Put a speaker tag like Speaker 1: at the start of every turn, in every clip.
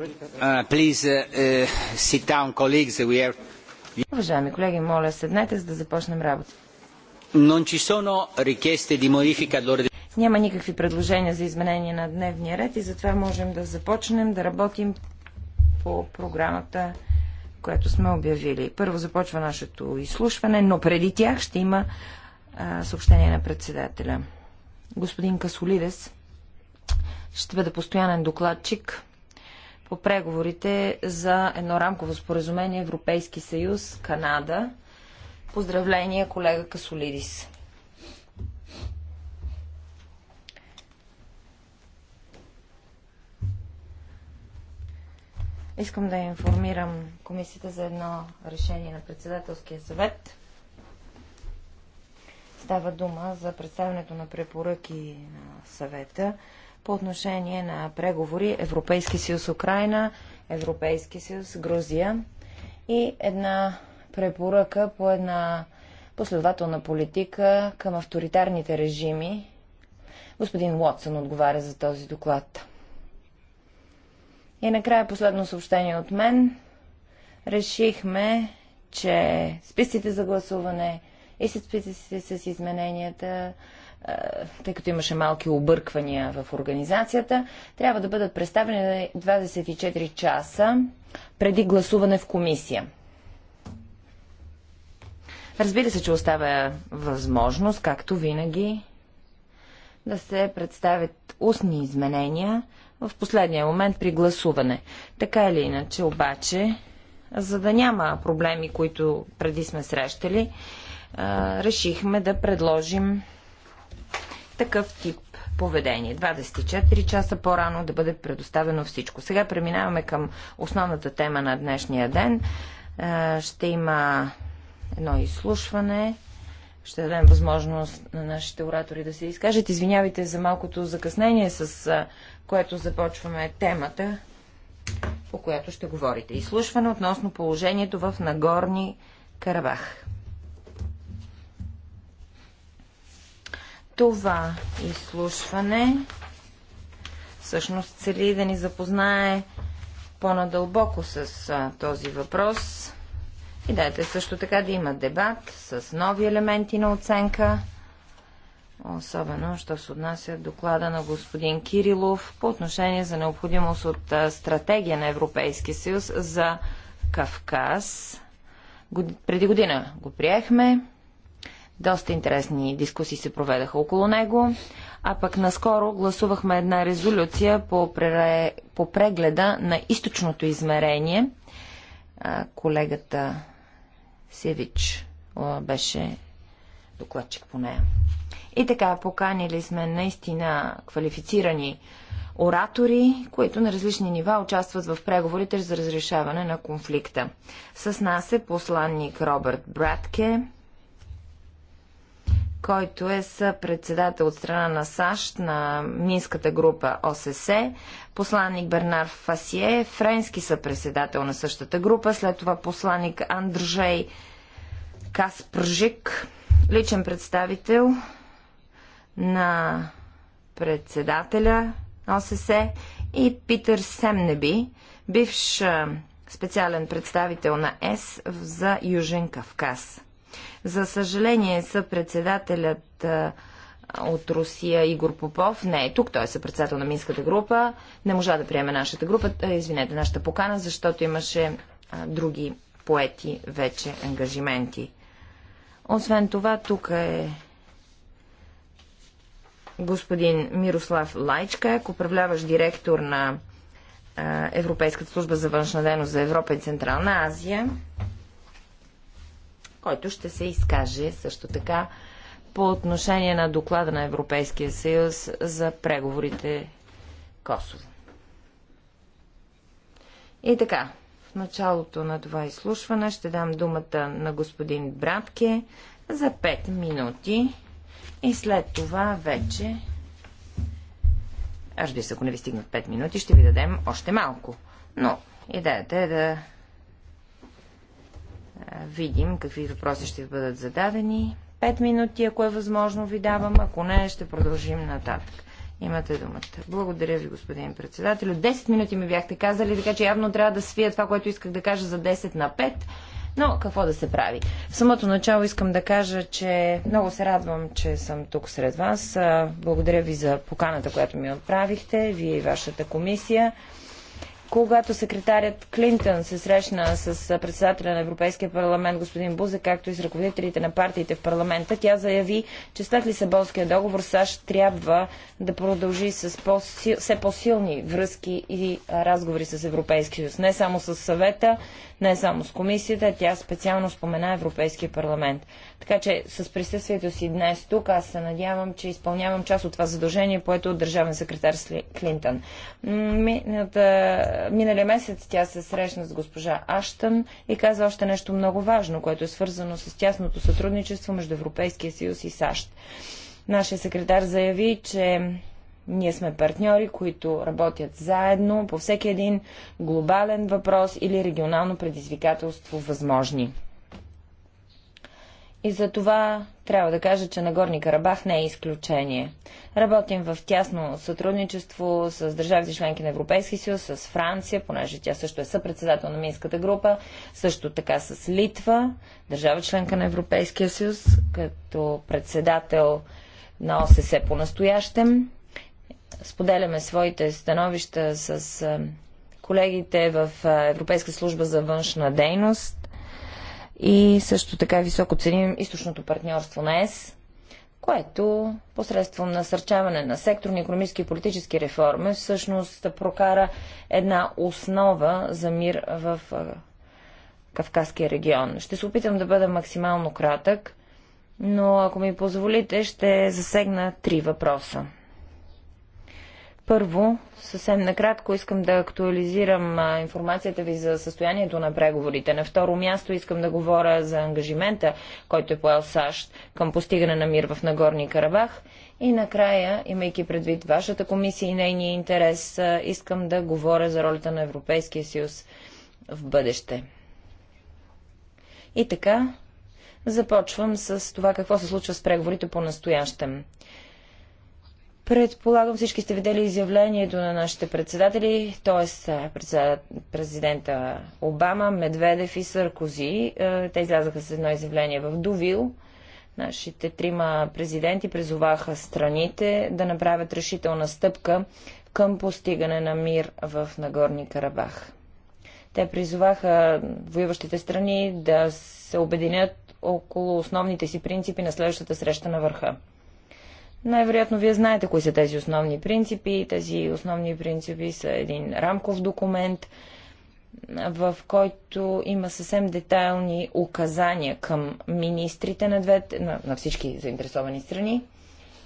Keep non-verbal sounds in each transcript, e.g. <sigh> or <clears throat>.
Speaker 1: Uh,
Speaker 2: uh, uh,
Speaker 1: Уважаеми колеги, моля, седнете, за да започнем работа. Няма никакви предложения за изменение на дневния ред и затова можем да започнем да работим по програмата, която сме обявили. Първо започва нашето изслушване, но преди тях ще има съобщение на председателя. Господин Касолидес ще бъде постоянен докладчик по преговорите за едно рамково споразумение Европейски съюз Канада. Поздравления, колега Касолидис. Искам да информирам комисията за едно решение на председателския съвет. Става дума за представянето на препоръки на съвета по отношение на преговори Европейски съюз Украина, Европейски съюз Грузия и една препоръка по една последователна политика към авторитарните режими. Господин Уотсън отговаря за този доклад. И накрая последно съобщение от мен. Решихме, че списъците за гласуване и списъците с измененията тъй като имаше малки обърквания в организацията, трябва да бъдат представени 24 часа преди гласуване в комисия. Разбира се, че оставя възможност, както винаги, да се представят устни изменения в последния момент при гласуване. Така или иначе, обаче, за да няма проблеми, които преди сме срещали, решихме да предложим такъв тип поведение. 24 часа по-рано да бъде предоставено всичко. Сега преминаваме към основната тема на днешния ден. Е, ще има едно изслушване. Ще дадем възможност на нашите оратори да се изкажат. Извинявайте за малкото закъснение, с е, което започваме темата, по която ще говорите. Изслушване относно положението в Нагорни Карабах. Това изслушване всъщност цели да ни запознае по-надълбоко с а, този въпрос. И дайте също така да има дебат с нови елементи на оценка, особено, що се отнася доклада на господин Кирилов по отношение за необходимост от а, стратегия на Европейския съюз за Кавказ. Год... Преди година го приехме. Доста интересни дискусии се проведаха около него, а пък наскоро гласувахме една резолюция по, прере... по прегледа на източното измерение. Колегата Севич беше докладчик по нея. И така, поканили сме наистина квалифицирани оратори, които на различни нива участват в преговорите за разрешаване на конфликта. С нас е посланник Робърт Братке, който е съпредседател от страна на САЩ на Минската група ОССЕ, посланник Бернар Фасие, е френски съпредседател на същата група, след това посланник Андржей Каспржик, личен представител на председателя ОССЕ и Питър Семнеби, бивш специален представител на ЕС за Южен Кавказ. За съжаление, съпредседателят от Русия Игор Попов не е тук, той е съпредседател на Минската група, не можа да приеме нашата група, извинете, нашата покана, защото имаше други поети вече ангажименти. Освен това, тук е господин Мирослав Лайчка, управляващ директор на Европейската служба за външна дейност за Европа и Централна Азия който ще се изкаже също така по отношение на доклада на Европейския съюз за преговорите Косово. И така, в началото на това изслушване ще дам думата на господин Братке за 5 минути и след това вече... Аз би се, ако не ви стигнат 5 минути, ще ви дадем още малко. Но идеята е да видим какви въпроси ще бъдат зададени. Пет минути, ако е възможно, ви давам. Ако не, ще продължим нататък. Имате думата. Благодаря ви, господин председател. 10 минути ми бяхте казали, така че явно трябва да свия това, което исках да кажа за 10 на 5. Но какво да се прави? В самото начало искам да кажа, че много се радвам, че съм тук сред вас. Благодаря ви за поканата, която ми отправихте, вие и вашата комисия. Когато секретарят Клинтън се срещна с председателя на Европейския парламент господин Бузе, както и с ръководителите на партиите в парламента, тя заяви, че след Лисабонския договор САЩ трябва да продължи с по все по-силни връзки и разговори с Европейския съюз. Не само с съвета, не само с комисията, тя специално спомена Европейския парламент. Така че с присъствието си днес тук, аз се надявам, че изпълнявам част от това задължение, което от държавен секретар Клинтън. Мината, миналия месец тя се срещна с госпожа Аштън и каза още нещо много важно, което е свързано с тясното сътрудничество между Европейския съюз и САЩ. Нашия секретар заяви, че ние сме партньори, които работят заедно по всеки един глобален въпрос или регионално предизвикателство възможни. И за това трябва да кажа, че Нагорни Карабах не е изключение. Работим в тясно сътрудничество с държавите членки на Европейски съюз, с Франция, понеже тя също е съпредседател на Минската група, също така с Литва, държава членка на Европейския съюз, като председател на ОССЕ по настоящем. Споделяме своите становища с колегите в Европейска служба за външна дейност и също така високо ценим източното партньорство на ЕС, което посредством насърчаване на секторни економически и политически реформи всъщност прокара една основа за мир в Кавказския регион. Ще се опитам да бъда максимално кратък, но ако ми позволите, ще засегна три въпроса. Първо, съвсем накратко искам да актуализирам информацията ви за състоянието на преговорите. На второ място искам да говоря за ангажимента, който е поел САЩ към постигане на мир в Нагорни Карабах. И накрая, имайки предвид вашата комисия и нейния интерес, искам да говоря за ролята на Европейския съюз в бъдеще. И така, започвам с това какво се случва с преговорите по настоящем. Предполагам всички сте видели изявлението на нашите председатели, т.е. президента Обама, Медведев и Саркози. Е, те излязаха с едно изявление в Дувил. Нашите трима президенти призоваха страните да направят решителна стъпка към постигане на мир в Нагорни Карабах. Те призоваха воюващите страни да се обединят около основните си принципи на следващата среща на върха. Най-вероятно вие знаете кои са тези основни принципи. Тези основни принципи са един рамков документ, в който има съвсем детайлни указания към министрите на, двете, на, на всички заинтересовани страни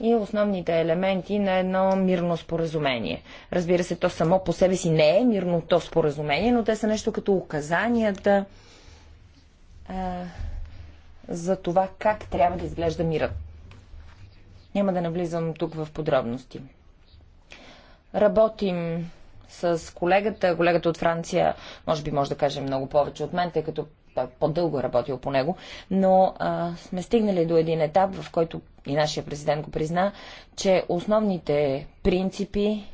Speaker 1: и основните елементи на едно мирно споразумение. Разбира се, то само по себе си не е мирно то споразумение, но те са нещо като указанията а, за това как трябва да изглежда мирът. Няма да навлизам тук в подробности. Работим с колегата. Колегата от Франция, може би може да каже много повече от мен, тъй като той по-дълго е работил по него, но а, сме стигнали до един етап, в който и нашия президент го призна, че основните принципи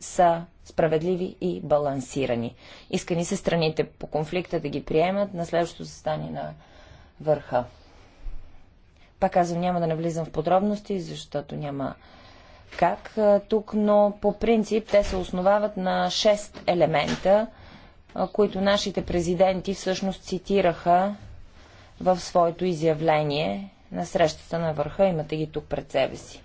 Speaker 1: са справедливи и балансирани. Искани се страните по конфликта да ги приемат на следващото състояние на върха. Пак казвам, няма да навлизам в подробности, защото няма как тук, но по принцип те се основават на 6 елемента, които нашите президенти всъщност цитираха в своето изявление на срещата на върха. Имате ги тук пред себе си.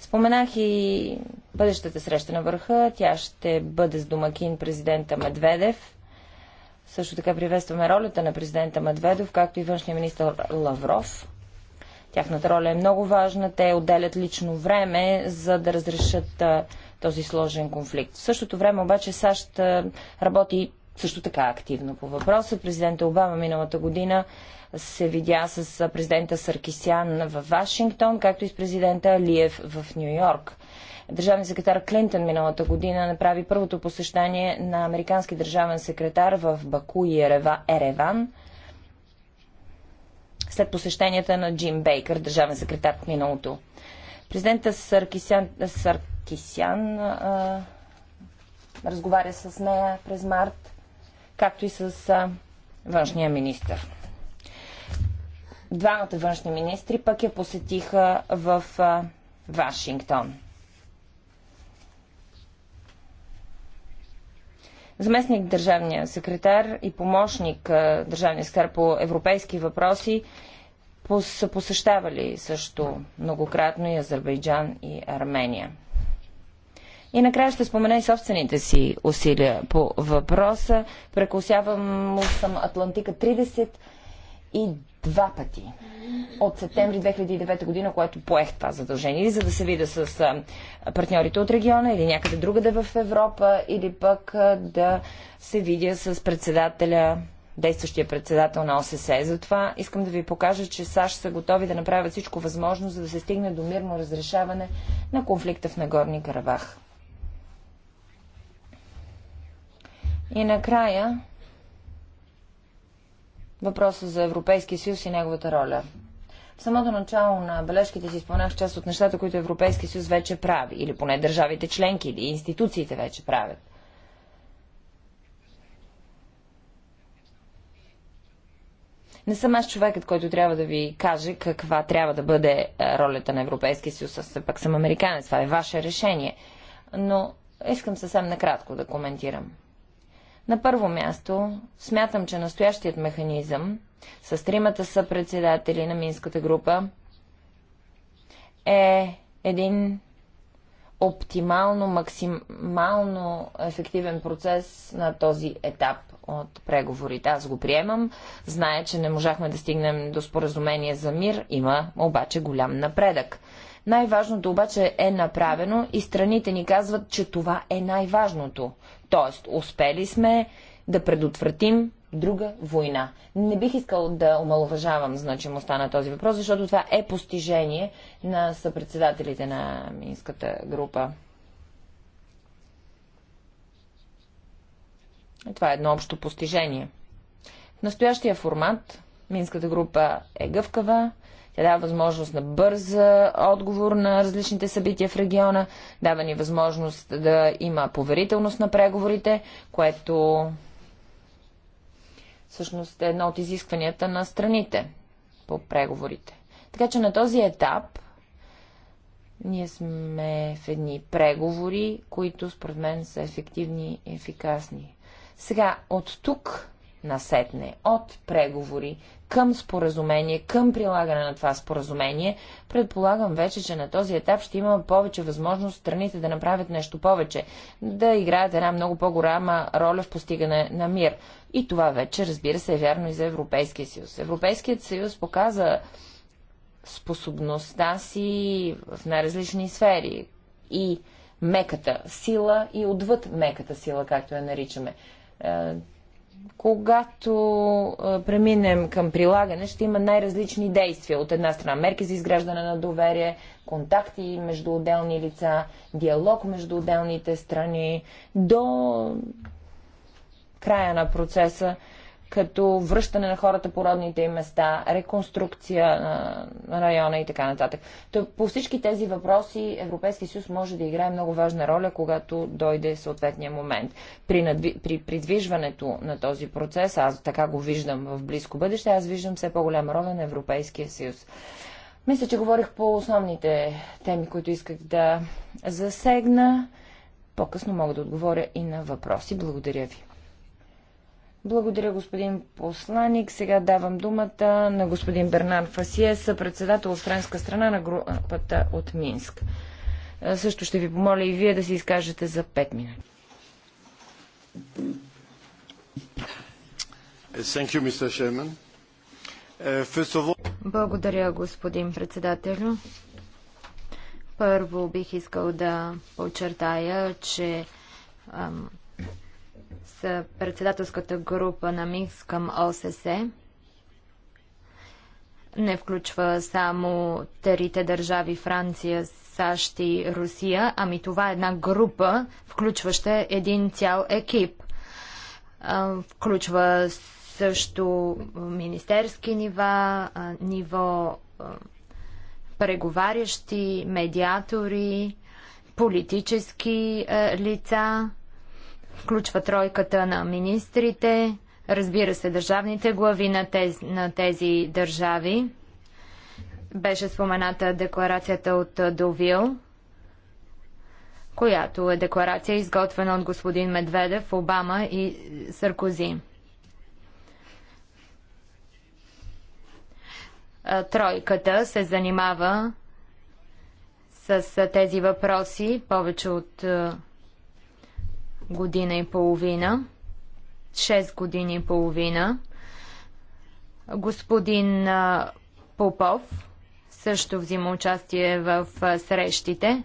Speaker 1: Споменах и бъдещата среща на върха. Тя ще бъде с домакин президента Медведев. Също така приветстваме ролята на президента Медведов, както и външния министр Лавров. Тяхната роля е много важна. Те отделят лично време, за да разрешат този сложен конфликт. В същото време обаче САЩ работи също така активно по въпроса. Президента Обама миналата година се видя с президента Саркисян в Вашингтон, както и с президента Алиев в Нью Йорк. Държавният секретар Клинтън миналата година направи първото посещание на американски държавен секретар в Баку и Ереван след посещенията на Джим Бейкър, държавен секретар в миналото. Президента Саркисян, Саркисян а, разговаря с нея през март, както и с а, външния министр. Двамата външни министри пък я посетиха в а, Вашингтон. заместник държавния секретар и помощник държавния секретар по европейски въпроси са посещавали също многократно и Азербайджан и Армения. И накрая ще спомена и собствените си усилия по въпроса. Прекусявам съм Атлантика и два пъти. От септември 2009 година, което поех това задължение, или за да се видя с партньорите от региона, или някъде другаде в Европа, или пък да се видя с председателя действащия председател на ОССЕ. Затова искам да ви покажа, че САЩ са готови да направят всичко възможно, за да се стигне до мирно разрешаване на конфликта в Нагорни Карабах. И накрая въпроса за Европейския съюз и неговата роля. В самото начало на бележките си спомнях част от нещата, които Европейския съюз вече прави, или поне държавите членки, или институциите вече правят. Не съм аз човекът, който трябва да ви каже каква трябва да бъде е, ролята на Европейския съюз. Аз пък съм американец, това е ваше решение. Но искам съвсем накратко да коментирам. На първо място, смятам, че настоящият механизъм с тримата са председатели на Минската група е един оптимално, максимално ефективен процес на този етап от преговорите. Аз го приемам. Зная, че не можахме да стигнем до споразумение за мир. Има обаче голям напредък. Най-важното обаче е направено и страните ни казват, че това е най-важното. Тоест, успели сме да предотвратим друга война. Не бих искал да омалуважавам значимостта на този въпрос, защото това е постижение на съпредседателите на Минската група. Това е едно общо постижение. В настоящия формат Минската група е гъвкава, тя дава възможност на бърз отговор на различните събития в региона, дава ни възможност да има поверителност на преговорите, което всъщност е едно от изискванията на страните по преговорите. Така че на този етап ние сме в едни преговори, които според мен са ефективни и ефикасни. Сега, от тук насетне, от преговори към споразумение, към прилагане на това споразумение, предполагам вече, че на този етап ще има повече възможност страните да направят нещо повече, да играят една много по-голяма роля в постигане на мир. И това вече, разбира се, е вярно и за Европейския съюз. Европейският съюз показа способността си в най-различни сфери и меката сила и отвъд меката сила, както я наричаме е, когато преминем към прилагане, ще има най-различни действия. От една страна мерки за изграждане на доверие, контакти между отделни лица, диалог между отделните страни, до края на процеса като връщане на хората по родните им места, реконструкция на района и така нататък. То, по всички тези въпроси Европейския съюз може да играе много важна роля, когато дойде съответния момент. При, надви... при придвижването на този процес, аз така го виждам в близко бъдеще, аз виждам все по-голяма роля на Европейския съюз. Мисля, че говорих по основните теми, които исках да засегна. По-късно мога да отговоря и на въпроси. Благодаря ви. Благодаря, господин посланик. Сега давам думата на господин Бернар Фасие, съпредседател от странска страна на групата от Минск. Също ще ви помоля и вие да се изкажете за 5 минути. Uh,
Speaker 3: Благодаря, господин председател. Първо бих искал да подчертая, че ам, с председателската група на МИКС към ОСС не включва само трите държави Франция, САЩ и Русия, ами това е една група, включваща един цял екип. Включва също министерски нива, ниво преговарящи, медиатори, политически лица, включва тройката на министрите, разбира се, държавните глави на тези, на тези държави. Беше спомената декларацията от Довил, която е декларация изготвена от господин Медведев, Обама и Саркози. Тройката се занимава с тези въпроси повече от година и половина, 6 години и половина. Господин Попов също взима участие в срещите.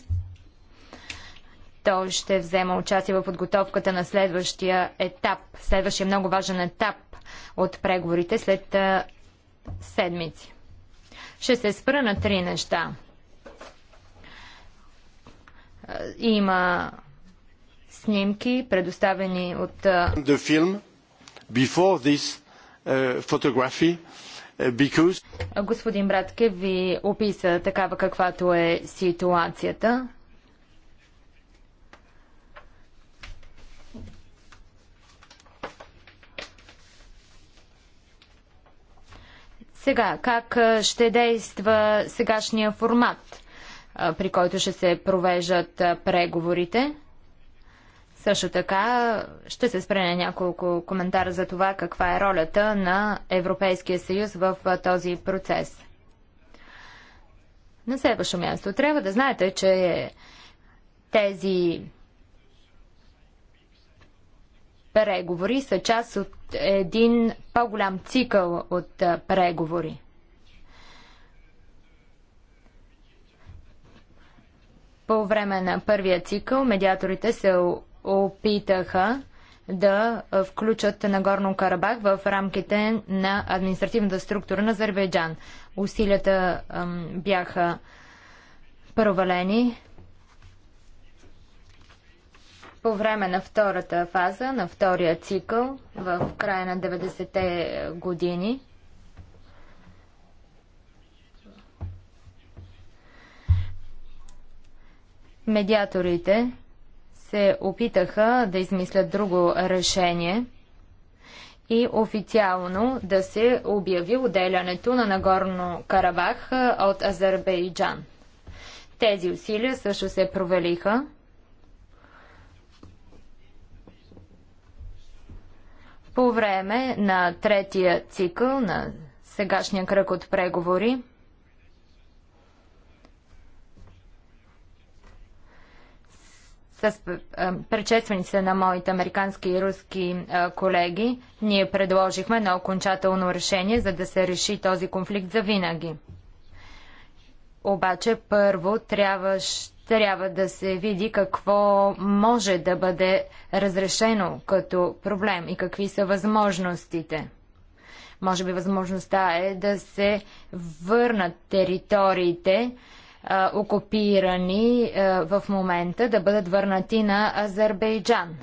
Speaker 3: Той ще взема участие в подготовката на следващия етап, следващия много важен етап от преговорите след седмици. Ще се спра на три неща. Има снимки, предоставени от... The
Speaker 2: film before this uh, uh, Because...
Speaker 3: Господин Братке ви описа такава каквато е ситуацията. Сега, как ще действа сегашния формат, при който ще се провеждат преговорите? Също така ще се спре на няколко коментара за това каква е ролята на Европейския съюз в този процес. На следващо място трябва да знаете, че тези преговори са част от един по-голям цикъл от преговори. По време на първия цикъл медиаторите се опитаха да включат Нагорно Карабах в рамките на административната структура на Азербайджан. Усилията бяха провалени. По време на втората фаза, на втория цикъл, в края на 90-те години, медиаторите се опитаха да измислят друго решение и официално да се обяви отделянето на Нагорно Карабах от Азербайджан. Тези усилия също се провалиха. По време на третия цикъл на сегашния кръг от преговори, с предшествениците на моите американски и руски колеги, ние предложихме едно окончателно решение, за да се реши този конфликт за винаги. Обаче първо трябва, трябва да се види какво може да бъде разрешено като проблем и какви са възможностите. Може би възможността е да се върнат териториите, окупирани в момента, да бъдат върнати на Азербайджан.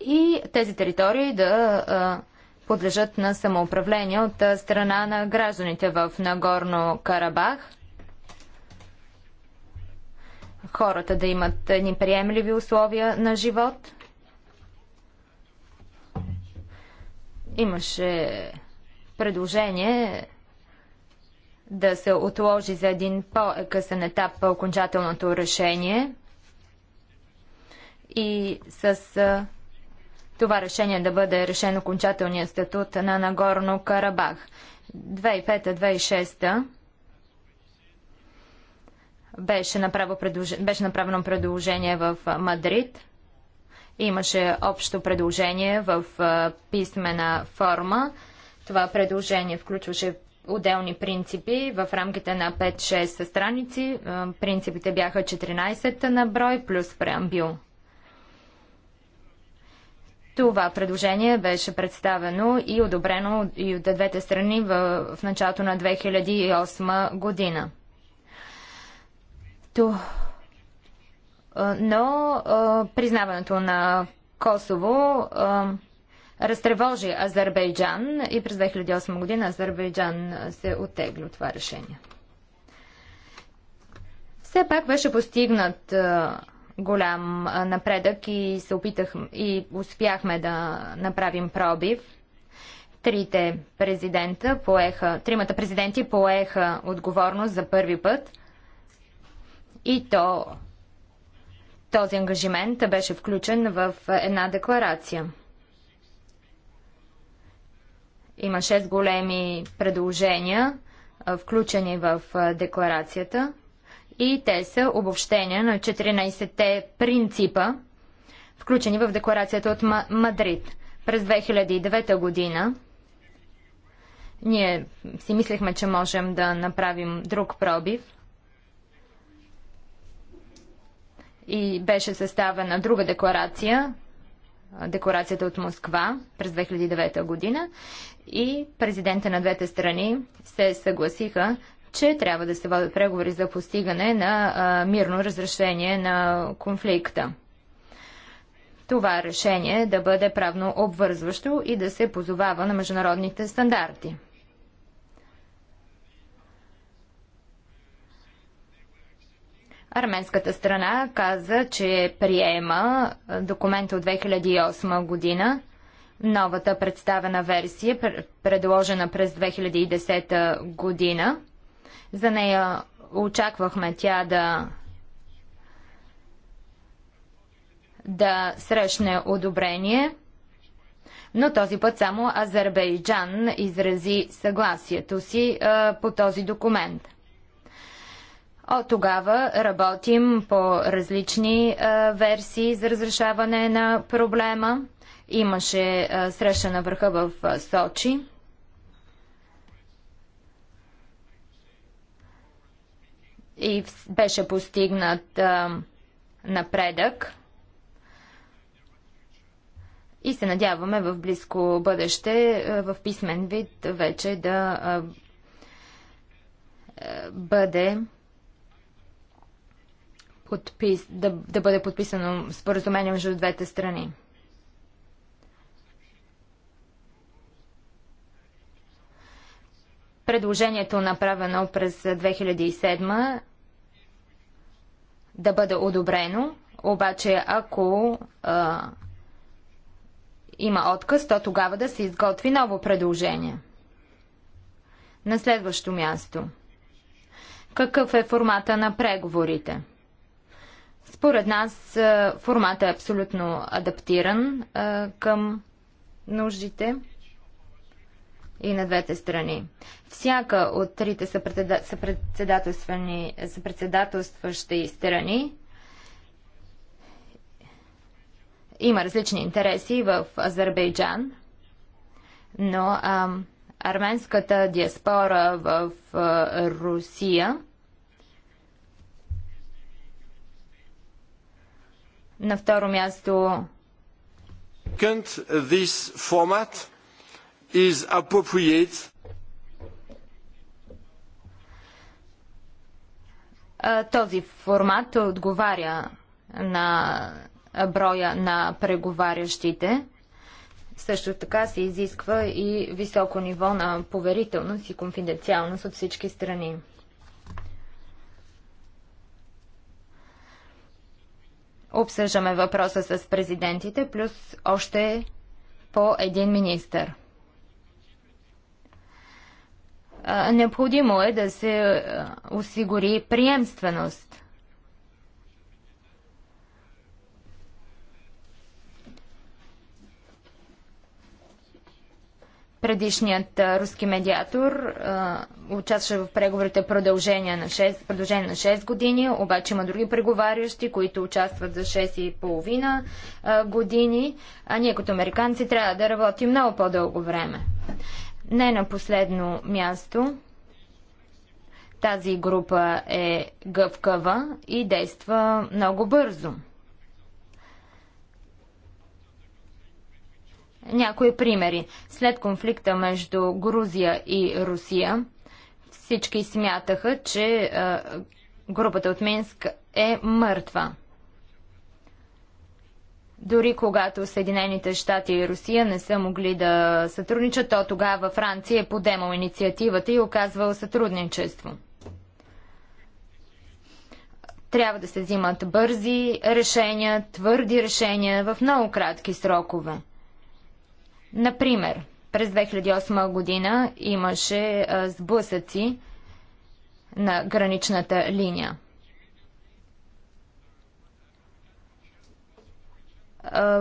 Speaker 3: И тези територии да подлежат на самоуправление от страна на гражданите в Нагорно Карабах. Хората да имат неприемливи условия на живот – Имаше предложение да се отложи за един по-късен етап окончателното решение и с това решение да бъде решен окончателният статут на Нагорно Карабах. 2005-2006 беше, беше направено предложение в Мадрид – Имаше общо предложение в писмена форма. Това предложение включваше отделни принципи в рамките на 5-6 страници. Принципите бяха 14 на брой плюс преамбил. Това предложение беше представено и одобрено и от двете страни в, в началото на 2008 година но признаването на Косово разтревожи Азербайджан и през 2008 година Азербайджан се оттегли от това решение. Все пак беше постигнат голям напредък и се опитах и успяхме да направим пробив. Трите президента поеха, тримата президенти поеха отговорност за първи път и то този ангажимент беше включен в една декларация. Има 6 големи предложения, включени в декларацията и те са обобщения на 14-те принципа, включени в декларацията от Мадрид. През 2009 година ние си мислехме, че можем да направим друг пробив – и беше съставена друга декларация, декларацията от Москва през 2009 година и президента на двете страни се съгласиха, че трябва да се водят преговори за постигане на а, мирно разрешение на конфликта. Това решение да бъде правно обвързващо и да се позовава на международните стандарти. Арменската страна каза, че приема документа от 2008 година. Новата представена версия, предложена през 2010 година. За нея очаквахме тя да да срещне одобрение, но този път само Азербайджан изрази съгласието си а, по този документ. От тогава работим по различни а, е, версии за разрешаване на проблема. Имаше а, е, среща на върха в а, е, Сочи. И беше постигнат напредък. И се надяваме в близко бъдеще, в писмен вид, вече да бъде подпис, да, да бъде подписано споразумение между двете страни. Предложението, направено през 2007, да бъде одобрено, обаче ако а, има отказ, то тогава да се изготви ново предложение. На следващо място. Какъв е формата на преговорите? Според нас е, формата е абсолютно адаптиран а, е, към нуждите и на двете страни. Всяка от трите съпредседателстващи страни има различни интереси в Азербайджан, но а, арменската диаспора в а, е, Русия – На второ място.
Speaker 2: This format is appropriate.
Speaker 3: Този формат отговаря на броя на преговарящите. Също така се изисква и високо ниво на поверителност и конфиденциалност от всички страни. Обсъждаме въпроса с президентите, плюс още по един министър. Необходимо е да се осигури приемственост. Предишният руски медиатор участваше в преговорите продължение на 6, продължение на 6 години, обаче има други преговарящи, които участват за 6,5 години, а ние като американци трябва да работим много по-дълго време. Не на последно място, тази група е гъвкава и действа много бързо. Някои примери. След конфликта между Грузия и Русия, всички смятаха, че а, групата от Минск е мъртва. Дори когато Съединените щати и Русия не са могли да сътрудничат, то тогава Франция е подемал инициативата и оказвал сътрудничество. Трябва да се взимат бързи решения, твърди решения в много кратки срокове. Например, през 2008 година имаше сблъсъци на граничната линия.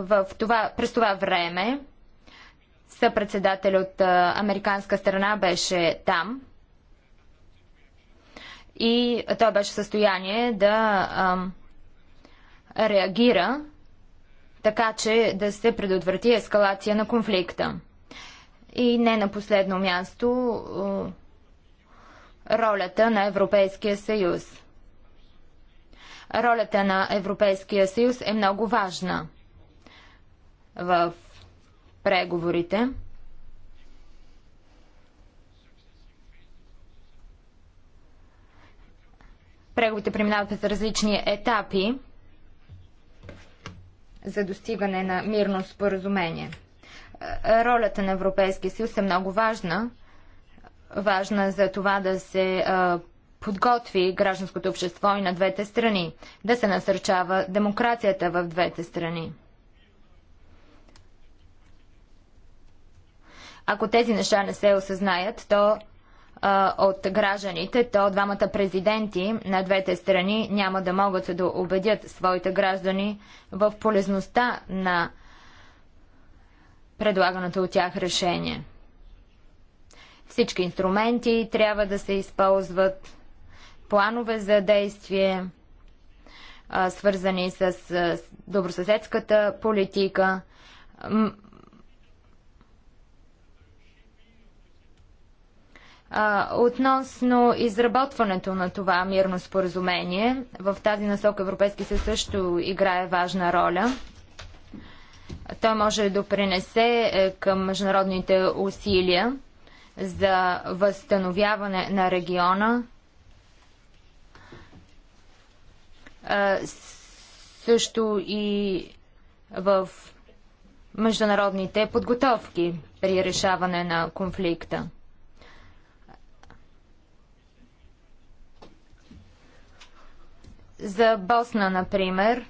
Speaker 3: в това, през това време съпредседател от американска страна беше там и той беше в състояние да а, реагира така че да се предотврати ескалация на конфликта. И не на последно място ролята на Европейския съюз. Ролята на Европейския съюз е много важна в преговорите. Преговорите преминават през различни етапи за достигане на мирно споразумение. Е, ролята на Европейския съюз е много важна. Важна за това да се е, подготви гражданското общество и на двете страни, да се насърчава демокрацията в двете страни. Ако тези неща не се осъзнаят, то от гражданите, то двамата президенти на двете страни няма да могат да убедят своите граждани в полезността на предлаганото от тях решение. Всички инструменти трябва да се използват, планове за действие, свързани с, с добросъседската политика, А, относно изработването на това мирно споразумение, в тази насока Европейски съюз също играе важна роля. Той може да допринесе е, към международните усилия за възстановяване на региона. също и в международните подготовки при решаване на конфликта. За Босна, например,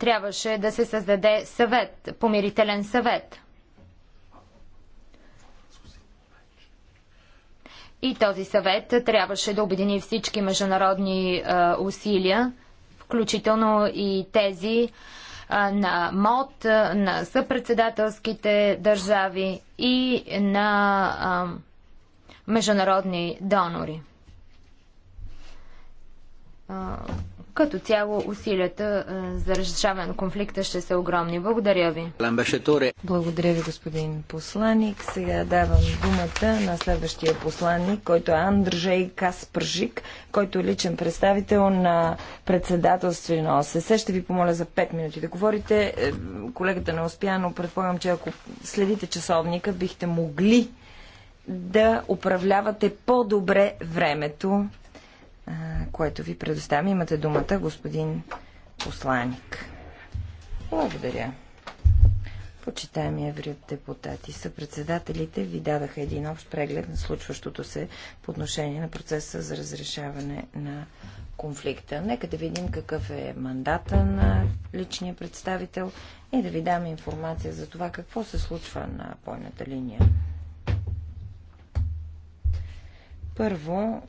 Speaker 3: трябваше да се създаде съвет, помирителен съвет. И този съвет трябваше да обедини всички международни а, усилия, включително и тези а, на МОД, на съпредседателските държави и на а, международни донори като цяло усилията за разрешаване на конфликта ще са огромни. Благодаря ви.
Speaker 1: Благодаря ви, господин посланник. Сега давам думата на следващия посланник, който е Андржей Каспържик, който е личен представител на председателство на ОСС. Ще ви помоля за 5 минути да говорите. Е, колегата не успя, но предполагам, че ако следите часовника, бихте могли да управлявате по-добре времето което ви предоставя, Имате думата, господин посланик. Благодаря. Почитаеми еврит депутати, съпредседателите ви дадаха един общ преглед на случващото се по отношение на процеса за разрешаване на конфликта. Нека да видим какъв е мандата на личния представител и да ви дам информация за това какво се случва на бойната линия. Първо,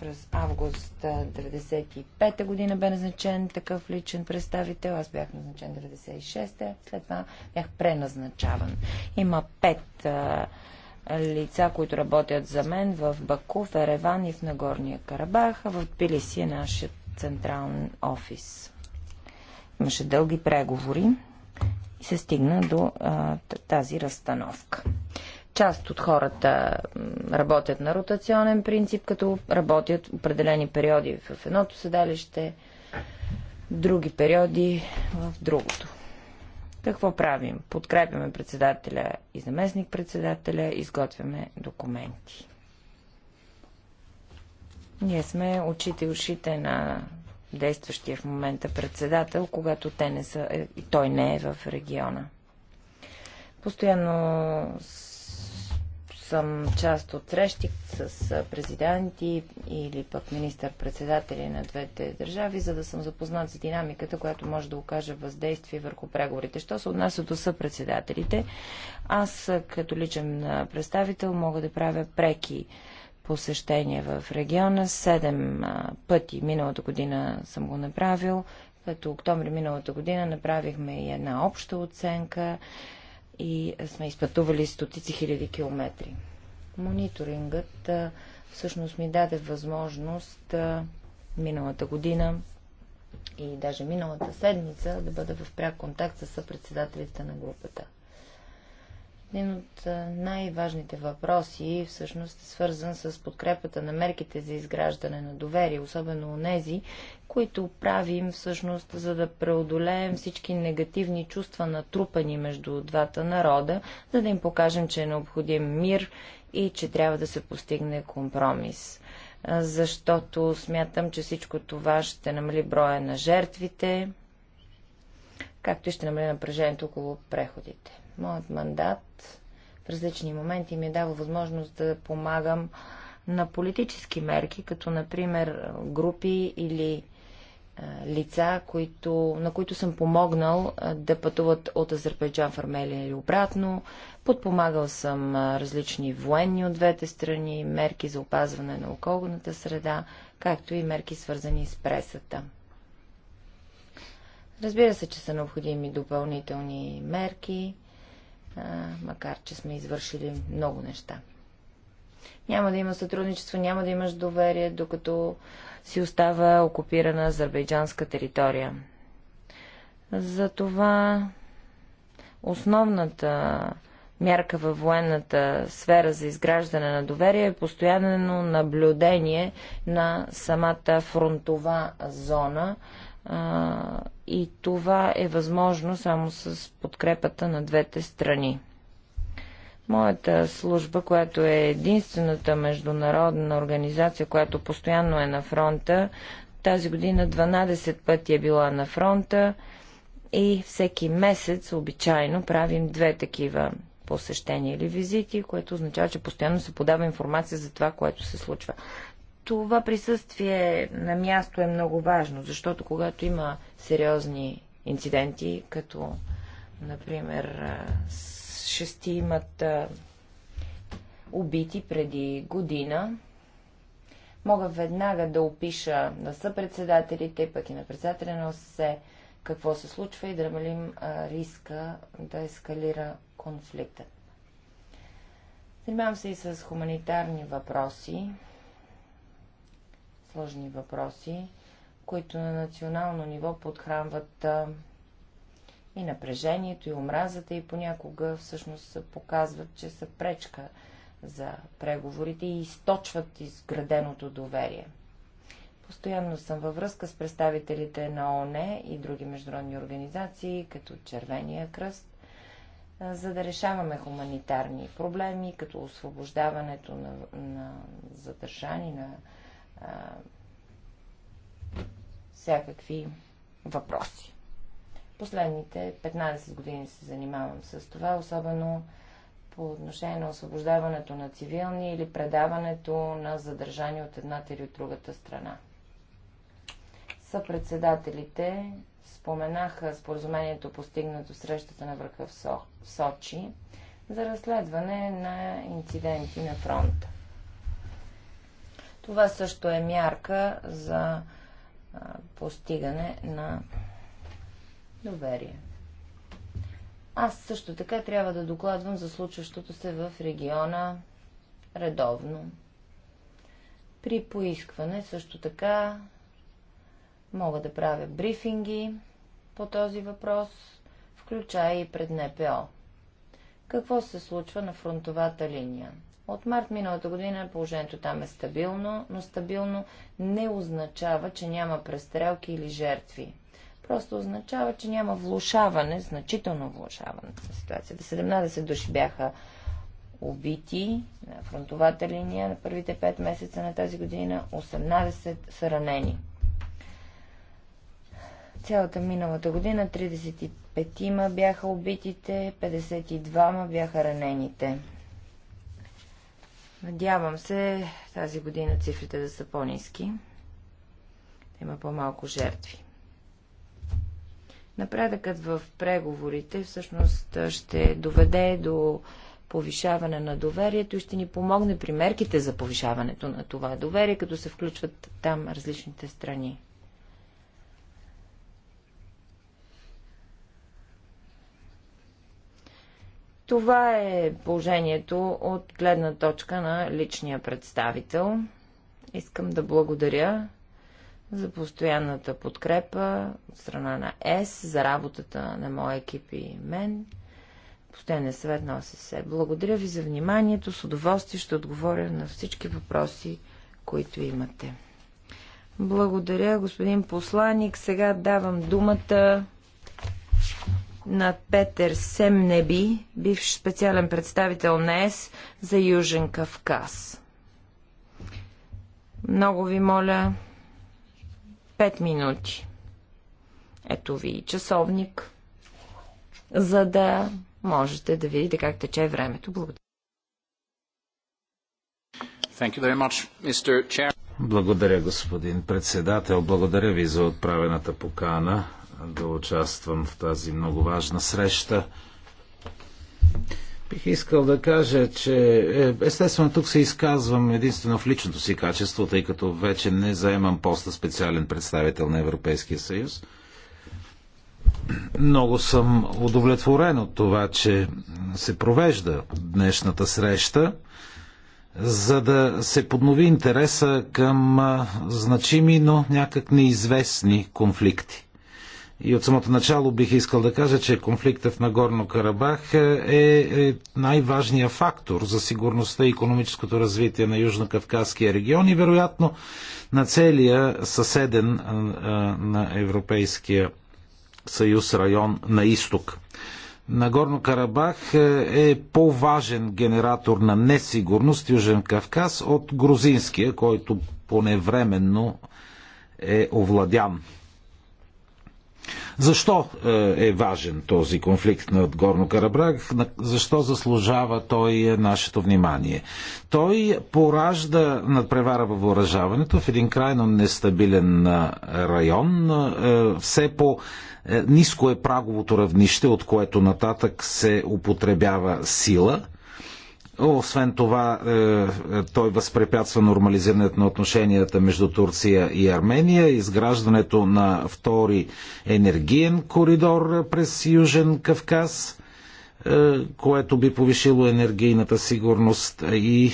Speaker 1: през август 95-та година бе назначен такъв личен представител. Аз бях назначен 96-та. След това бях преназначаван. Има пет а, лица, които работят за мен в Баку, в Ереван и в Нагорния Карабах. А в Тбилиси е нашия централен офис. Имаше дълги преговори и се стигна до а, тази разстановка. Част от хората работят на ротационен принцип, като работят определени периоди в едното седалище, други периоди в другото. Какво правим? Подкрепяме председателя и заместник-председателя, изготвяме документи. Ние сме очите и ушите на действащия в момента председател, когато те не са, е, и той не е в региона. Постоянно съм част от срещи с президенти или пък министър-председатели на двете държави, за да съм запознат с динамиката, която може да окаже въздействие върху преговорите. Що се отнася до съпредседателите, аз като личен представител мога да правя преки посещения в региона. Седем пъти миналата година съм го направил като октомври миналата година направихме и една обща оценка и сме изпътували стотици хиляди километри. Мониторингът всъщност ми даде възможност миналата година и даже миналата седмица да бъда в пряк контакт с съпредседателите на групата. Един от най-важните въпроси всъщност е свързан с подкрепата на мерките за изграждане на доверие, особено у нези, които правим всъщност за да преодолеем всички негативни чувства натрупани между двата народа, за да им покажем, че е необходим мир и че трябва да се постигне компромис. Защото смятам, че всичко това ще намали броя на жертвите, както и ще намали напрежението около преходите. Моят мандат в различни моменти ми е дава възможност да помагам на политически мерки, като например групи или лица, които, на които съм помогнал да пътуват от Азербайджан в Армелия или обратно. Подпомагал съм различни военни от двете страни, мерки за опазване на околната среда, както и мерки свързани с пресата. Разбира се, че са необходими допълнителни мерки, макар че сме извършили много неща. Няма да има сътрудничество, няма да имаш доверие, докато си остава окупирана азербайджанска територия. Затова основната мярка във военната сфера за изграждане на доверие е постоянно наблюдение на самата фронтова зона а, и това е възможно само с подкрепата на двете страни. Моята служба, която е единствената международна организация, която постоянно е на фронта, тази година 12 пъти е била на фронта и всеки месец обичайно правим две такива посещения или визити, което означава, че постоянно се подава информация за това, което се случва това присъствие на място е много важно, защото когато има сериозни инциденти, като, например, имат убити преди година, мога веднага да опиша на съпредседателите, пък и на председателя на ОССЕ, какво се случва и да намалим риска да ескалира конфликта. Занимавам се и с хуманитарни въпроси, сложни въпроси, които на национално ниво подхранват и напрежението, и омразата, и понякога всъщност показват, че са пречка за преговорите и източват изграденото доверие. Постоянно съм във връзка с представителите на ОНЕ и други международни организации, като Червения кръст, за да решаваме хуманитарни проблеми, като освобождаването на, на задържани, на всякакви въпроси. Последните 15 години се занимавам с това, особено по отношение на освобождаването на цивилни или предаването на задържани от едната или от другата страна. Съпредседателите споменаха споразумението постигнато срещата на върха в, Со, в Сочи за разследване на инциденти на фронта. Това също е мярка за постигане на доверие. Аз също така трябва да докладвам за случващото се в региона редовно. При поискване също така мога да правя брифинги по този въпрос, включая и пред НПО. Какво се случва на фронтовата линия? От март миналата година положението там е стабилно, но стабилно не означава, че няма престрелки или жертви. Просто означава, че няма влушаване, значително влушаване на ситуацията. 17 души бяха убити на фронтовата линия на първите 5 месеца на тази година, 18 са ранени. Цялата миналата година 35 бяха убитите, 52 бяха ранените. Надявам се тази година цифрите да са по-низки. Да има по-малко жертви. Напредъкът в преговорите всъщност ще доведе до повишаване на доверието и ще ни помогне при мерките за повишаването на това доверие, като се включват там различните страни. Това е положението от гледна точка на личния представител. Искам да благодаря за постоянната подкрепа от страна на ЕС, за работата на моя екип и мен. Постоянен съвет на се. Благодаря ви за вниманието. С удоволствие ще отговоря на всички въпроси, които имате. Благодаря, господин посланик. Сега давам думата на Петър Семнеби, бивш специален представител на ЕС за Южен Кавказ. Много ви моля, Пет минути. Ето ви и часовник, за да можете да видите как тече времето. Благодаря.
Speaker 2: Much,
Speaker 4: Благодаря, господин председател. Благодаря ви за отправената покана да участвам в тази много важна среща. Бих искал да кажа, че е, естествено тук се изказвам единствено в личното си качество, тъй като вече не заемам поста специален представител на Европейския съюз. Много съм удовлетворен от това, че се провежда днешната среща, за да се поднови интереса към значими, но някак неизвестни конфликти. И от самото начало бих искал да кажа, че конфликтът в Нагорно Карабах е, е най-важният фактор за сигурността и економическото развитие на Южно-Кавказския регион и вероятно на целия съседен на Европейския съюз район на изток. Нагорно Карабах е, е по-важен генератор на несигурност Южен Кавказ от грузинския, който поневременно е овладян защо е, е важен този конфликт над Горно Карабрах? Защо заслужава той е, нашето внимание? Той поражда надпревара във въоръжаването в един крайно нестабилен е, район. Все по ниско е праговото равнище, от което нататък се употребява сила – освен това, е, е, той възпрепятства нормализирането на отношенията между Турция и Армения, изграждането на втори енергиен коридор през Южен Кавказ, е, което би повишило енергийната сигурност и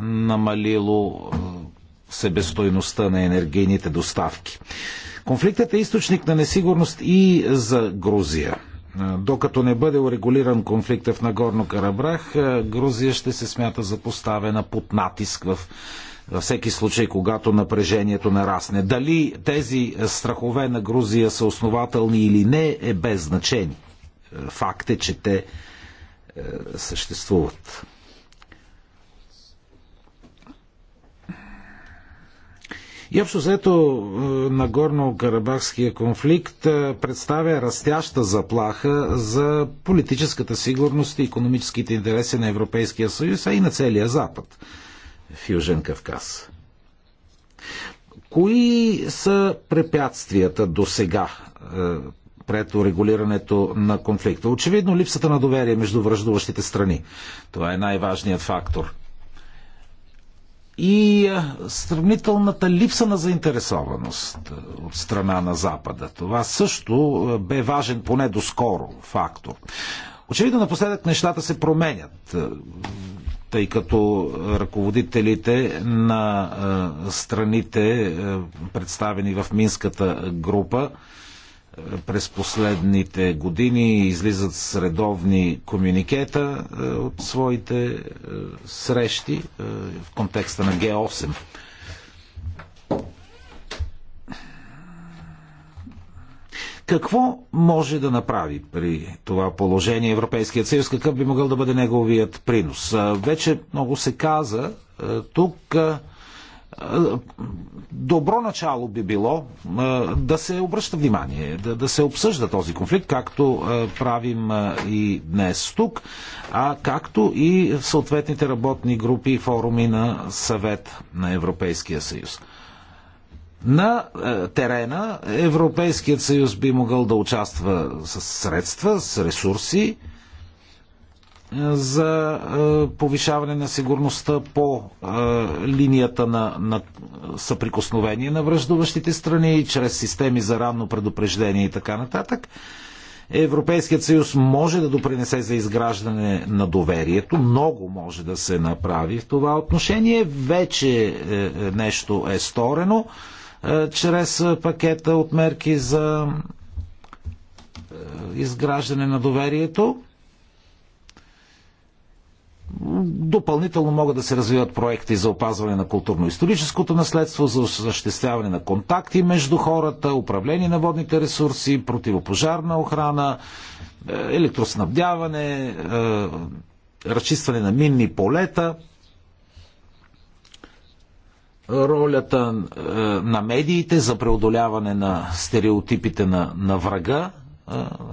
Speaker 4: намалило себестойността на енергийните доставки. Конфликтът е източник на несигурност и за Грузия. Докато не бъде урегулиран конфликта в Нагорно Карабрах, Грузия ще се смята за поставена под натиск в във всеки случай, когато напрежението нарасне. Дали тези страхове на Грузия са основателни или не, е без значение. Е, факт е, че те е, съществуват. И общо взето е, нагорно карабахския конфликт е, представя растяща заплаха за политическата сигурност и економическите интереси на Европейския съюз, а и на целия Запад в Южен Кавказ. Кои са препятствията до сега е, пред урегулирането на конфликта? Очевидно липсата на доверие между връждуващите страни. Това е най-важният фактор – и сравнителната липса на заинтересованост от страна на Запада. Това също бе важен поне доскоро фактор. Очевидно напоследък нещата се променят, тъй като ръководителите на страните, представени в Минската група, през последните години излизат с редовни комуникета е, от своите е, срещи е, в контекста на Г8. Какво може да направи при това положение Европейският съюз? Какъв би могъл да бъде неговият принос? Вече много се каза тук добро начало би било да се обръща внимание, да, да се обсъжда този конфликт, както правим и днес тук, а както и в съответните работни групи и форуми на съвет на Европейския съюз. На терена Европейският съюз би могъл да участва с средства, с ресурси, за е, повишаване на сигурността по е, линията на, на съприкосновение на връждуващите страни, чрез системи за ранно предупреждение и така нататък. Европейският съюз може да допринесе за изграждане на доверието. Много може да се направи в това отношение. Вече е, нещо е сторено чрез пакета от мерки за изграждане на доверието. Допълнително могат да се развиват проекти за опазване на културно-историческото наследство, за осъществяване на контакти между хората, управление на водните ресурси, противопожарна охрана, е, електроснабдяване, е, разчистване на минни полета ролята е, на медиите за преодоляване на стереотипите на, на врага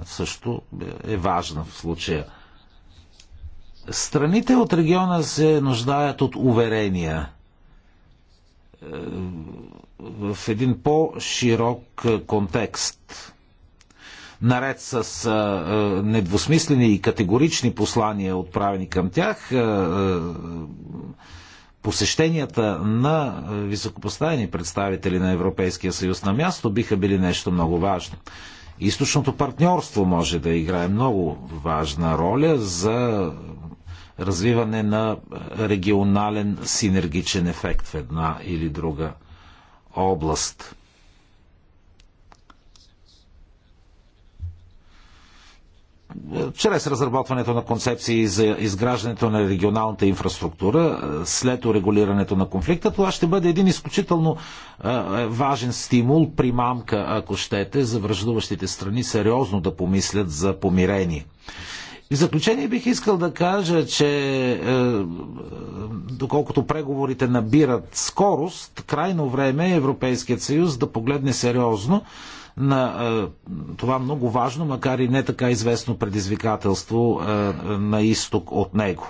Speaker 4: също е важна в случая. Страните от региона се нуждаят от уверения е, в един по-широк е, контекст. Наред с е, недвусмислени и категорични послания, отправени към тях, посещенията на високопоставени представители на Европейския съюз на място биха били нещо много важно. Източното партньорство може да играе много важна роля за развиване на регионален синергичен ефект в една или друга област. чрез разработването на концепции за изграждането на регионалната инфраструктура след урегулирането на конфликта, това ще бъде един изключително е, е, важен стимул, примамка, ако щете, за връждуващите страни сериозно да помислят за помирение. И заключение бих искал да кажа, че е, е доколкото преговорите набират скорост, крайно време е Европейският съюз да погледне сериозно на е, това много важно, макар и не така известно предизвикателство е, на изток от него.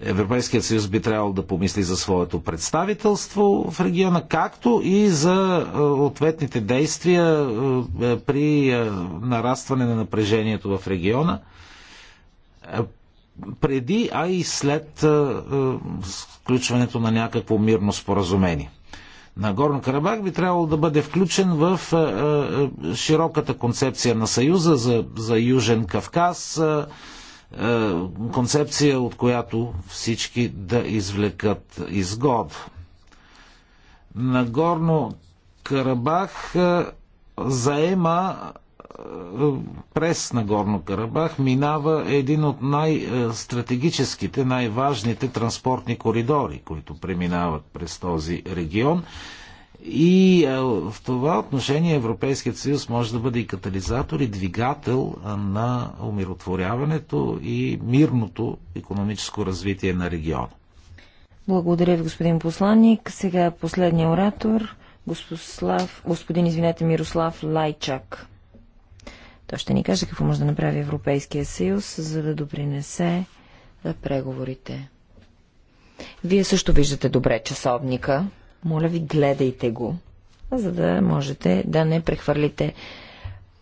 Speaker 4: Европейският съюз би трябвало да помисли за своето представителство в региона, както и за е, ответните действия при нарастване на напрежението в региона преди, а и след включването на някакво мирно споразумение. Нагорно Карабах би трябвало да бъде включен в широката концепция на Съюза за, за Южен Кавказ, концепция, от която всички да извлекат изгода. Нагорно Карабах заема през Нагорно Карабах минава един от най-стратегическите, най-важните транспортни коридори, които преминават през този регион. И в това отношение Европейският съюз може да бъде и катализатор, и двигател на умиротворяването и мирното економическо развитие на региона.
Speaker 1: Благодаря ви, господин посланник. Сега последния оратор, господин, извинете, Мирослав Лайчак. Той ще ни каже какво може да направи Европейския съюз, за да допринесе за преговорите. Вие също виждате добре часовника. Моля ви, гледайте го, за да можете да не прехвърлите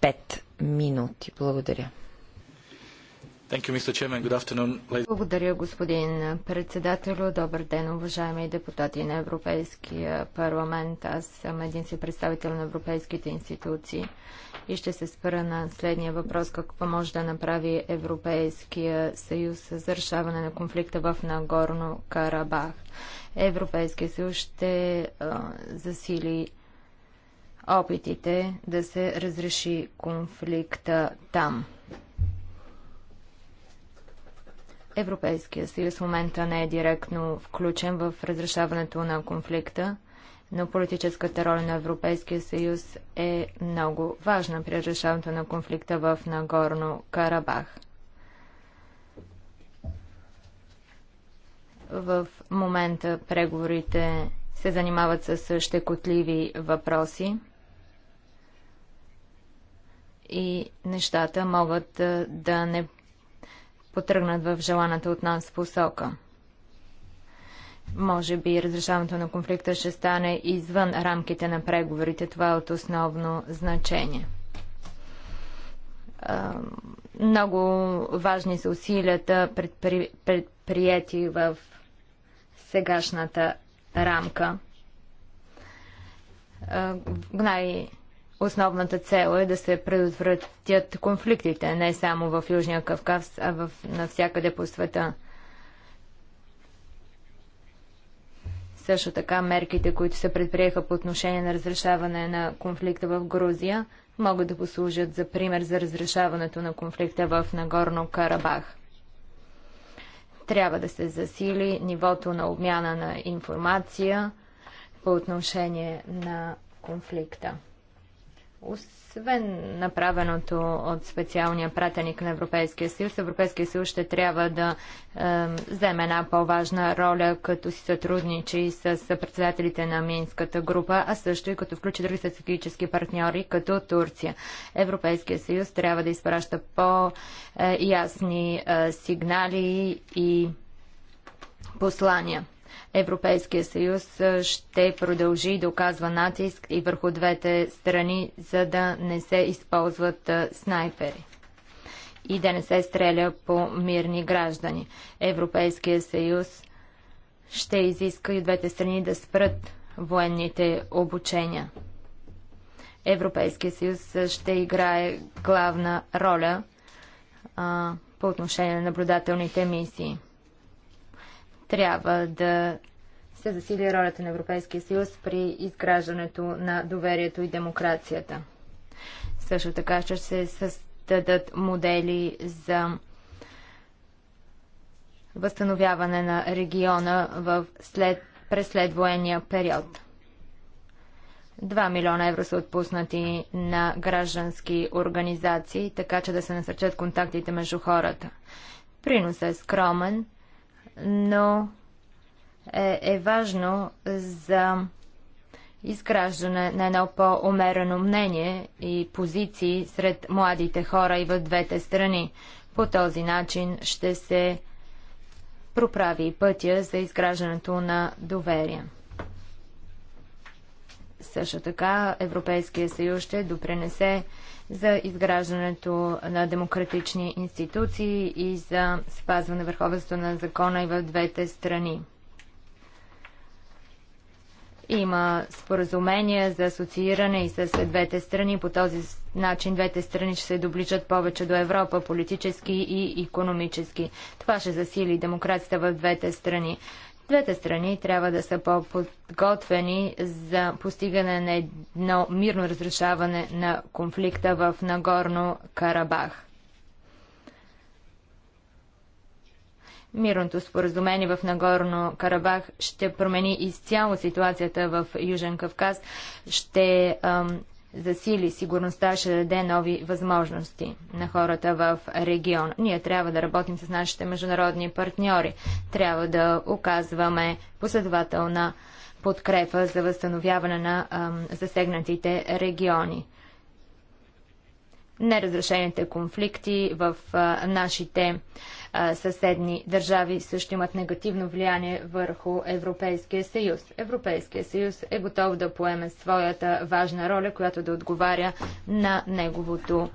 Speaker 1: 5 минути. Благодаря.
Speaker 3: Благодаря, господин председател. Добър ден, уважаеми депутати на Европейския парламент. Аз съм един си представител на европейските институции. И ще се спра на следния въпрос, какво може да направи Европейския съюз за решаване на конфликта в Нагорно Карабах. Европейския съюз ще а, засили опитите да се разреши конфликта там. Европейския съюз в момента не е директно включен в разрешаването на конфликта, но политическата роля на Европейския съюз е много важна при решаването на конфликта в Нагорно Карабах. В момента преговорите се занимават с щекотливи въпроси и нещата могат да не потръгнат в желаната от нас посока. Може би разрешаването на конфликта ще стане извън рамките на преговорите. Това е от основно значение. Много важни са усилията предпри... предприяти в сегашната рамка. Най-основната цел е да се предотвратят конфликтите не само в Южния Кавказ, а в... навсякъде по света. също така мерките, които се предприеха по отношение на разрешаване на конфликта в Грузия, могат да послужат за пример за разрешаването на конфликта в Нагорно Карабах. Трябва да се засили нивото на обмяна на информация по отношение на конфликта. Освен направеното от специалния пратеник на Европейския съюз, Европейския съюз ще трябва да е, вземе една по-важна роля, като си сътрудничи с председателите на Минската група, а също и като включи други стратегически партньори, като Турция. Европейския съюз трябва да изпраща по-ясни е, е, сигнали и послания. Европейския съюз ще продължи да оказва натиск и върху двете страни, за да не се използват снайпери и да не се стреля по мирни граждани. Европейския съюз ще изиска и двете страни да спрат военните обучения. Европейския съюз ще играе главна роля а, по отношение на наблюдателните мисии. Трябва да се засили ролята на Европейския съюз при изграждането на доверието и демокрацията. Също така ще се създадат модели за възстановяване на региона в след, през следвоенния период. 2 милиона евро са отпуснати на граждански организации, така че да се насърчат контактите между хората. Приносът е скромен, но е, е важно за изграждане на едно по-умерено мнение и позиции сред младите хора и в двете страни. По този начин ще се проправи пътя за изграждането на доверие. Също така Европейския съюз ще допренесе за изграждането на демократични институции и за спазване върховенството на закона и в двете страни. Има споразумения за асоцииране и с двете страни. По този начин двете страни ще се доближат повече до Европа, политически и економически. Това ще засили демокрацията в двете страни. Двете страни трябва да са по-подготвени за постигане на едно мирно разрешаване на конфликта в Нагорно Карабах. Мирното споразумение в Нагорно Карабах ще промени изцяло ситуацията в Южен Кавказ, ще ам, засили сигурността, ще даде нови възможности на хората в региона. Ние трябва да работим с нашите международни партньори. Трябва да оказваме последователна подкрепа за възстановяване на ам, засегнатите региони. Неразрешените конфликти в а, нашите съседни държави също имат негативно влияние върху Европейския съюз. Европейския съюз е готов да поеме своята важна роля, която да отговаря на неговото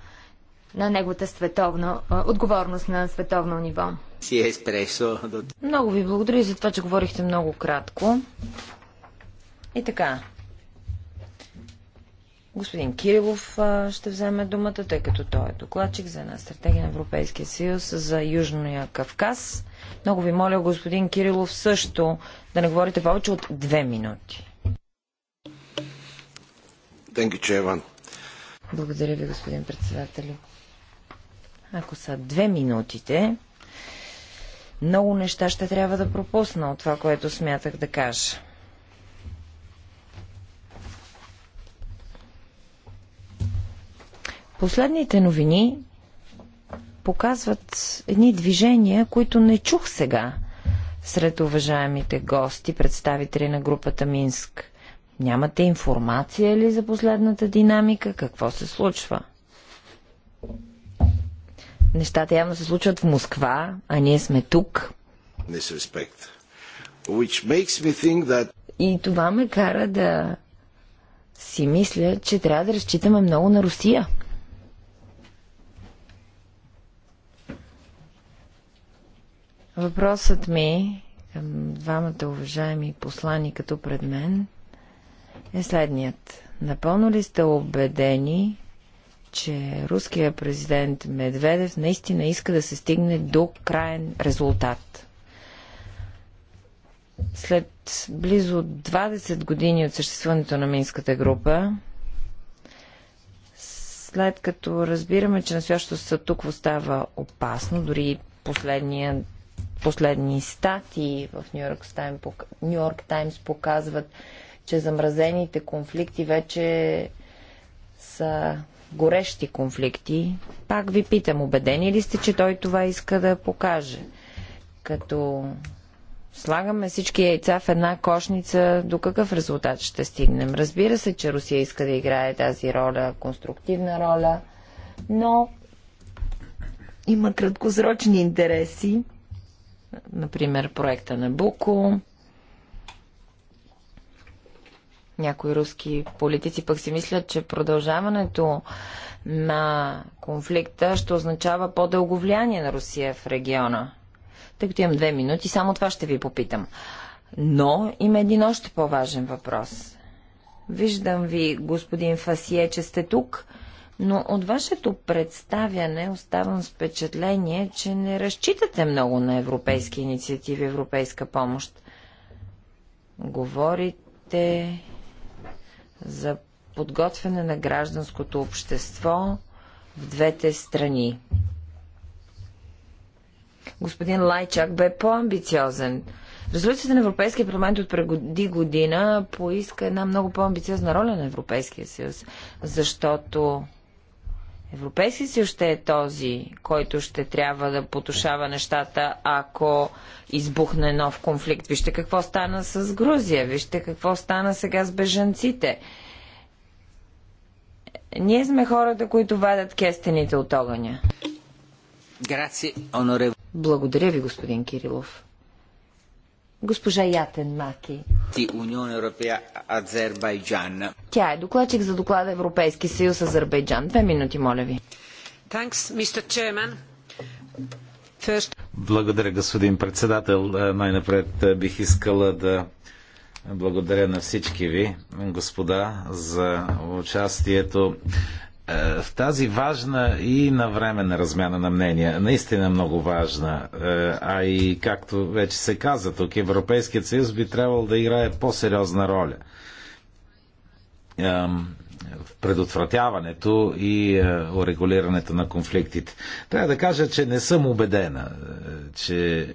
Speaker 3: на неговата световна отговорност
Speaker 1: на световно ниво. Е много ви благодаря за това, че говорихте много кратко. И така, Господин Кирилов ще вземе думата, тъй като той е докладчик за една стратегия на Европейския съюз за Южния Кавказ. Много ви моля, господин Кирилов, също да не говорите повече от две минути.
Speaker 4: You,
Speaker 1: Благодаря ви, господин председател. Ако са две минутите, много неща ще трябва да пропусна от това, което смятах да кажа. Последните новини показват едни движения, които не чух сега сред уважаемите гости, представители на групата Минск. Нямате информация ли за последната динамика? Какво се случва? Нещата явно се случват в Москва, а ние сме тук.
Speaker 4: That...
Speaker 1: И това ме кара да си мисля, че трябва да разчитаме много на Русия. Въпросът ми към двамата уважаеми послани като пред мен е следният. Напълно ли сте убедени, че руският президент Медведев наистина иска да се стигне до краен резултат? След близо 20 години от съществуването на Минската група, след като разбираме, че настоящото статукво става опасно, дори последният последни статии в Нью Йорк, Таймс показват, че замразените конфликти вече са горещи конфликти. Пак ви питам, убедени ли сте, че той това иска да покаже? Като слагаме всички яйца в една кошница, до какъв резултат ще стигнем? Разбира се, че Русия иска да играе тази роля, конструктивна роля, но има краткосрочни интереси Например, проекта на Буко. Някои руски политици пък си мислят, че продължаването на конфликта ще означава по-дълго влияние на Русия в региона. Тъй като имам две минути, само това ще ви попитам. Но има един още по-важен въпрос. Виждам ви, господин Фасие, че сте тук – но от вашето представяне оставам с впечатление, че не разчитате много на европейски инициативи, европейска помощ. Говорите за подготвяне на гражданското общество в двете страни. Господин Лайчак бе по-амбициозен. Резолюцията на Европейския парламент от преди година поиска една много по-амбициозна роля на Европейския съюз, защото Европейски съюз ще е този, който ще трябва да потушава нещата, ако избухне нов конфликт. Вижте какво стана с Грузия, вижте какво стана сега с бежанците. Ние сме хората, които вадят кестените от огъня. Благодаря ви, господин Кирилов. Госпожа Ятен Маки. Тя е докладчик за доклада Европейски съюз Азербайджан. Две минути, моля ви.
Speaker 4: Благодаря, господин председател. Е, най-напред е, бих искала да благодаря на всички ви, господа, за участието. Е, в тази важна и навременна размяна на мнения, наистина много важна, е, а и както вече се каза тук, Европейският съюз би трябвало да играе по-сериозна роля в предотвратяването и е, урегулирането на конфликтите. Трябва да кажа, че не съм убедена, че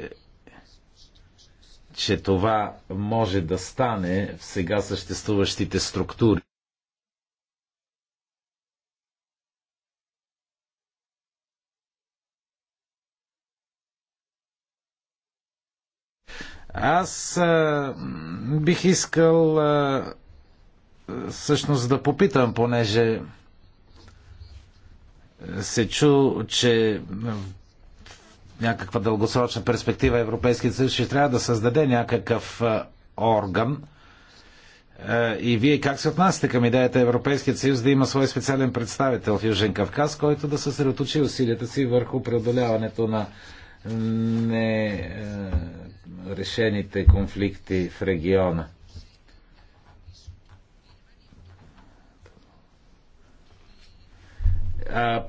Speaker 4: че това може да стане в сега съществуващите структури. Аз а, бих искал а, всъщност да попитам, понеже се чу, че в някаква дългосрочна перспектива Европейския съюз ще трябва да създаде някакъв а, орган. А, и вие как се отнасяте към идеята Европейският съюз да има свой специален представител в Южен Кавказ, който да съсредоточи усилията си върху преодоляването на не е, решените конфликти в региона.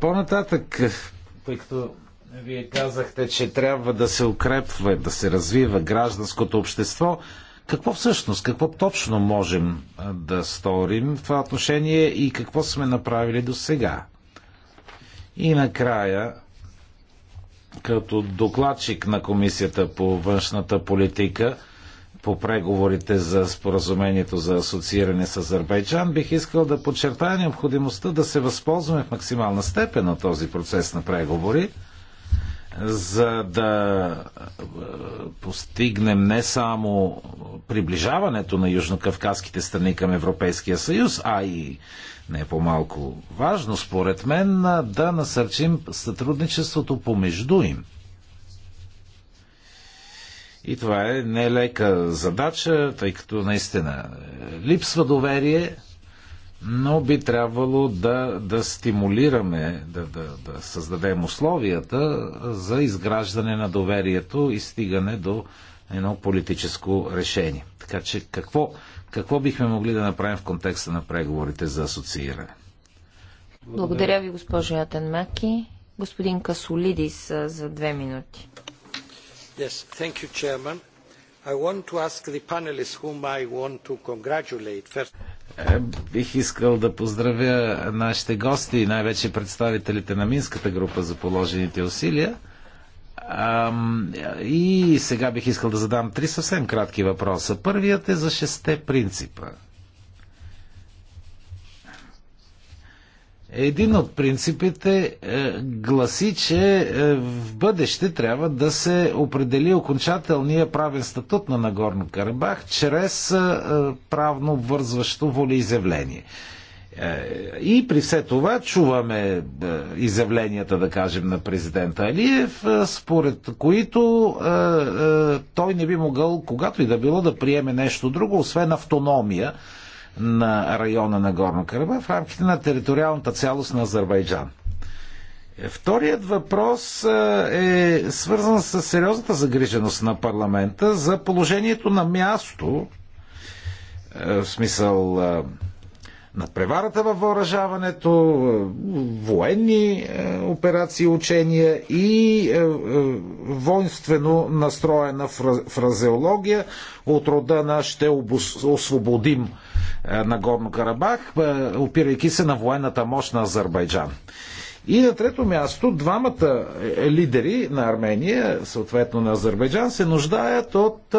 Speaker 4: по-нататък, тъй като вие казахте, че трябва да се укрепва, да се развива гражданското общество, какво всъщност, какво точно можем да сторим в това отношение и какво сме направили до сега? И накрая, като докладчик на Комисията по външната политика по преговорите за споразумението за асоцииране с Азербайджан, бих искал да подчертая необходимостта да се възползваме в максимална степен на този процес на преговори, за да е, постигнем не само приближаването на южнокавказските страни към Европейския съюз, а и не е по-малко важно, според мен, да насърчим сътрудничеството помежду им. И това е нелека задача, тъй като наистина е, липсва доверие, но би трябвало да, да стимулираме, да, да, да създадем условията за изграждане на доверието и стигане до едно политическо решение. Така че какво, какво бихме могли да направим в контекста на преговорите за асоцииране? Благодаря, Благодаря ви,
Speaker 1: госпожо Ятенмаки. Господин Касолидис за две
Speaker 4: минути. Yes, thank you, Chairman. I want to ask the panelists whom I want to congratulate first. Е, бих искал да поздравя нашите гости, най-вече представителите на Минската група за положените усилия. И сега бих искал да задам три съвсем кратки въпроса. Първият е за шесте принципа. Един от принципите е, гласи, че е, в бъдеще трябва да се определи окончателния правен статут на Нагорно Карабах чрез е, правно вързващо волеизявление. Е, и при все това чуваме е, изявленията, да кажем, на президента Алиев, е, според които той не би могъл, когато и да било, да приеме нещо друго, освен автономия на района на Горно Караба в рамките на териториалната цялост на Азербайджан. Вторият въпрос е свързан с сериозната загриженост на парламента за положението на място, в смисъл надпреварата във въоръжаването, е, военни е, операции, учения и е, воинствено настроена фразеология от рода на ще освободим Нагорно Карабах, опирайки се на военната мощ на Азербайджан. И на трето място, двамата е, е, лидери на Армения, съответно на Азербайджан, се нуждаят от е,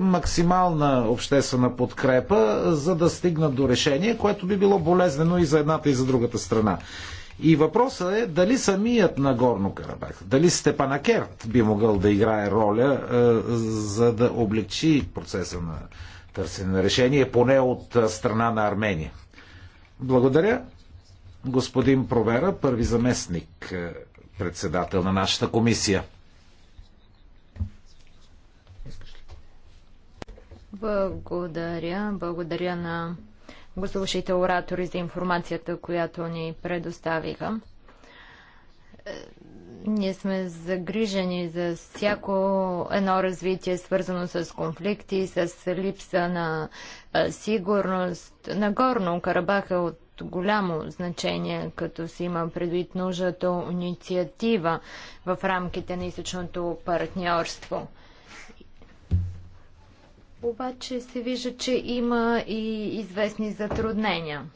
Speaker 4: максимална обществена подкрепа, за да стигнат до решение, което би било болезнено и за едната и за другата страна. И въпросът е дали самият Нагорно Карабах, дали Степанакерт би могъл да играе роля, за да облегчи процеса на търсене на решение, поне от страна на Армения. Благодаря господин Провера, първи заместник е, председател на нашата комисия.
Speaker 3: Благодаря. Благодаря на гослушите оратори за информацията, която ни предоставиха. Е, ние сме загрижени за всяко едно развитие, свързано с конфликти, с липса на е, сигурност. Нагорно Карабах е от голямо значение, като се има предвид нуждата инициатива в рамките на източното партньорство. Обаче се вижда, че има и известни затруднения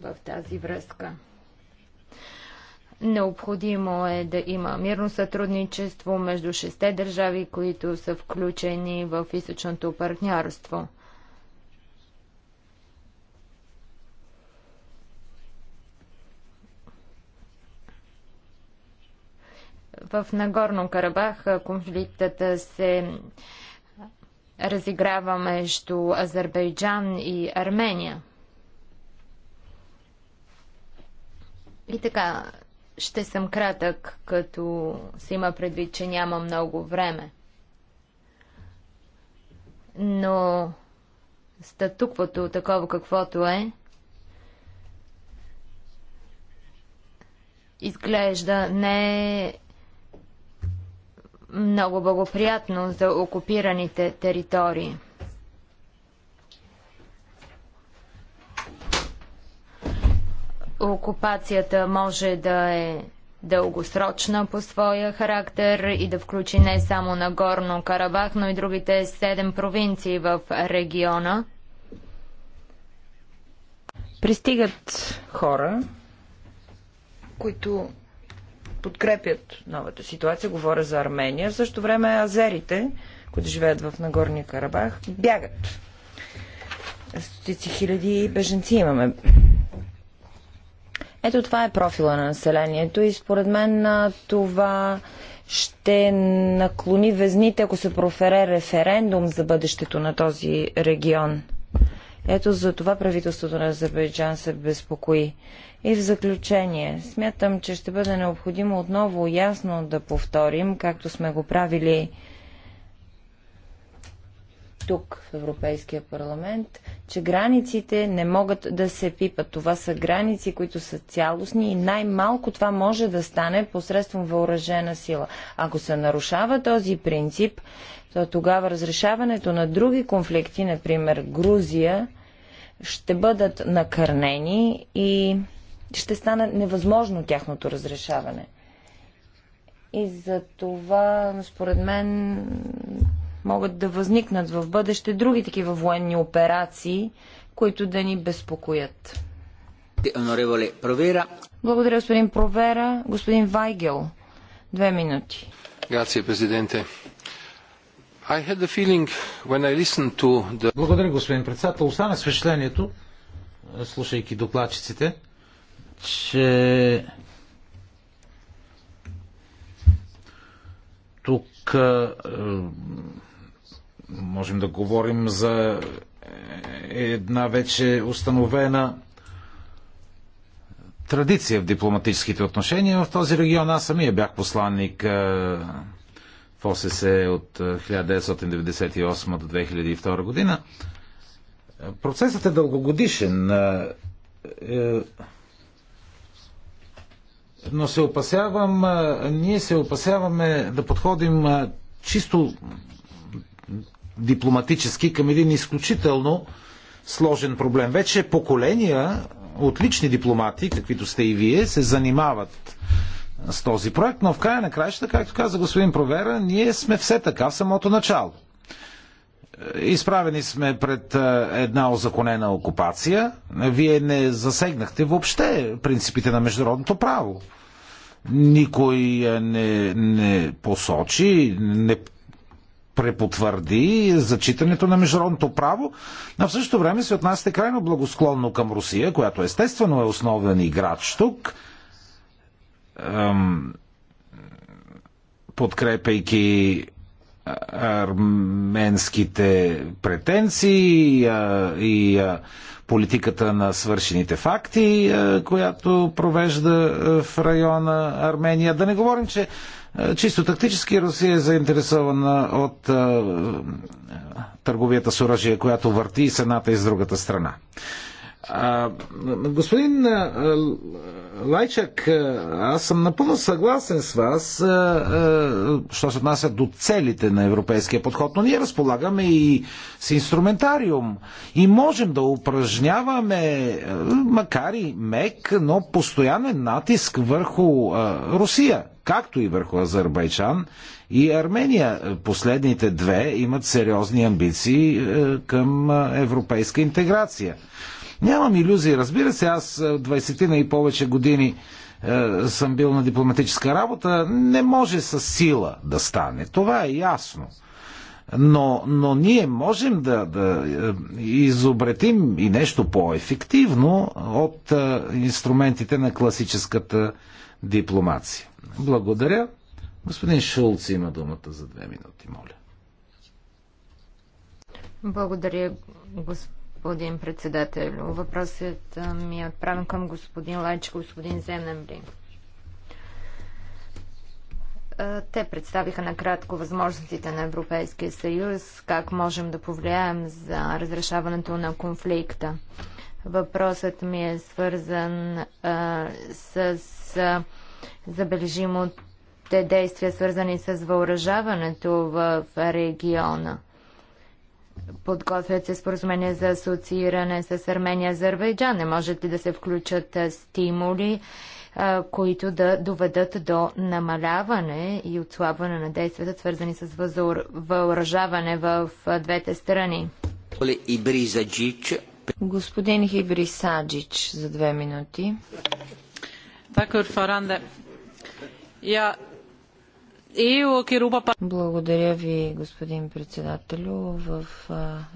Speaker 3: в тази връзка. Необходимо е да има мирно сътрудничество между шесте държави, които са включени в източното партньорство – В Нагорно Карабах конфликтът се разиграва между Азербайджан и Армения. И така, ще съм кратък, като се има предвид, че няма много време. Но статуквото, такова каквото е, изглежда не е много благоприятно за окупираните територии. Окупацията може да е дългосрочна по своя характер и да включи не само Нагорно Карабах, но и другите седем провинции в региона.
Speaker 1: Пристигат хора, които подкрепят новата ситуация. Говоря за Армения. В същото време азерите, които живеят в Нагорния Карабах, бягат. Стотици хиляди беженци имаме. Ето това е профила на населението и според мен на това ще наклони везните, ако се профере референдум за бъдещето на този регион. Ето за това правителството на Азербайджан се безпокои. И в заключение, смятам, че ще бъде необходимо отново ясно да повторим, както сме го правили тук в Европейския парламент, че границите не могат да се пипат. Това са граници, които са цялостни и най-малко това може да стане посредством въоръжена сила. Ако се нарушава този принцип, то тогава разрешаването на други конфликти, например Грузия, ще бъдат накърнени и ще стане невъзможно тяхното разрешаване. И за това, според мен, могат да възникнат в бъдеще други такива военни операции, които да ни безпокоят. Благодаря, господин Провера. Господин Вайгел, две
Speaker 4: минути. Грация, президенте. The... Благодаря, господин председател. Остана с слушайки докладчиците, че тук е, можем да говорим за една вече установена традиция в дипломатическите отношения в този регион. Аз самия бях посланник е, в ОССЕ от 1998 е, до 2002 година. Процесът е дългогодишен но се опасявам, ние се опасяваме да подходим чисто дипломатически към един изключително сложен проблем. Вече поколения отлични дипломати, каквито сте и вие, се занимават с този проект, но в края на краища, както каза господин Провера, ние сме все така в самото начало. Изправени сме пред една озаконена окупация. Вие не засегнахте въобще принципите на международното право. Никой не, не посочи, не препотвърди зачитането на международното право, а в същото време се отнасяте крайно благосклонно към Русия, която естествено е основен играч тук, подкрепяйки арменските претенции и политиката на свършените факти, която провежда в района Армения. Да не говорим, че чисто тактически Русия е заинтересована от търговията с оръжие, която върти и с едната и с другата страна. А, господин Лайчак, аз съм напълно съгласен с вас, а, а, що се отнася до целите на европейския подход, но ние разполагаме и с инструментариум и можем да упражняваме, макар и мек, но постоянен натиск върху а, Русия, както и върху Азербайджан и Армения. Последните две имат сериозни амбиции а, към европейска интеграция. Нямам иллюзии, разбира се, аз 20 е, и повече години е, съм бил на дипломатическа работа. Не може с сила да стане. Това е ясно. Но, но ние можем да, да е, изобретим и нещо по-ефективно от е, инструментите на класическата дипломация. Благодаря. Господин Шулц има думата за две минути, моля.
Speaker 3: Благодаря, господин господин председател. Въпросът ми е отправен към господин Лайч, господин Земнембри. Те представиха накратко възможностите на Европейския съюз, как можем да повлияем за разрешаването на конфликта. Въпросът ми е свързан а, с а, забележимо те действия, свързани с въоръжаването в региона подготвят се споразумения за асоцииране с Армения и Азербайджан? Не можете да се включат стимули, които да доведат до намаляване и отслабване на действията, свързани с въоръжаване в двете
Speaker 1: страни? Господин Саджич за две минути. Така, Фаранде. Я благодаря ви, господин председателю. В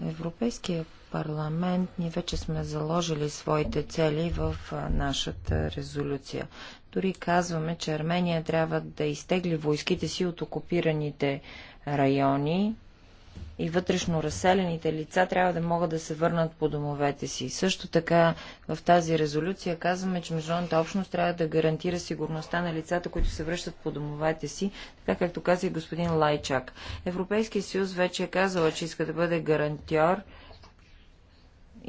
Speaker 1: Европейския парламент ние вече сме заложили своите цели в нашата резолюция. Дори казваме, че Армения трябва да изтегли войските си от окупираните райони и вътрешно разселените лица трябва да могат да се върнат по домовете си. Също така в тази резолюция казваме, че международната общност трябва да гарантира сигурността на лицата, които се връщат по домовете си, така както каза и господин Лайчак. Европейския съюз вече е казала, че иска да бъде гарантьор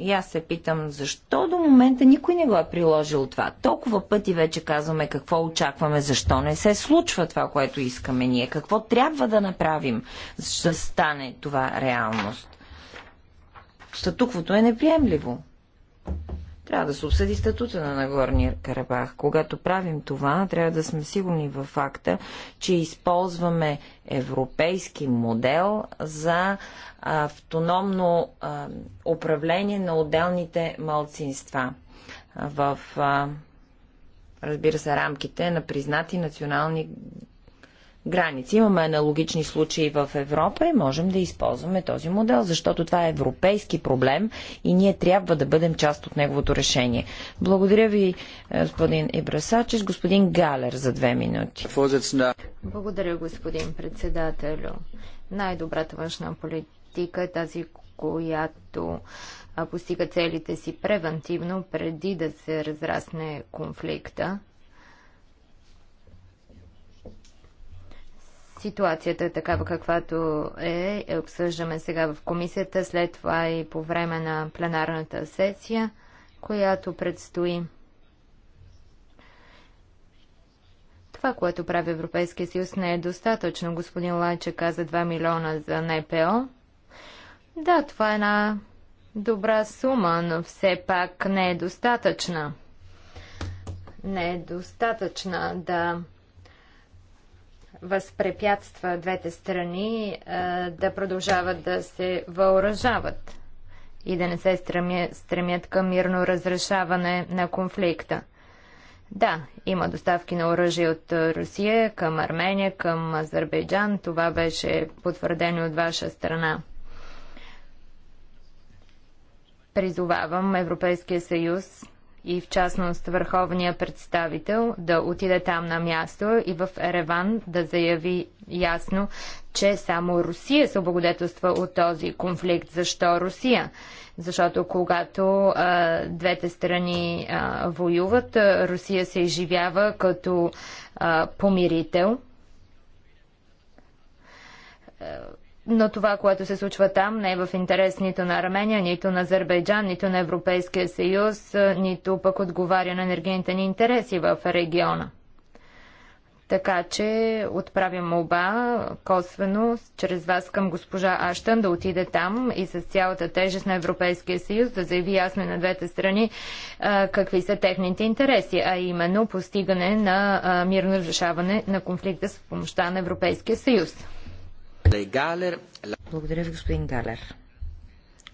Speaker 1: и аз се питам, защо до момента никой не го е приложил това? Толкова пъти вече казваме какво очакваме, защо не се случва това, което искаме ние, какво трябва да направим, за да стане това реалност. Статуквото е неприемливо. Трябва да се обсъди статута на Нагорния Карабах. Когато правим това, трябва да сме сигурни във факта, че използваме европейски модел за автономно управление на отделните малцинства в, разбира се, рамките на признати национални граници. Имаме аналогични случаи в Европа и можем да използваме този модел, защото това е европейски проблем и ние трябва да бъдем част от неговото решение. Благодаря ви, е, господин Ибрасачес. Господин Галер за две минути.
Speaker 3: Благодаря, господин председател, Най-добрата външна политика е тази, която постига целите си превентивно преди да се разрасне конфликта. Ситуацията е такава каквато е, е. Обсъждаме сега в комисията, след това и по време на пленарната сесия, която предстои. Това, което прави Европейския съюз, не е достатъчно. Господин Лайче каза 2 милиона за НПО. Да, това е една добра сума, но все пак не е достатъчна. Не е достатъчна да възпрепятства двете страни да продължават да се въоръжават и да не се стремят, стремят към мирно разрешаване на конфликта. Да, има доставки на оръжие от Русия към Армения, към Азербайджан. Това беше потвърдено от ваша страна. Призовавам Европейския съюз и в частност върховния представител да отиде там на място и в Ереван да заяви ясно, че само Русия се облагодетелства от този конфликт. Защо Русия? Защото когато а, двете страни а, воюват, а, Русия се изживява като а, помирител но това, което се случва там, не е в интерес нито на Армения, нито на Азербайджан, нито на Европейския съюз, нито пък отговаря на енергийните ни интереси в региона. Така че отправям молба косвено чрез вас към госпожа Аштън да отиде там и с цялата тежест на Европейския съюз да заяви ясно на двете страни а, какви са техните интереси, а именно постигане на а, мирно разрешаване на конфликта с помощта
Speaker 1: на Европейския съюз. Благодаря ви, господин Галер.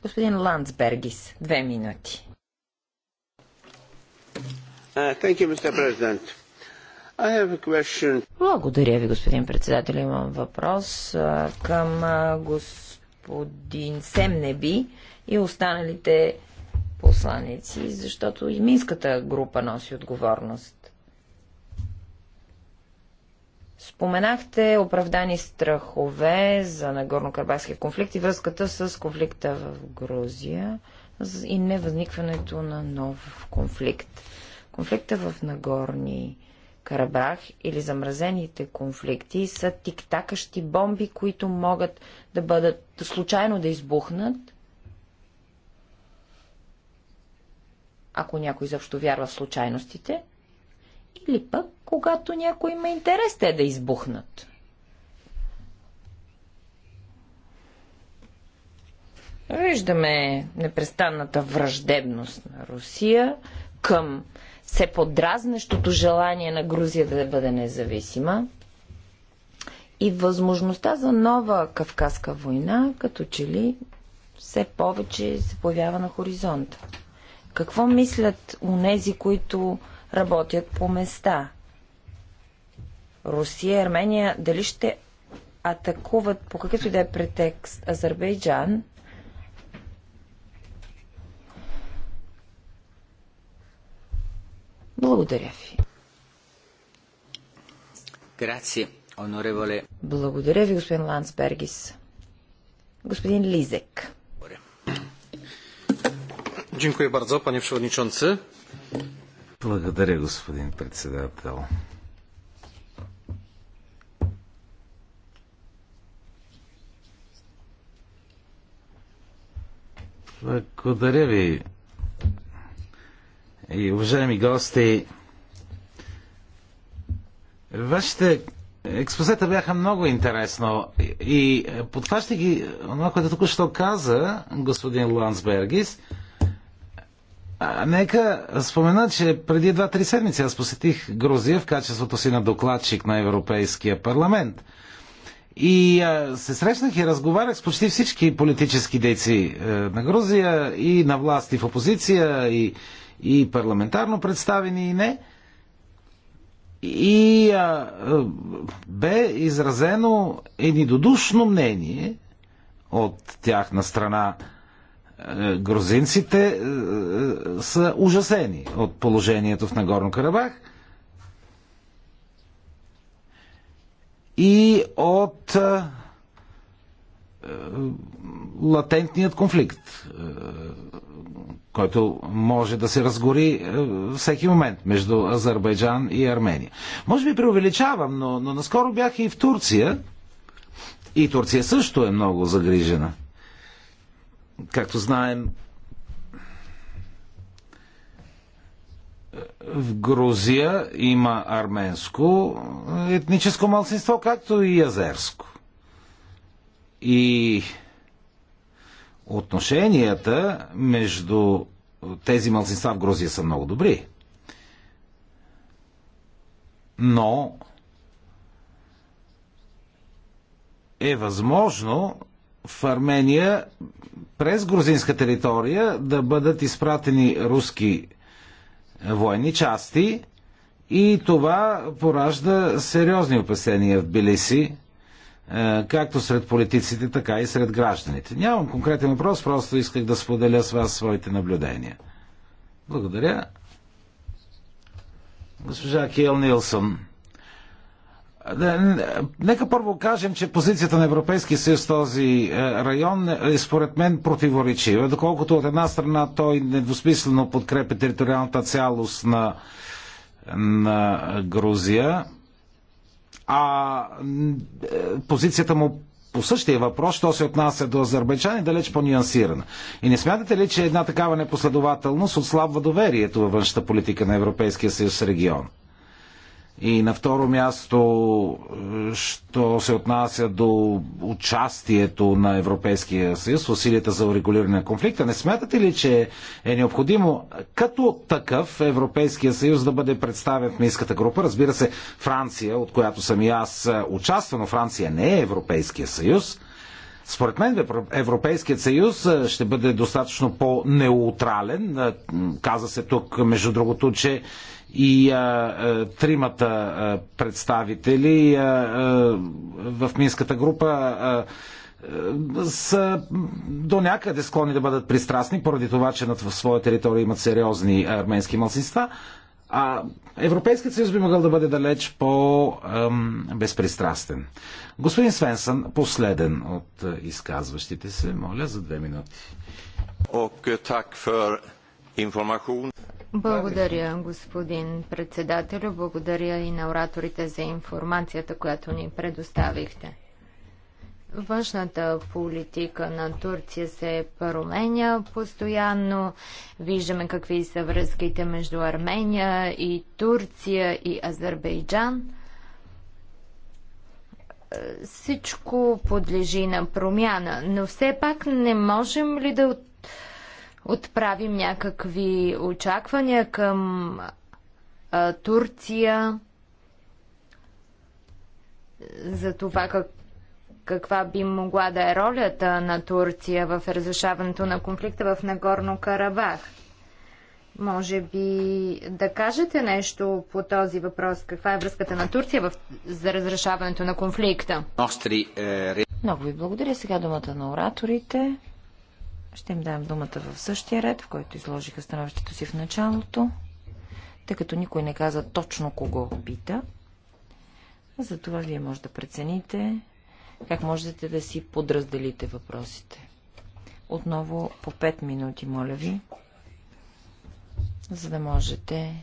Speaker 1: Господин Ландсбергис, две минути. Uh, Благодаря ви, господин председател. Имам въпрос към господин Семнеби и останалите посланици, защото и Минската група носи отговорност. Споменахте оправдани страхове за Нагорно-Карабахския конфликт и връзката с конфликта в Грузия и невъзникването на нов конфликт. Конфликта в Нагорни Карабах или замразените конфликти са тиктакащи бомби, които могат да бъдат случайно да избухнат, ако някой изобщо вярва в случайностите – или пък когато някой има интерес те да избухнат. Виждаме непрестанната враждебност на Русия към все подразнещото желание на Грузия да бъде независима и възможността за нова Кавказска война, като че ли все повече се появява на хоризонта. Какво мислят у нези, които работят по места. Русия и Армения дали ще атакуват по какъвто и да е претекст Азербайджан, Благодаря ви.
Speaker 2: Грация,
Speaker 4: онореволе.
Speaker 1: Благодаря ви, господин Лансбергис. Господин Лизек.
Speaker 4: Dziękuję bardzo, panie przewodniczący. Благодаря, господин председател. Благодаря ви. И уважаеми гости, вашите експозета бяха много интересно и подхващайки това, което току-що каза господин Лансбергис, а, нека спомена, че преди 2-3 седмици аз посетих Грузия в качеството си на докладчик на Европейския парламент. И а, се срещнах и разговарях с почти всички политически дейци а, е, на Грузия и на власт и в опозиция и, и парламентарно представени и не. И а, а, е, бе изразено единодушно мнение от тяхна страна е, грузинците е, е, са ужасени от положението в Нагорно Карабах и от латентният конфликт, който може да се разгори всеки момент между Азербайджан и Армения. Може би преувеличавам, но, но наскоро бях и в Турция. И Турция също е много загрижена. Както знаем, в Грузия има арменско етническо малцинство, както и азерско. И отношенията между тези малцинства в Грузия са много добри. Но е възможно в Армения през грузинска територия да бъдат изпратени руски военни части и това поражда сериозни опасения в Билиси, е, както сред политиците, така и сред гражданите. Нямам конкретен въпрос, просто исках да споделя с вас своите наблюдения. Благодаря. Госпожа Киел Нилсън. Нека първо кажем, че позицията на Европейския съюз в този е, район е според мен противоречива, доколкото от една страна той недвусмислено подкрепя териториалната цялост на, на Грузия, а е, позицията му по същия въпрос, що се отнася до Азербайджан, е далеч по-нюансирана. И не смятате ли, че една такава непоследователност отслабва доверието във външната политика на Европейския съюз в региона? И на второ място, е, що се отнася до участието на Европейския съюз в усилията за урегулиране на конфликта, не смятате ли, че е необходимо като такъв Европейския съюз да бъде представен в Минската група? Разбира се, Франция, от която съм и аз е, участвам, но Франция не е Европейския съюз. Според мен Европейският съюз е, ще бъде достатъчно по-неутрален. Каза се тук, между другото, че и а, а, тримата а, представители а, а, в Минската група а, са до някъде склонни да бъдат пристрастни, поради това, че в своя територия имат сериозни арменски малцинства. А Европейският съюз би могъл да бъде далеч по-безпристрастен. Господин Свенсън, последен от изказващите се, моля за две минути. Eh,
Speaker 3: благодаря, господин председател. Благодаря и на ораторите за информацията, която ни предоставихте. Външната политика на Турция се променя постоянно. Виждаме какви са връзките между Армения и Турция и Азербайджан. Всичко подлежи на промяна, но все пак не можем ли да отправим някакви очаквания към а, Турция за това как, каква би могла да е ролята на Турция в разрешаването на конфликта в Нагорно Карабах. Може би да кажете нещо по този въпрос. Каква е връзката на Турция в... за разрешаването на
Speaker 1: конфликта? Е, Много ви благодаря. Сега думата на ораторите. Ще им дам думата в същия ред, в който изложиха становището си в началото, тъй като никой не каза точно кого пита. Затова вие може да прецените как можете да си подразделите въпросите. Отново по 5 минути, моля ви, за да можете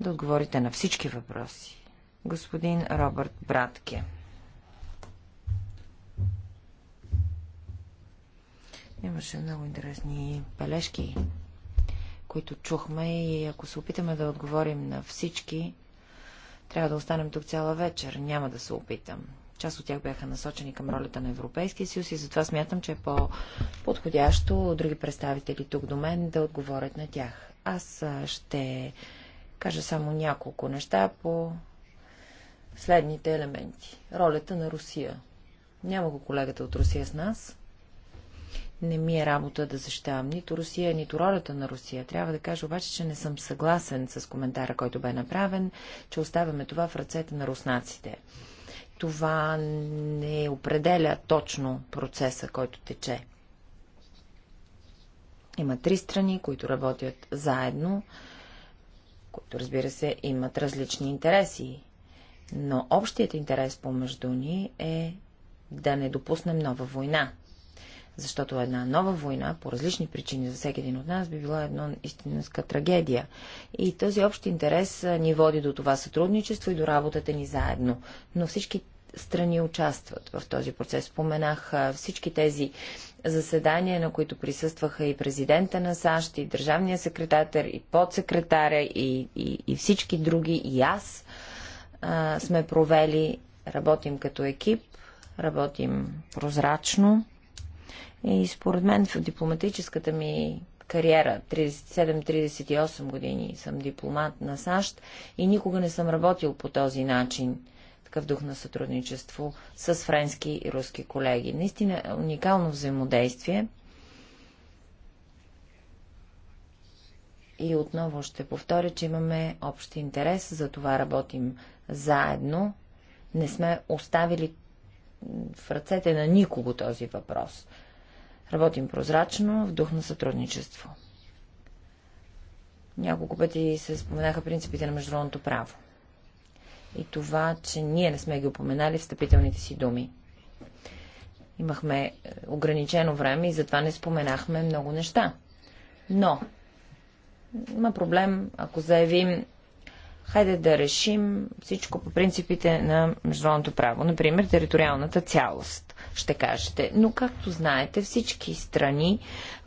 Speaker 1: да отговорите на всички въпроси. Господин Робърт Братке. Имаше много интересни бележки, които чухме и ако се опитаме да отговорим на всички, трябва да останем тук цяла вечер. Няма да се опитам. Част от тях бяха насочени към ролята на Европейския съюз и затова смятам, че е по-подходящо други представители тук до мен да отговорят на тях. Аз ще кажа само няколко неща по следните елементи. Ролята на Русия. Няма го колегата от Русия с нас. Не ми е работа да защитавам нито Русия, нито ролята на Русия. Трябва да кажа обаче, че не съм съгласен с коментара, който бе направен, че оставяме това в ръцете на руснаците. Това не определя точно процеса, който тече. Има три страни, които работят заедно, които, разбира се, имат различни интереси. Но общият интерес помежду ни е да не допуснем нова война. Защото една нова война, по различни причини за всеки един от нас, би била една истинска трагедия. И този общ интерес ни води до това сътрудничество и до работата ни заедно. Но всички страни участват в този процес. Споменах всички тези заседания, на които присъстваха и президента на САЩ, и държавния секретар, и подсекретаря, и, и, и всички други, и аз а, сме провели. Работим като екип, работим прозрачно. И според мен в дипломатическата ми кариера, 37-38 години съм дипломат на САЩ и никога не съм работил по този начин, такъв дух на сътрудничество с френски и руски колеги. Наистина е уникално взаимодействие. И отново ще повторя, че имаме общ интерес, за това работим заедно. Не сме оставили в ръцете на никого този въпрос. Работим прозрачно, в дух на сътрудничество. Няколко пъти се споменаха принципите на международното право. И това, че ние не сме ги упоменали в стъпителните си думи. Имахме е, ограничено време и затова не споменахме много неща. Но има проблем, ако заявим хайде да решим всичко по принципите на международното право, например териториалната цялост, ще кажете. Но, както знаете, всички страни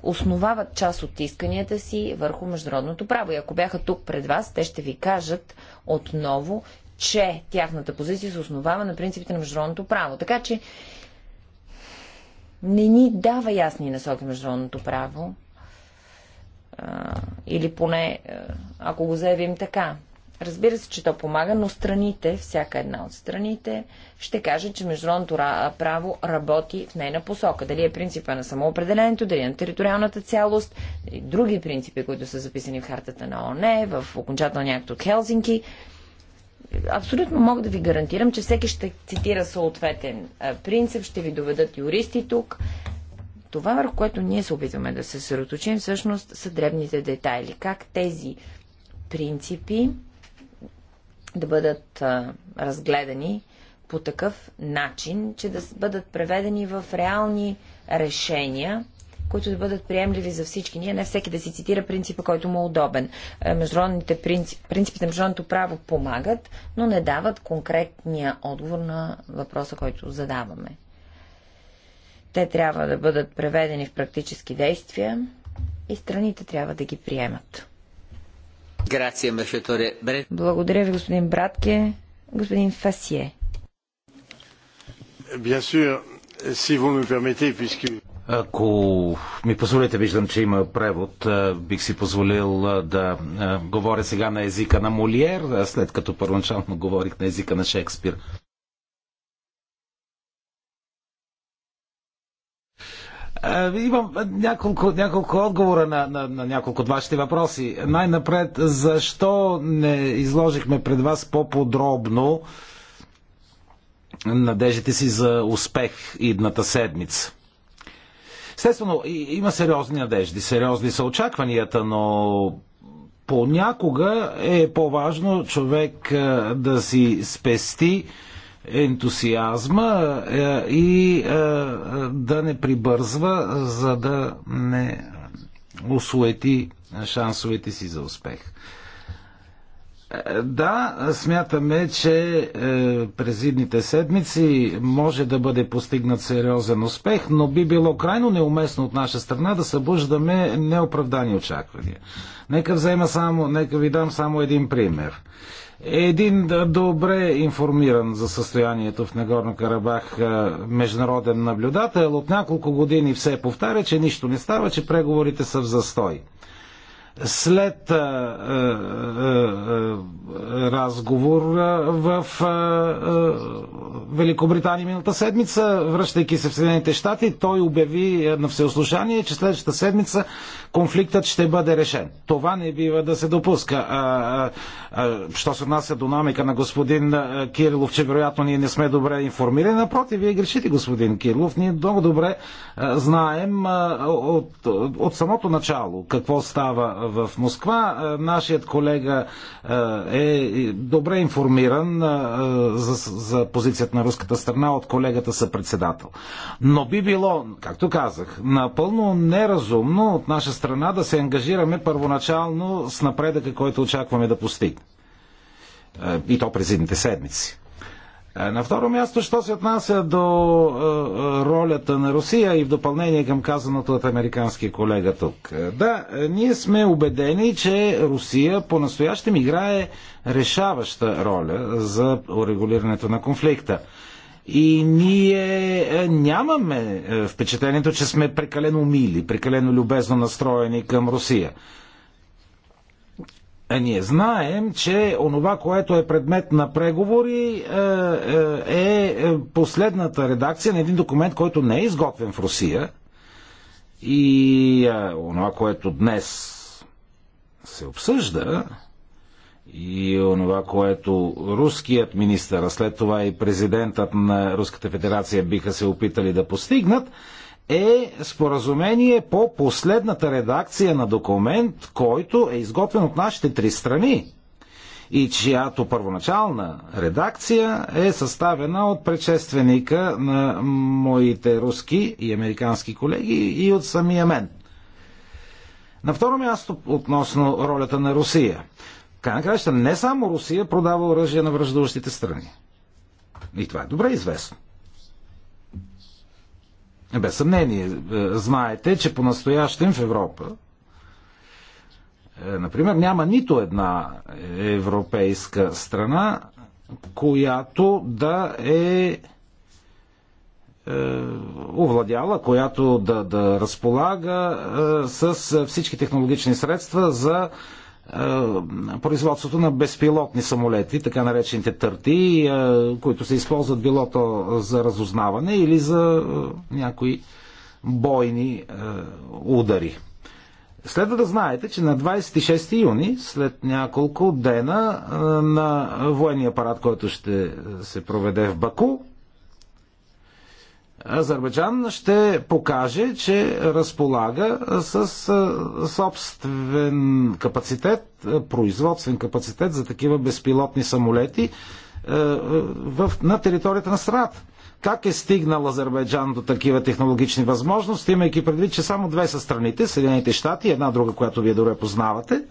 Speaker 1: основават част от исканията си върху международното право. И ако бяха тук пред вас, те ще ви кажат отново, че тяхната позиция се основава на принципите на международното право. Така че не ни дава ясни насоки международното право. А, или поне, ако го заявим така, Разбира се, че то помага, но страните, всяка една от страните, ще каже, че международното право работи в нейна посока. Дали е принципа на самоопределението, дали е на териториалната цялост, и други принципи, които са записани в хартата на ОНЕ, в окончателния акт от Хелзинки. Абсолютно мога да ви гарантирам, че всеки ще цитира съответен принцип, ще ви доведат юристи тук. Това, върху което ние се опитваме да се съсредоточим, всъщност са дребните детайли. Как тези принципи да бъдат разгледани по такъв начин, че да бъдат преведени в реални решения, които да бъдат приемливи за всички. Ние не всеки да си цитира принципа, който му е удобен. Е, международните принцип, принципите на международното право помагат, но не дават конкретния отговор на въпроса, който задаваме. Те трябва да бъдат преведени в практически действия и страните трябва да ги приемат. Благодаря ви, господин Братке. Господин Фасие.
Speaker 4: Ако ми позволите, виждам, че има превод, бих си позволил да говоря сега на езика на Молиер, след като първоначално говорих на езика на Шекспир. Имам няколко, няколко отговора на, на, на няколко от вашите въпроси. Най-напред, защо не изложихме пред вас по-подробно надеждите си за успех идната седмица? Естествено, има сериозни надежди, сериозни са очакванията, но понякога е по-важно човек да си спести ентусиазма е, и е, да не прибързва, за да не осуети шансовете си за успех. Е, да, смятаме, че през идните седмици може да бъде постигнат сериозен успех, но би било крайно неуместно от наша страна да събуждаме неоправдани очаквания. Нека, взема само, нека ви дам само един пример. Един добре информиран за състоянието в Нагорно Карабах е, международен наблюдател от няколко години все повтаря, че нищо не става, че преговорите са в застой. След а, а, а, разговор е, в а, е, а, Великобритания миналата седмица, връщайки се в Съединените щати, той обяви на всеослушание, че следващата седмица конфликтът ще бъде решен. Това не бива да се допуска. А, а, а, що се отнася до намека на господин Кирилов, че вероятно ние не сме добре информирани. Напротив, вие грешите, господин Кирилов. Ние много добре а, знаем а, от, от, от самото начало какво става в Москва. А, нашият колега а, е добре информиран а, за, за позицията на руската страна от колегата съпредседател. Но би било, както казах, напълно неразумно от наша страна да се ангажираме първоначално с напредъка, който очакваме да постигне. Е, и то през едните седмици. Е, на второ място, що се отнася до е, ролята на Русия и в допълнение към казаното от американския колега тук. Да, ние сме убедени, че Русия по-настоящем играе решаваща роля за урегулирането на конфликта и ние е, нямаме е, впечатлението, че сме прекалено мили, прекалено любезно настроени към Русия. Е, ние знаем, че онова, което е предмет на преговори, е последната редакция на един документ, който не е изготвен в Русия. И онова, което днес се обсъжда, и онова, което руският министър, а след това и президентът на Руската федерация биха се опитали да постигнат, е споразумение по последната редакция на документ, който е изготвен от нашите три страни и чиято първоначална редакция е съставена от предшественика на моите руски и американски колеги и от самия мен. На второ място относно ролята на Русия. Крайна на краща не само Русия продава оръжие на връждуващите страни. И това е добре известно. Без съмнение, е, знаете, че по-настоящем в Европа, е, например, няма нито една европейска страна, която да е, е овладяла, която да, да разполага с всички технологични средства за е, производството на безпилотни самолети, така наречените търти, е, които се използват било то за разузнаване или за е, някои бойни удари. Следва да знаете, че на 26 юни, след няколко дена, на военния апарат, който ще се проведе в Баку, Азербайджан ще покаже, че разполага с собствен капацитет, производствен капацитет за такива безпилотни самолети на територията на страната. Как е стигнал Азербайджан до такива технологични възможности, имайки предвид, че само две са страните, Съединените щати и една друга, която вие добре познавате,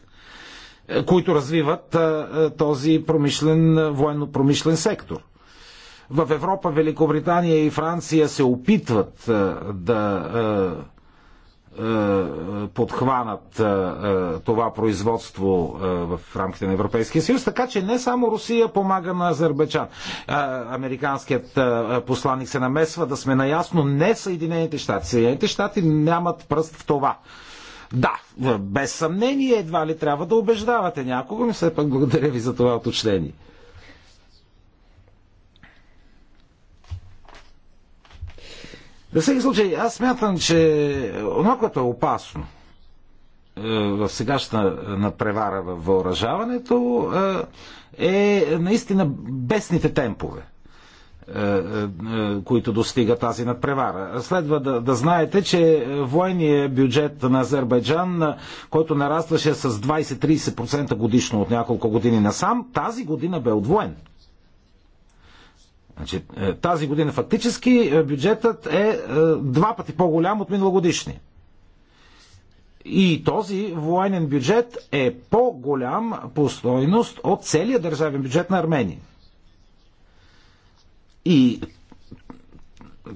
Speaker 4: които развиват този промишлен, военно-промишлен сектор. В Европа, Великобритания и Франция се опитват е, да е, е, подхванат това производство в рамките на Европейския съюз, така че не само Русия помага на Азербайджан. Американският посланник се намесва да сме наясно не Съединените щати. Съединените щати нямат пръст в това. Да, без съмнение едва ли трябва да убеждавате някого, но все пак благодаря ви за това уточнение. Във всеки случай, аз смятам, че оно, което е опасно е, в сегашна напревара в въоръжаването е, е наистина бесните темпове е, които достига тази надпревара. Следва да, да знаете, че военният бюджет на Азербайджан, който нарастваше с 20-30% годишно от няколко години насам, тази година бе отвоен. Значи, е, тази година фактически е, бюджетът е, е два пъти по-голям от миналогодишния. И този военен бюджет е по-голям по стойност от целия държавен бюджет на Армения. И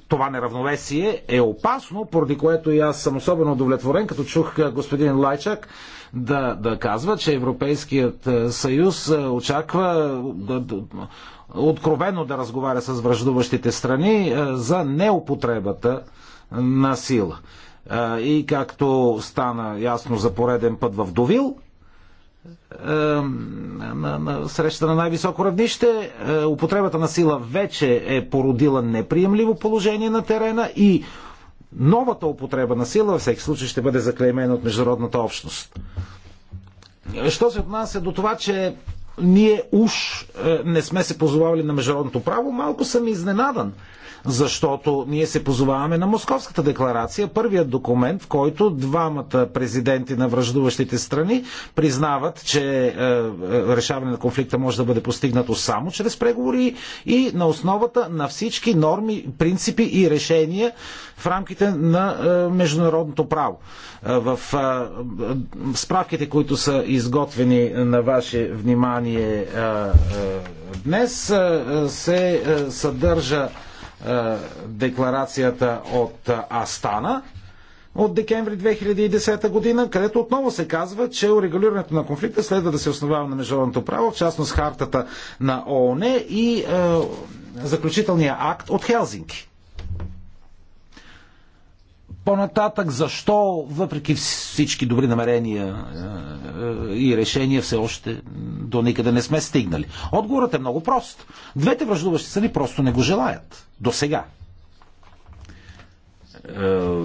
Speaker 4: това неравновесие е опасно, поради което и аз съм особено удовлетворен, като чух господин Лайчак да, да казва, че Европейският съюз очаква да, да, откровено да разговаря с връждуващите страни е, за неупотребата на сила. Е, и както стана ясно за пореден път в Довил, е, на, на среща на най-високо равнище. Употребата на сила вече е породила неприемливо положение на терена и новата употреба на сила във всеки случай ще бъде заклеймена от международната общност. Що се отнася до това, че ние уж е, не сме се позовавали на международното право, малко съм изненадан защото ние се позоваваме на Московската декларация, първият документ, в който двамата президенти на връждуващите страни признават, че е, е, решаване на конфликта може да бъде постигнато само чрез преговори и на основата на всички норми, принципи и решения в рамките на е, международното право. Е, в е, е, справките, които са изготвени на ваше внимание е, е, днес, е, се съдържа е, декларацията от е, Астана от декември 2010 година, където отново се казва, че урегулирането на конфликта следва да се основава на международното право, в частност хартата на ООН и е, заключителния акт от Хелзинки. По-нататък, защо, въпреки всички добри намерения е, е, и решения, все още до никъде не сме стигнали? Отговорът е много прост. Двете връждуващи страни просто не го желаят. До сега е,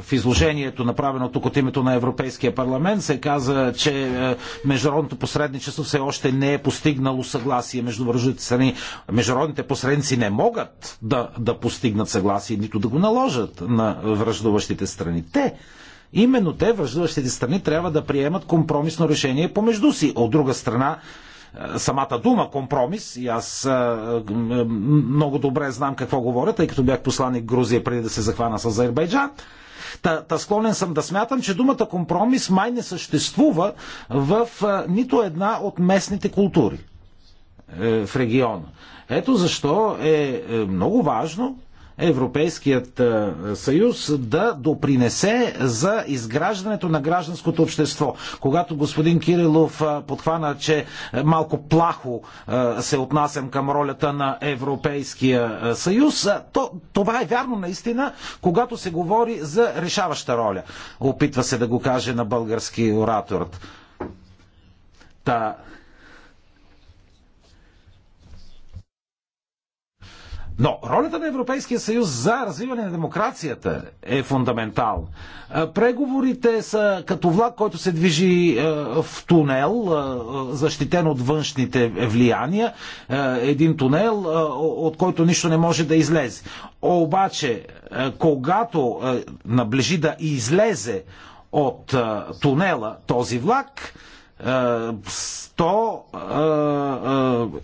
Speaker 4: в изложението, направено тук от името на Европейския парламент, се каза, че е, международното посредничество все още не е постигнало съгласие между вържите страни. Международните посредници не могат да, да постигнат съгласие, нито да го наложат на връждуващите страни. Те Именно те, връждуващите страни, трябва да приемат компромисно решение помежду си. От друга страна, е, самата дума компромис, и аз е, много добре знам какво говоря, тъй като бях посланник Грузия преди да се захвана с Азербайджан, Та, та склонен съм да смятам, че думата компромис май не съществува в нито една от местните култури е, в региона. Ето защо е, е много важно Европейският е, съюз да допринесе за изграждането на гражданското общество. Когато господин Кирилов е, подхвана, че малко плахо е, се отнасям към ролята на Европейския съюз, то, това е вярно наистина, когато се говори за решаваща роля. Опитва се да го каже на български оратор. Та, Но ролята на Европейския съюз за развиване на демокрацията е фундаментална. Преговорите са като влак, който се движи е, в тунел, е, защитен от външните влияния. Е, един тунел, от който нищо не може да излезе. Обаче, когато наближи да излезе от тунела този влак, е, то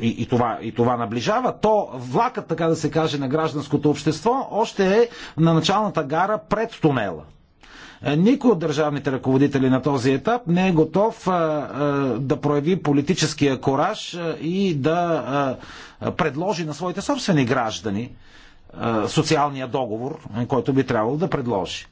Speaker 4: е, е, и, и, това, и това наближава, то влакът, така да се каже, на гражданското общество още е на началната гара пред тунела. Никой от държавните ръководители на този етап не е готов а, а, да прояви политическия кораж а, и да а, предложи на своите собствени граждани а, социалния договор, който би трябвало да предложи.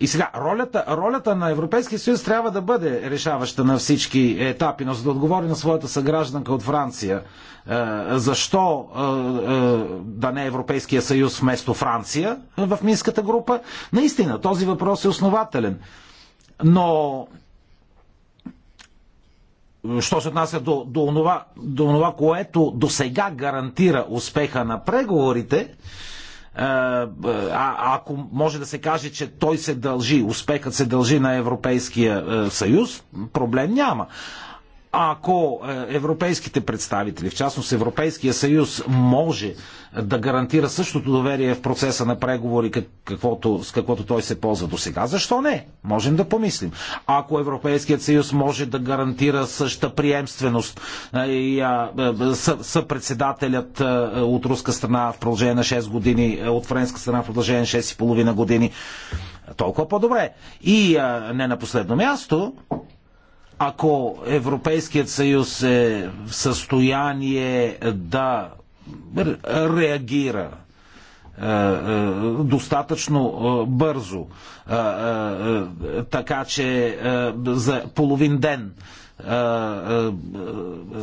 Speaker 4: И сега, ролята, ролята на Европейския съюз трябва да бъде решаваща на всички етапи, но за да отговори на своята съгражданка от Франция, е, защо е, е, да не Европейския съюз вместо Франция в Минската група, наистина този въпрос е основателен. Но що се отнася до, до, онова, до онова, което до сега гарантира успеха на преговорите, е, а, ако може да се каже, че той се дължи, успехът се дължи на Европейския е, съюз, проблем няма ако е, европейските представители, в частност Европейския съюз, може да гарантира същото доверие в процеса на преговори, каквото, с каквото той се ползва до сега, защо не? Можем да помислим. Ако Европейският съюз може да гарантира същата приемственост е, и е, съпредседателят от руска страна в продължение на 6 години, от френска страна в продължение на 6,5 години, толкова по-добре. И а, не на последно място, ако Европейският съюз е в състояние да реагира е, е, достатъчно е, бързо, така че за половин ден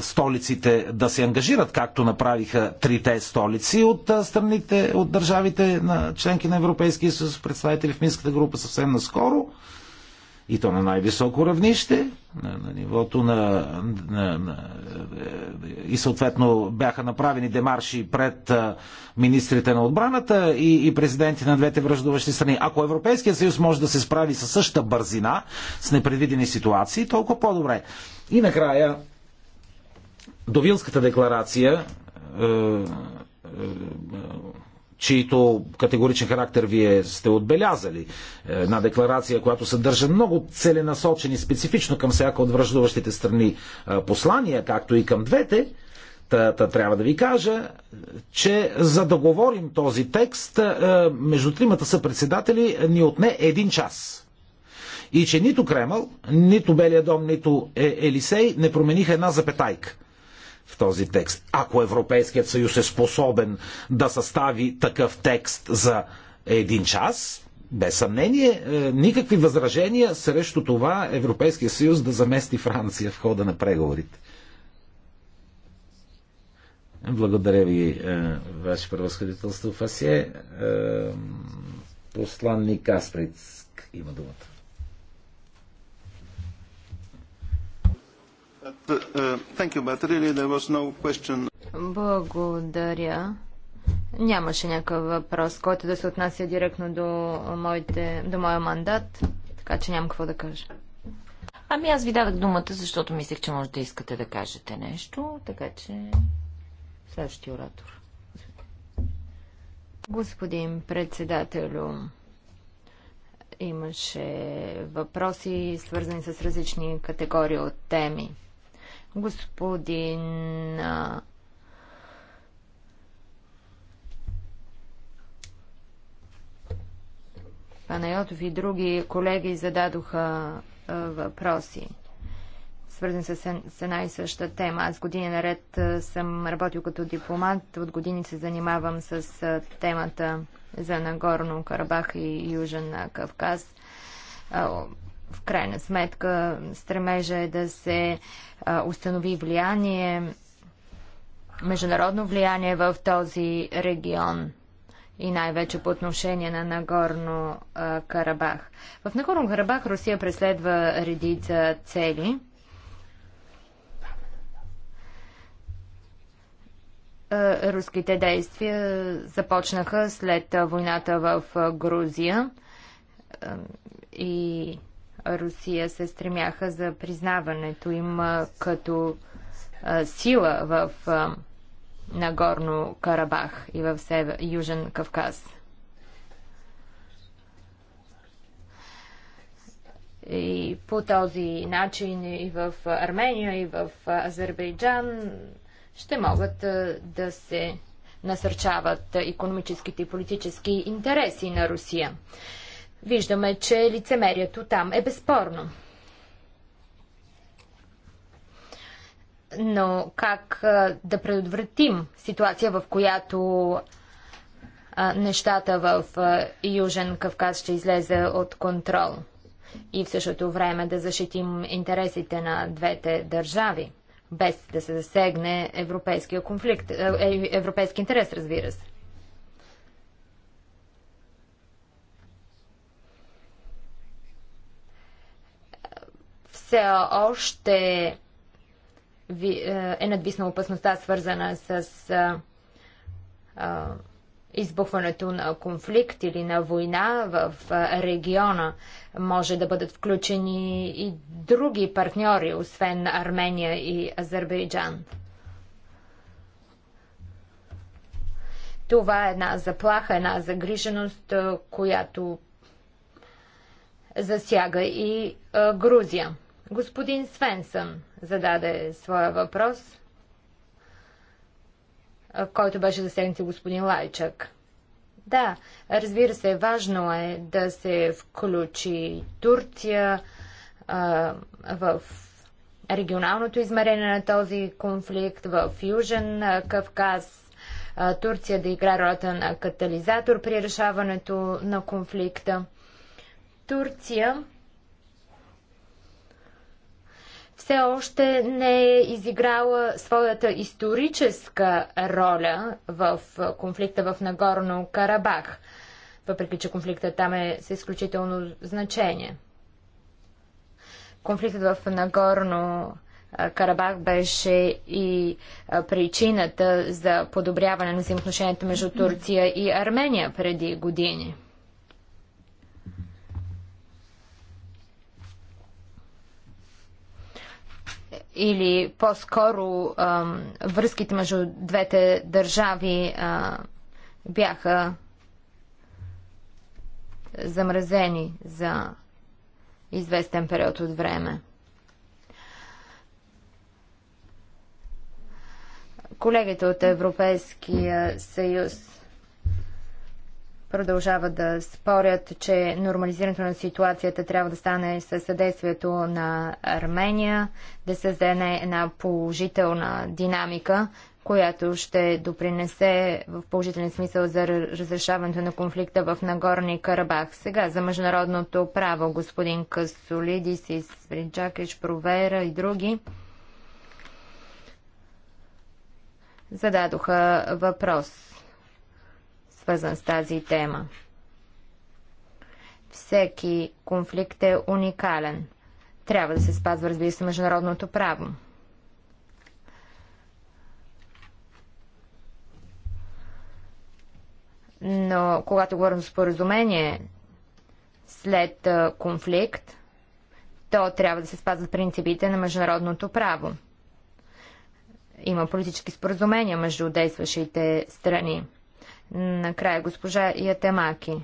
Speaker 4: столиците да се ангажират, както направиха трите столици от страните, от държавите на членки на Европейския съюз, представители в Минската група съвсем наскоро, и то на най-високо равнище, на, на нивото на, на, на. И съответно бяха направени демарши пред министрите на отбраната и, и президенти на двете връждуващи страни. Ако Европейския съюз може да се справи със същата бързина, с непредвидени ситуации, толкова по-добре. И накрая, Довилската декларация. Е, е, чието категоричен характер вие сте отбелязали. Една декларация, която съдържа много целенасочени специфично към всяка от връждуващите страни послания, както и към двете, трябва да ви кажа, че за да говорим този текст, между тримата са председатели ни отне един час. И че нито Кремъл, нито Белия дом, нито е, Елисей не промениха една запетайка – в този текст. Ако Европейският съюз е способен да състави такъв текст за един час, без съмнение, е, никакви възражения срещу това Европейския съюз да замести Франция в хода на преговорите. Благодаря ви, е, Ваше превъзходителство Фасие. Е, посланник Асприц има думата.
Speaker 3: Благодаря. Нямаше някакъв въпрос, който да се отнася директно до, моите, до моя
Speaker 1: мандат, така че нямам какво да кажа. Ами аз ви дадах думата, защото мислех, че може да искате да кажете нещо, така че следващия оратор.
Speaker 3: Господин председателю, имаше въпроси, свързани с различни категории от теми. Господин Панайотов и други колеги зададоха въпроси, свързан с, с една и съща тема. Аз години наред съм работил като дипломат, от години се занимавам с темата за Нагорно Карабах и Южен Кавказ в крайна сметка стремежа е да се а, установи влияние, международно влияние в този регион и най-вече по отношение на Нагорно а, Карабах. В Нагорно Карабах Русия преследва редица цели. руските действия започнаха след войната в Грузия и Русия се стремяха за признаването им като сила в Нагорно Карабах и в Север, Южен Кавказ. И по този начин и в Армения, и в Азербайджан ще могат да се насърчават економическите и политически интереси на Русия. Виждаме, че лицемерието там е безспорно. Но как да предотвратим ситуация, в която нещата в Южен Кавказ ще излезе от контрол и в същото време да защитим интересите на двете държави, без да се засегне европейския конфликт, е, европейски интерес, разбира се. все още е, е надвисна опасността, свързана с е, е, избухването на конфликт или на война в региона. Може да бъдат включени и други партньори, освен Армения и Азербайджан. Това е една заплаха, една загриженост, която засяга и Грузия. Господин Свенсън зададе своя въпрос, който беше засегнат и господин Лайчък. Да, разбира се, важно е да се включи Турция а, в регионалното измерение на този конфликт, в Южен Кавказ, Турция да играе ролята на катализатор при решаването на конфликта. Турция все още не е изиграла своята историческа роля в конфликта в Нагорно Карабах, въпреки че конфликта там е с изключително значение. Конфликтът в Нагорно Карабах беше и причината за подобряване на взаимоотношенията между Турция и Армения преди години. или по-скоро връзките между двете държави а, бяха замразени за известен период от време. Колегите от Европейския съюз продължават да спорят, че нормализирането на ситуацията трябва да стане със съдействието на Армения, да създаде една положителна динамика, която ще допринесе в положителен смисъл за разрешаването на конфликта в Нагорни Карабах. Сега за международното право господин Касолидис и Свринчакич, Провера и други зададоха въпрос свързан с тази тема. Всеки конфликт е уникален. Трябва да се спазва, разбира се, международното право. Но когато говорим за споразумение след конфликт, то трябва да се спазват принципите на международното право. Има политически споразумения между действащите страни. Накрая госпожа Ятемаки.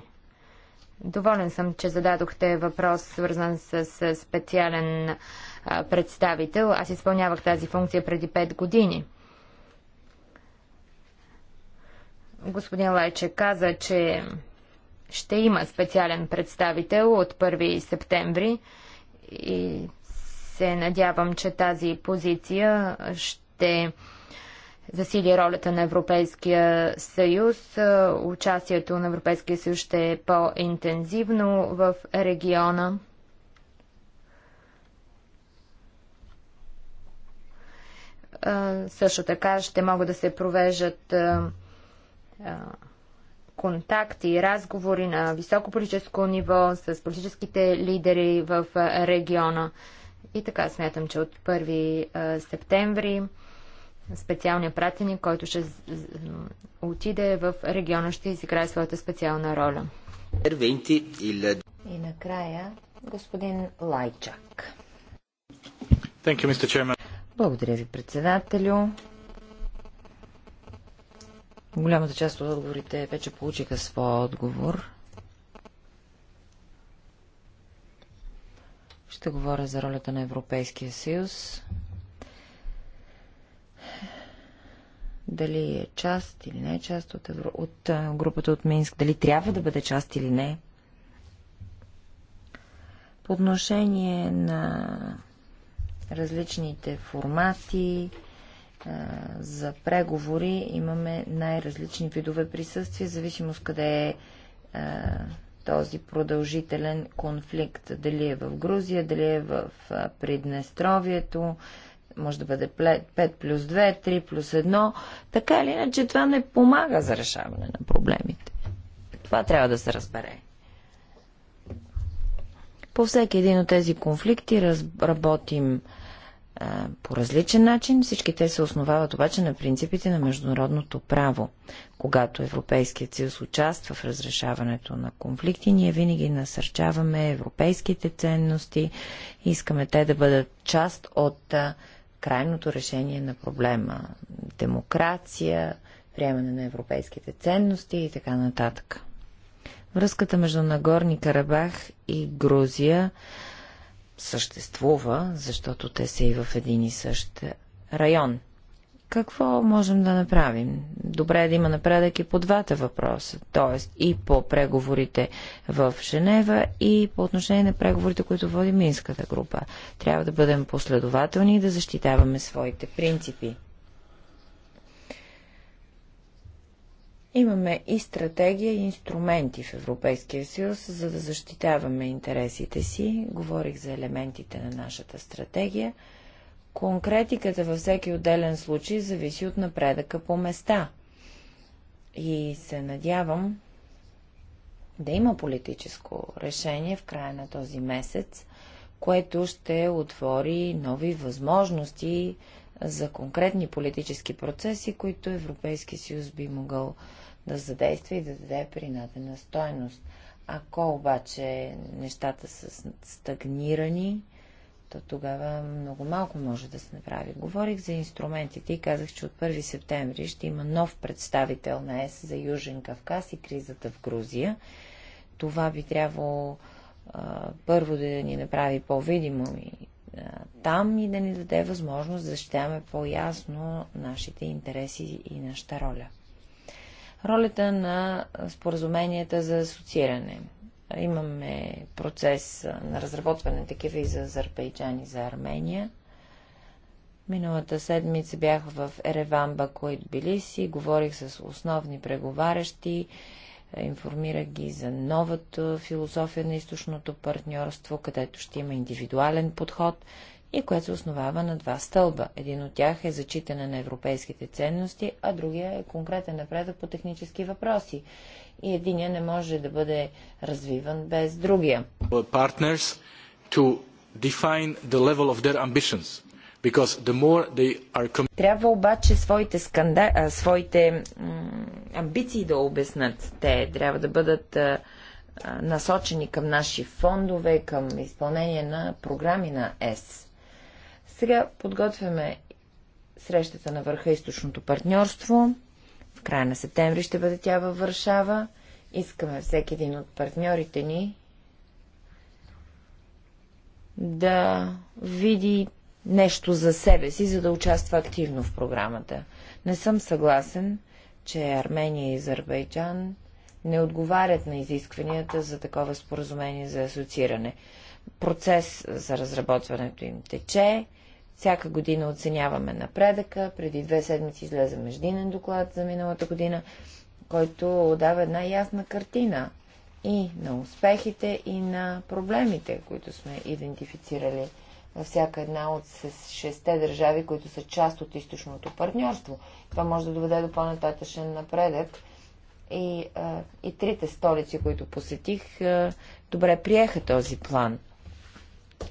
Speaker 3: Доволен съм, че зададохте въпрос, свързан с, с специален а, представител. Аз изпълнявах тази функция преди 5 години. Господин Лайче каза, че ще има специален представител от 1 септември и се надявам, че тази позиция ще засили ролята на Европейския съюз. Е, участието на Европейския съюз ще е по-интензивно в региона. Е, също така ще могат да се провеждат е, контакти, разговори на високо политическо ниво с политическите лидери в региона. И така смятам, че от 1 септември специалния пратеник, който ще отиде в региона, ще изиграе своята специална роля. И накрая
Speaker 1: господин Лайчак. You, Благодаря ви, председателю. Голямата част от отговорите вече получиха своя отговор. Ще говоря за ролята на Европейския съюз дали е част или не е част от, Евро... от групата от Минск, дали трябва да бъде част или не. По отношение на различните формати а, за преговори имаме най-различни видове присъствия, зависимост къде е а, този продължителен конфликт. Дали е в Грузия, дали е в Приднестровието, може да бъде 5 плюс 2, 3 плюс 1. Така или иначе това не помага за решаване на проблемите. Това трябва да се разбере. По всеки един от тези конфликти работим по различен начин. Всички те се основават обаче на принципите на международното право. Когато Европейският съюз участва в разрешаването на конфликти, ние винаги насърчаваме европейските ценности, искаме те да бъдат част от крайното решение на проблема. Демокрация, приемане на европейските ценности и така нататък. Връзката между Нагорни Карабах и Грузия съществува, защото те са и в един и същ район. Какво можем да направим? Добре е да има напредък и по двата въпроса, т.е. и по преговорите в Женева и по отношение на преговорите, които води Минската група. Трябва да бъдем последователни и да защитаваме своите принципи. Имаме и стратегия, и инструменти в Европейския съюз, за да защитаваме интересите си. Говорих за елементите на нашата стратегия – Конкретиката във всеки отделен случай зависи от напредъка по места. И се надявам да има политическо решение в края на този месец, което ще отвори нови възможности за конкретни политически процеси, които Европейски съюз би могъл да задейства и да даде принадена стойност. Ако обаче нещата са стагнирани, то тогава много малко може да се направи. Говорих за инструментите и казах, че от 1 септември ще има нов представител на ЕС за Южен Кавказ и кризата в Грузия. Това би трябвало а, първо да ни направи по-видимо и а, там и да ни даде възможност да защитаваме по-ясно нашите интереси и нашата роля. Ролята на споразуменията за асоцииране – Имаме процес на разработване такива и за Азербайджан и за Армения. Миналата седмица бях в Ереван, Баку и Тбилиси, говорих с основни преговарящи, информирах ги за новата философия на източното партньорство, където ще има индивидуален подход и което се основава на два стълба. Един от тях е зачитане на европейските ценности, а другия е конкретен напредък по технически въпроси и единия не може да бъде развиван без другия. Трябва обаче своите, сканда... а, своите амбиции да обяснат. Те трябва да бъдат а, насочени към наши фондове, към изпълнение на програми на ЕС. Сега подготвяме срещата на върха източното партньорство края на септември ще бъде тя във Варшава. Искаме всеки един от партньорите ни да види нещо за себе си, за да участва активно в програмата. Не съм съгласен, че Армения и Азербайджан не отговарят на изискванията за такова споразумение за асоцииране. Процес за разработването им тече, всяка година оценяваме напредъка. Преди две седмици излезе междинен доклад за миналата година, който дава една ясна картина и на успехите, и на проблемите, които сме идентифицирали във всяка една от шесте държави, които са част от източното партньорство. Това може да доведе до по-нататъчен напредък. И, и трите столици, които посетих, добре приеха този план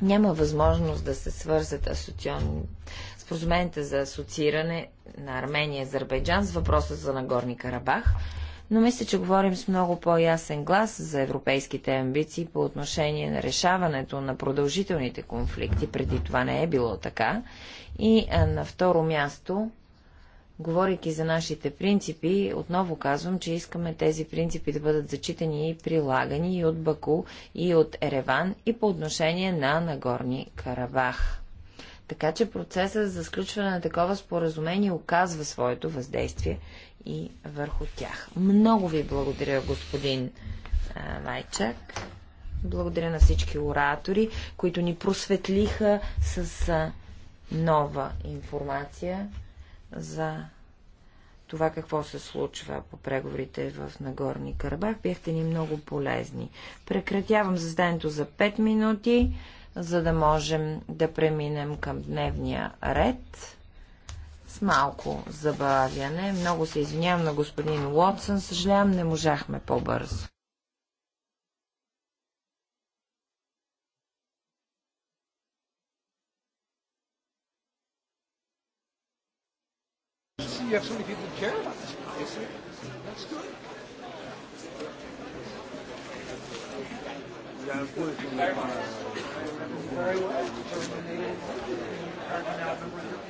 Speaker 1: няма възможност да се свързат асоцион... за асоцииране на Армения и Азербайджан с въпроса за Нагорни Карабах, но мисля, че говорим с много по-ясен глас за европейските амбиции по отношение на решаването на продължителните конфликти. Преди това не е било така. И на второ място Говорейки за нашите принципи, отново казвам, че искаме тези принципи да бъдат зачитани и прилагани и от Баку, и от Ереван, и по отношение на Нагорни Карабах. Така че процесът за сключване на такова споразумение оказва своето въздействие и върху тях. Много ви благодаря, господин Вайчак. Благодаря на всички оратори, които ни просветлиха с нова информация за това какво се случва по преговорите в Нагорни Карабах. Бяхте ни много полезни. Прекратявам заседанието за 5 минути, за да можем да преминем към дневния ред. С малко забавяне. Много се извинявам на господин Уотсън. Съжалявам, не можахме по-бързо.
Speaker 4: you have somebody people care about this policy. That's good.
Speaker 2: Very well. Terminated. very well.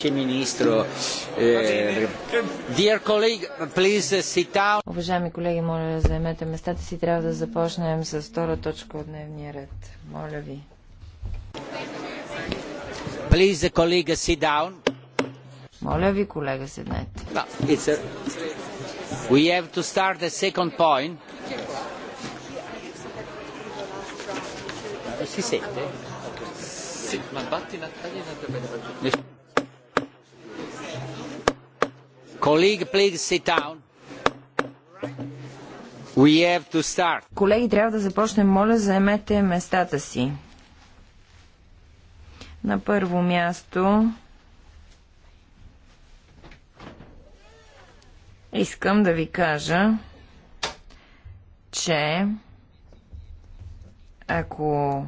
Speaker 2: Eh,
Speaker 1: Уважаеми колеги, моля да заемете местата си. Трябва да започнем с втора точка от дневния ред. Моля ви.
Speaker 2: Please, colleague, моля ви, колега, седнете. No, a... We have to start the second point. Si sente? Sì. Ma batti una tagliata e per... Колеги,
Speaker 1: трябва да започнем. Моля, заемете местата си. На първо място искам да ви кажа, че ако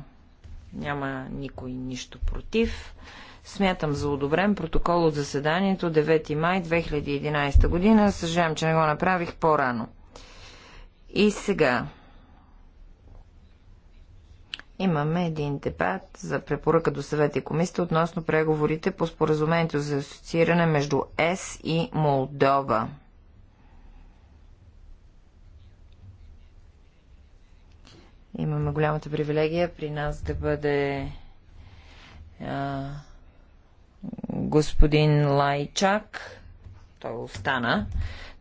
Speaker 1: няма никой нищо против, Смятам за одобрен протокол от заседанието 9 май 2011 година. Съжалявам, че не го направих по-рано. И сега имаме един дебат за препоръка до съвет и комисията относно преговорите по споразумението за асоцииране между ЕС и Молдова. Имаме голямата привилегия при нас да бъде а, господин Лайчак. Той остана,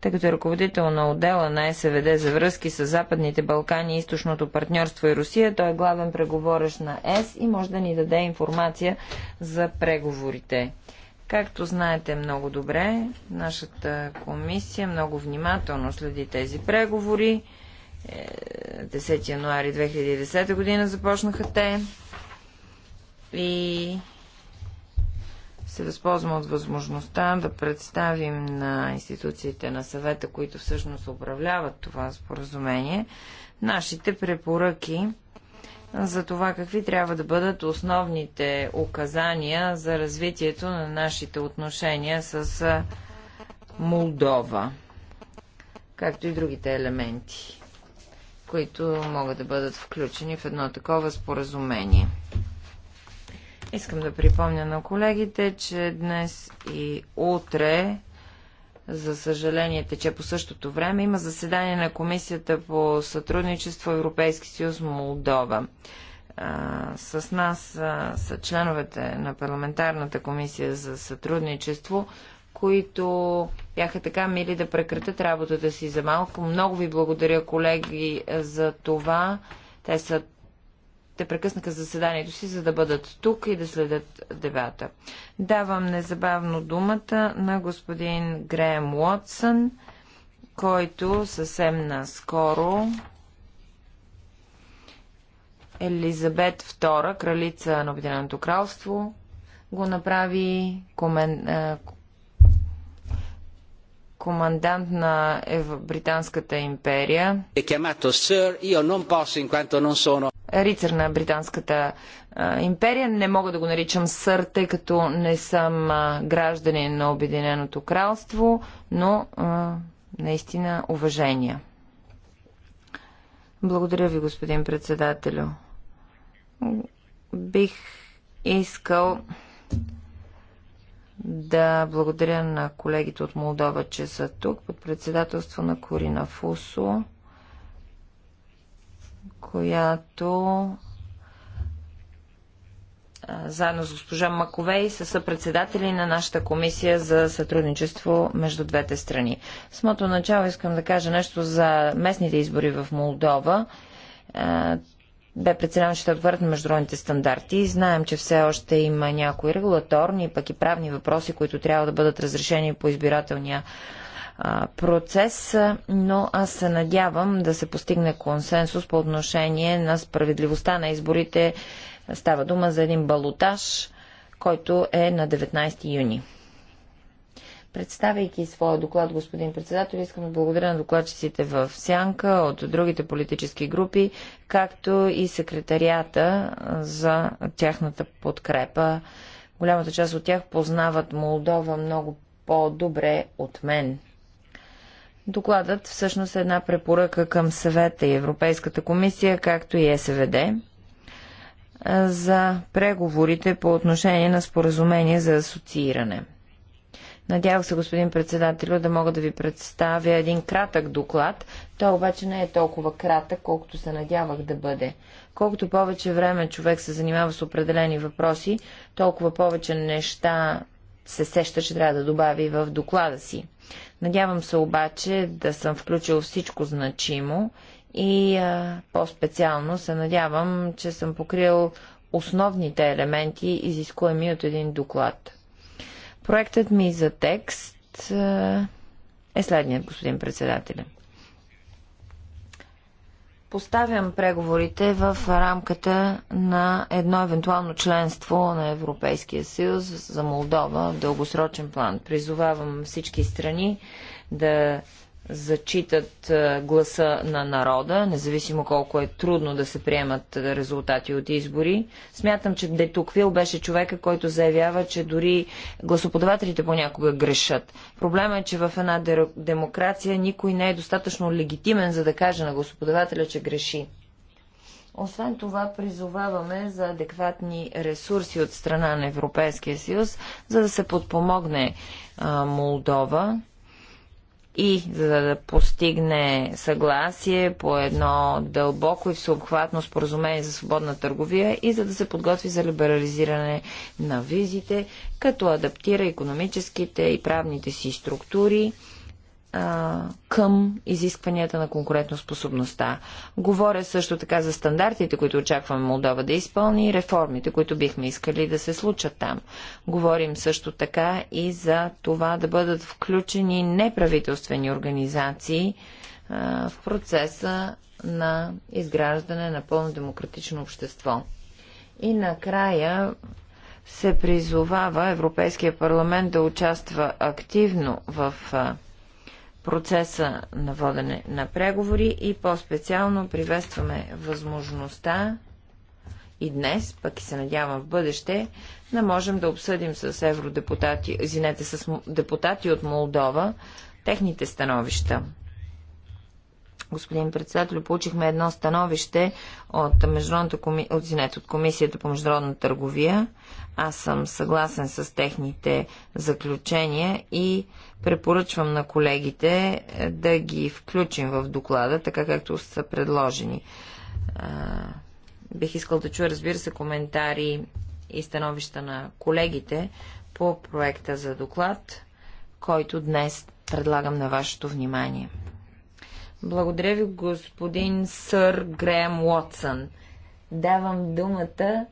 Speaker 1: тъй като е ръководител на отдела на СВД за връзки с Западните Балкани, Източното партньорство и Русия. Той е главен преговорещ на ЕС и може да ни даде информация за преговорите. Както знаете много добре, нашата комисия много внимателно следи тези преговори. 10 е, януари 2010 година започнаха те. И се възползвам от възможността да представим на институциите на съвета, които всъщност управляват това споразумение, нашите препоръки за това какви трябва да бъдат основните указания за развитието на нашите отношения с Молдова, както и другите елементи, които могат да бъдат включени в едно такова споразумение. Искам да припомня на колегите, че днес и утре, за съжаление, тече по същото време, има заседание на Комисията по сътрудничество Европейски съюз Молдова. А, с нас а, са членовете на парламентарната комисия за сътрудничество, които бяха така мили да прекратят работата си за малко. Много ви благодаря, колеги, за това. Те са те прекъснаха заседанието си, за да бъдат тук и да следят дебата. Давам незабавно думата на господин Греем Уотсън, който съвсем наскоро Елизабет II, кралица на Обединеното кралство, го направи комен командант на Британската империя. Е Рицар на Британската империя. Не мога да го наричам сър, тъй като не съм гражданин на Обединеното кралство, но наистина уважения. Благодаря ви, господин председателю. Бих искал да благодаря на колегите от Молдова, че са тук, под председателство на Корина Фусо, която заедно с госпожа Маковей са съпредседатели на нашата комисия за сътрудничество между двете страни. С мото начало искам да кажа нещо за местните избори в Молдова бе преценено, че ще отговарят на международните стандарти. Знаем, че все още има някои регулаторни, пък и правни въпроси, които трябва да бъдат разрешени по избирателния процес, но аз се надявам да се постигне консенсус по отношение на справедливостта на изборите. Става дума за един балотаж, който е на 19 юни. Представяйки своя доклад, господин председател, искам да благодаря на докладчиците в Сянка, от другите политически групи, както и секретарията за тяхната подкрепа. Голямата част от тях познават Молдова много по-добре от мен. Докладът всъщност е една препоръка към съвета и Европейската комисия, както и СВД, за преговорите по отношение на споразумение за асоцииране – Надявах се, господин председателю, да мога да ви представя един кратък доклад. Той обаче не е толкова кратък, колкото се надявах да бъде. Колкото повече време човек се занимава с определени въпроси, толкова повече неща се сеща, че трябва да добави в доклада си. Надявам се обаче да съм включил всичко значимо и по-специално се надявам, че съм покрил основните елементи, изискуеми от един доклад. Проектът ми за текст е, е следният, господин председателя. Поставям преговорите в рамката на едно евентуално членство на Европейския съюз за Молдова в дългосрочен план. Призовавам всички страни да зачитат е, гласа на народа, независимо колко е трудно да се приемат резултати от избори. Смятам, че Детоквил беше човека, който заявява, че дори гласоподавателите понякога грешат. Проблема е, че в една демокрация никой не е достатъчно легитимен, за да каже на гласоподавателя, че греши. Освен това, призоваваме за адекватни ресурси от страна на Европейския съюз, за да се подпомогне а, Молдова и за да постигне съгласие по едно дълбоко и всеобхватно споразумение за свободна търговия и за да се подготви за либерализиране на визите, като адаптира економическите и правните си структури а, към изискванията на конкурентоспособността. Говоря също така за стандартите, които очакваме Молдова да изпълни и реформите, които бихме искали да се случат там. Говорим също така и за това да бъдат включени неправителствени организации а, в процеса на изграждане на пълно демократично общество. И накрая се призовава Европейския парламент да участва активно в а, процеса на водене на преговори и по-специално приветстваме възможността и днес, пък и се надявам в бъдеще, да можем да обсъдим с евродепутати, извинете, с депутати от Молдова техните становища. Господин председател, получихме едно становище от, международната коми... от, извинете, от Комисията по международна търговия. Аз съм съгласен с техните заключения и Препоръчвам на колегите е, да ги включим в доклада, така както са предложени. Бих искал да чуя, разбира се, коментари и становища на колегите по проекта за доклад, който днес предлагам на вашето внимание. Благодаря ви, господин сър Греем Уотсън. Давам думата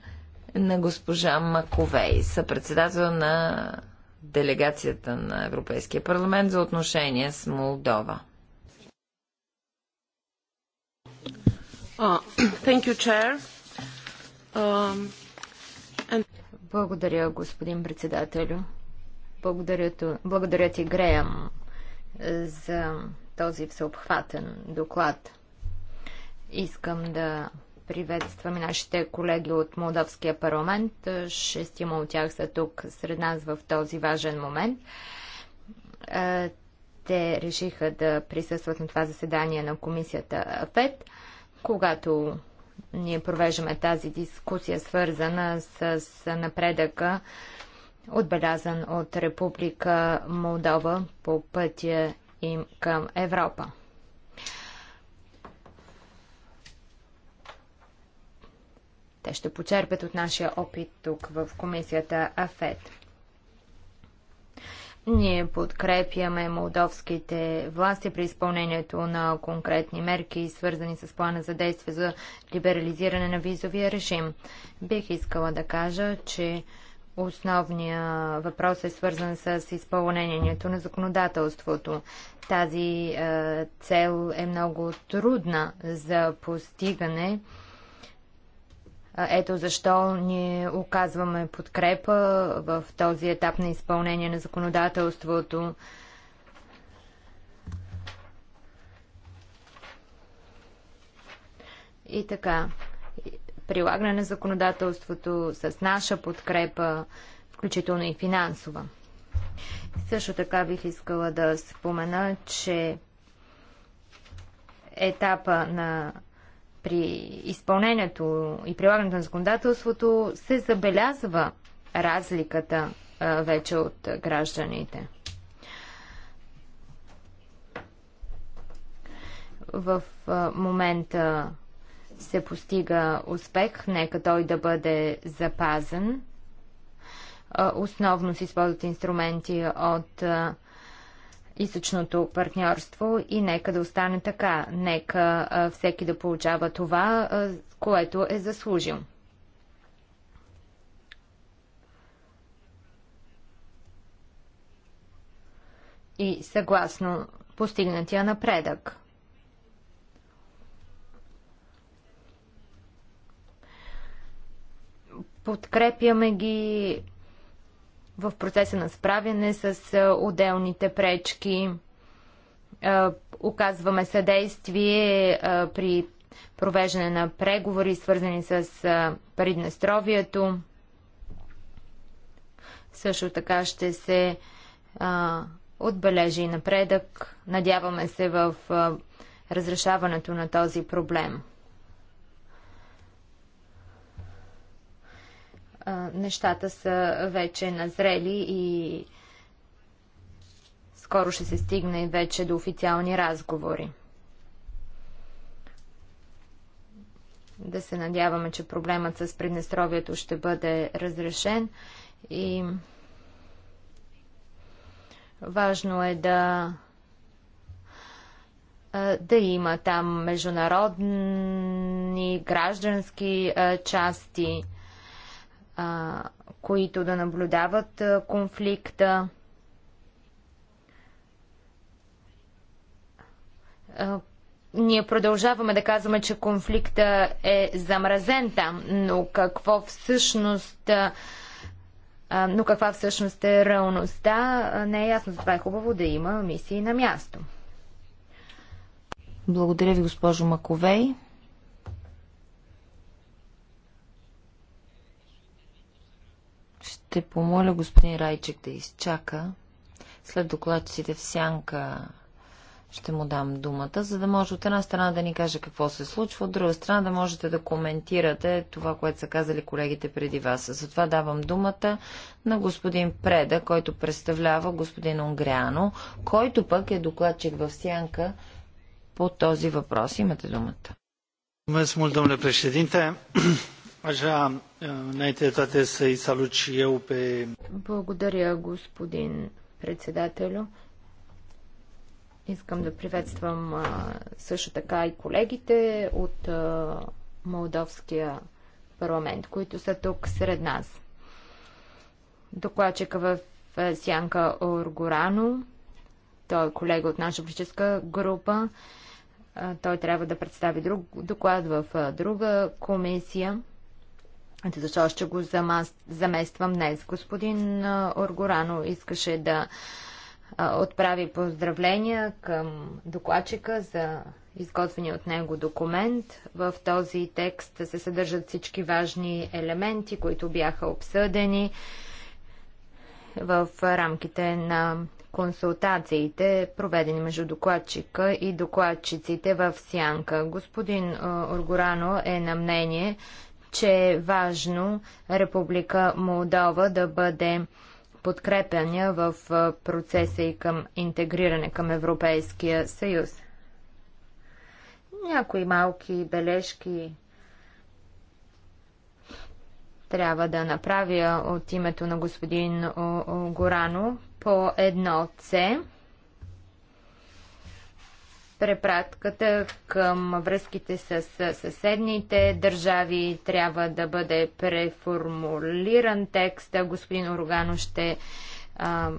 Speaker 1: на госпожа Маковей, съпредседател на делегацията на Европейския парламент за отношения с Молдова. you, um,
Speaker 3: Благодаря, господин председателю. Благодаря, благодаря ти, Греям, за този всеобхватен доклад. Искам да Приветствам нашите колеги от Молдовския парламент. Шестима от тях са тук сред нас в този важен момент. Те решиха да присъстват на това заседание на комисията ФЕД, когато ние провеждаме тази дискусия, свързана с напредъка, отбелязан от Република Молдова по пътя им към Европа. Те ще почерпят от нашия опит тук в комисията АФЕД. Ние подкрепяме молдовските власти при изпълнението на конкретни мерки, свързани с плана за действие за либерализиране на визовия режим. Бих искала да кажа, че Основният въпрос е свързан с изпълнението на законодателството. Тази е, цел е много трудна за постигане. Ето защо ние оказваме подкрепа в този етап на изпълнение на законодателството. И така, прилагане на законодателството с наша подкрепа, включително и финансова. Също така бих искала да спомена, че етапа на при изпълнението и прилагането на законодателството се забелязва разликата а, вече от гражданите. В а, момента се постига успех, нека той да бъде запазен. А, основно се използват инструменти от а, източното партньорство и нека да остане така. Нека всеки да получава това, което е заслужил. И съгласно постигнатия напредък. Подкрепяме ги в процеса на справяне с отделните пречки. Оказваме съдействие при провеждане на преговори, свързани с Приднестровието. Също така ще се отбележи и напредък. Надяваме се в разрешаването на този проблем. нещата са вече назрели и скоро ще се стигне вече до официални разговори. Да се надяваме, че проблемът с Приднестровието ще бъде разрешен и важно е да да има там международни граждански части а, които да наблюдават конфликта. А, ние продължаваме да казваме, че конфликта е замразен там, но какво всъщност но каква всъщност е реалността, не е ясно. Затова е хубаво да има мисии на място.
Speaker 1: Благодаря ви, госпожо Маковей. ще помоля господин Райчек да изчака. След докладчиците в сянка ще му дам думата, за да може от една страна да ни каже какво се случва, от друга страна да можете да коментирате това, което са казали колегите преди вас. Затова давам думата на господин Преда, който представлява господин Унгряно, който пък е докладчик в сянка по този въпрос. Имате
Speaker 4: думата. Mulțumesc mult, domnule președinte. Aș vrea, uh, înainte de toate, să-i salut și eu pe...
Speaker 3: Благодаря, господин председателю. Искам да приветствам също така и колегите от Молдовския парламент, които са тук сред нас. Докладчика в Сянка Оргорано, той е колега от наша политическа група. Той трябва да представи друг доклад в друга комисия. Ето защо ще го замествам днес. Господин Оргорано искаше да отправи поздравления към докладчика за изготвения от него документ. В този текст се съдържат всички важни елементи, които бяха обсъдени в рамките на консултациите, проведени между докладчика и докладчиците в Сянка. Господин Оргорано е на мнение, че е важно Република Молдова да бъде подкрепяна в процеса и към интегриране към Европейския съюз. Някои малки бележки трябва да направя от името на господин Горано по едно це препратката към връзките с съседните държави трябва да бъде преформулиран текст. Господин Орогано ще а,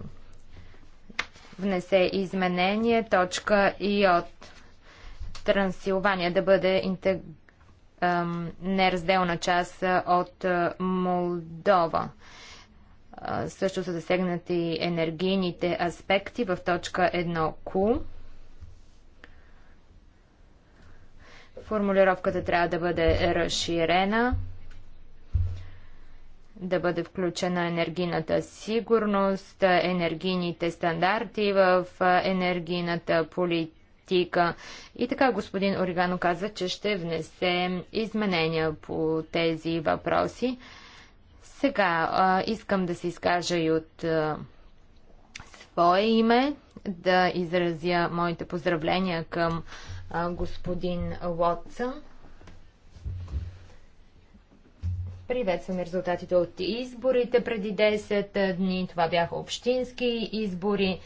Speaker 3: внесе изменение. Точка и от Трансилвания да бъде интег... а, неразделна част от Молдова. А, също са засегнати енергийните аспекти в точка 1 Q. Формулировката трябва да бъде разширена, да бъде включена енергийната сигурност, енергийните стандарти в енергийната политика. И така господин Оригано каза, че ще внесе изменения по тези въпроси. Сега а, искам да се изкажа и от а, свое име, да изразя моите поздравления към господин Уотсън. Приветстваме резултатите от изборите преди 10 дни. Това бяха общински избори.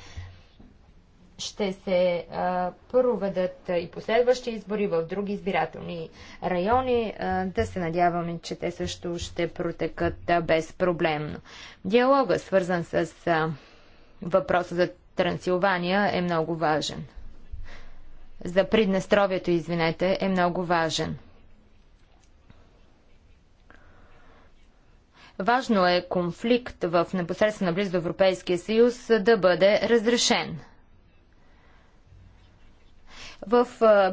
Speaker 3: Ще се а, проведат и последващи избори в други избирателни райони. А, да се надяваме, че те също ще протекат а, безпроблемно. Диалога, свързан с а, въпроса за Трансилвания, е много важен за Приднестровието, извинете, е много важен. Важно е конфликт в непосредствена близо до Европейския съюз да бъде разрешен. В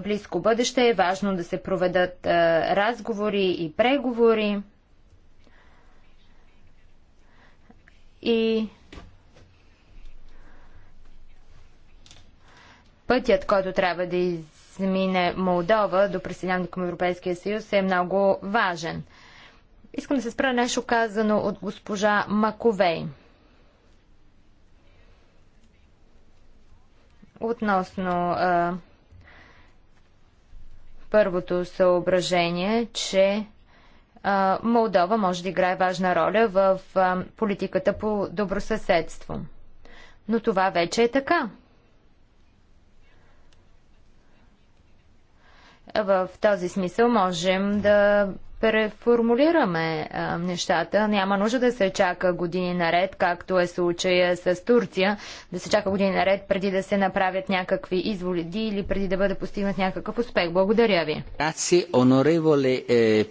Speaker 3: близко бъдеще е важно да се проведат разговори и преговори и пътят, който трябва да измине Молдова до присъединяване към Европейския съюз е много важен. Искам да се спра нещо казано от госпожа Маковей. Относно а, първото съображение, че а, Молдова може да играе важна роля в а, политиката по добросъседство. Но това вече е така. В този смисъл можем да преформулираме а, нещата. Няма нужда да се чака години наред, както е случая с Турция, да се чака години наред преди да се направят някакви изводи или преди да бъде постигнат някакъв успех. Благодаря ви.
Speaker 2: Е,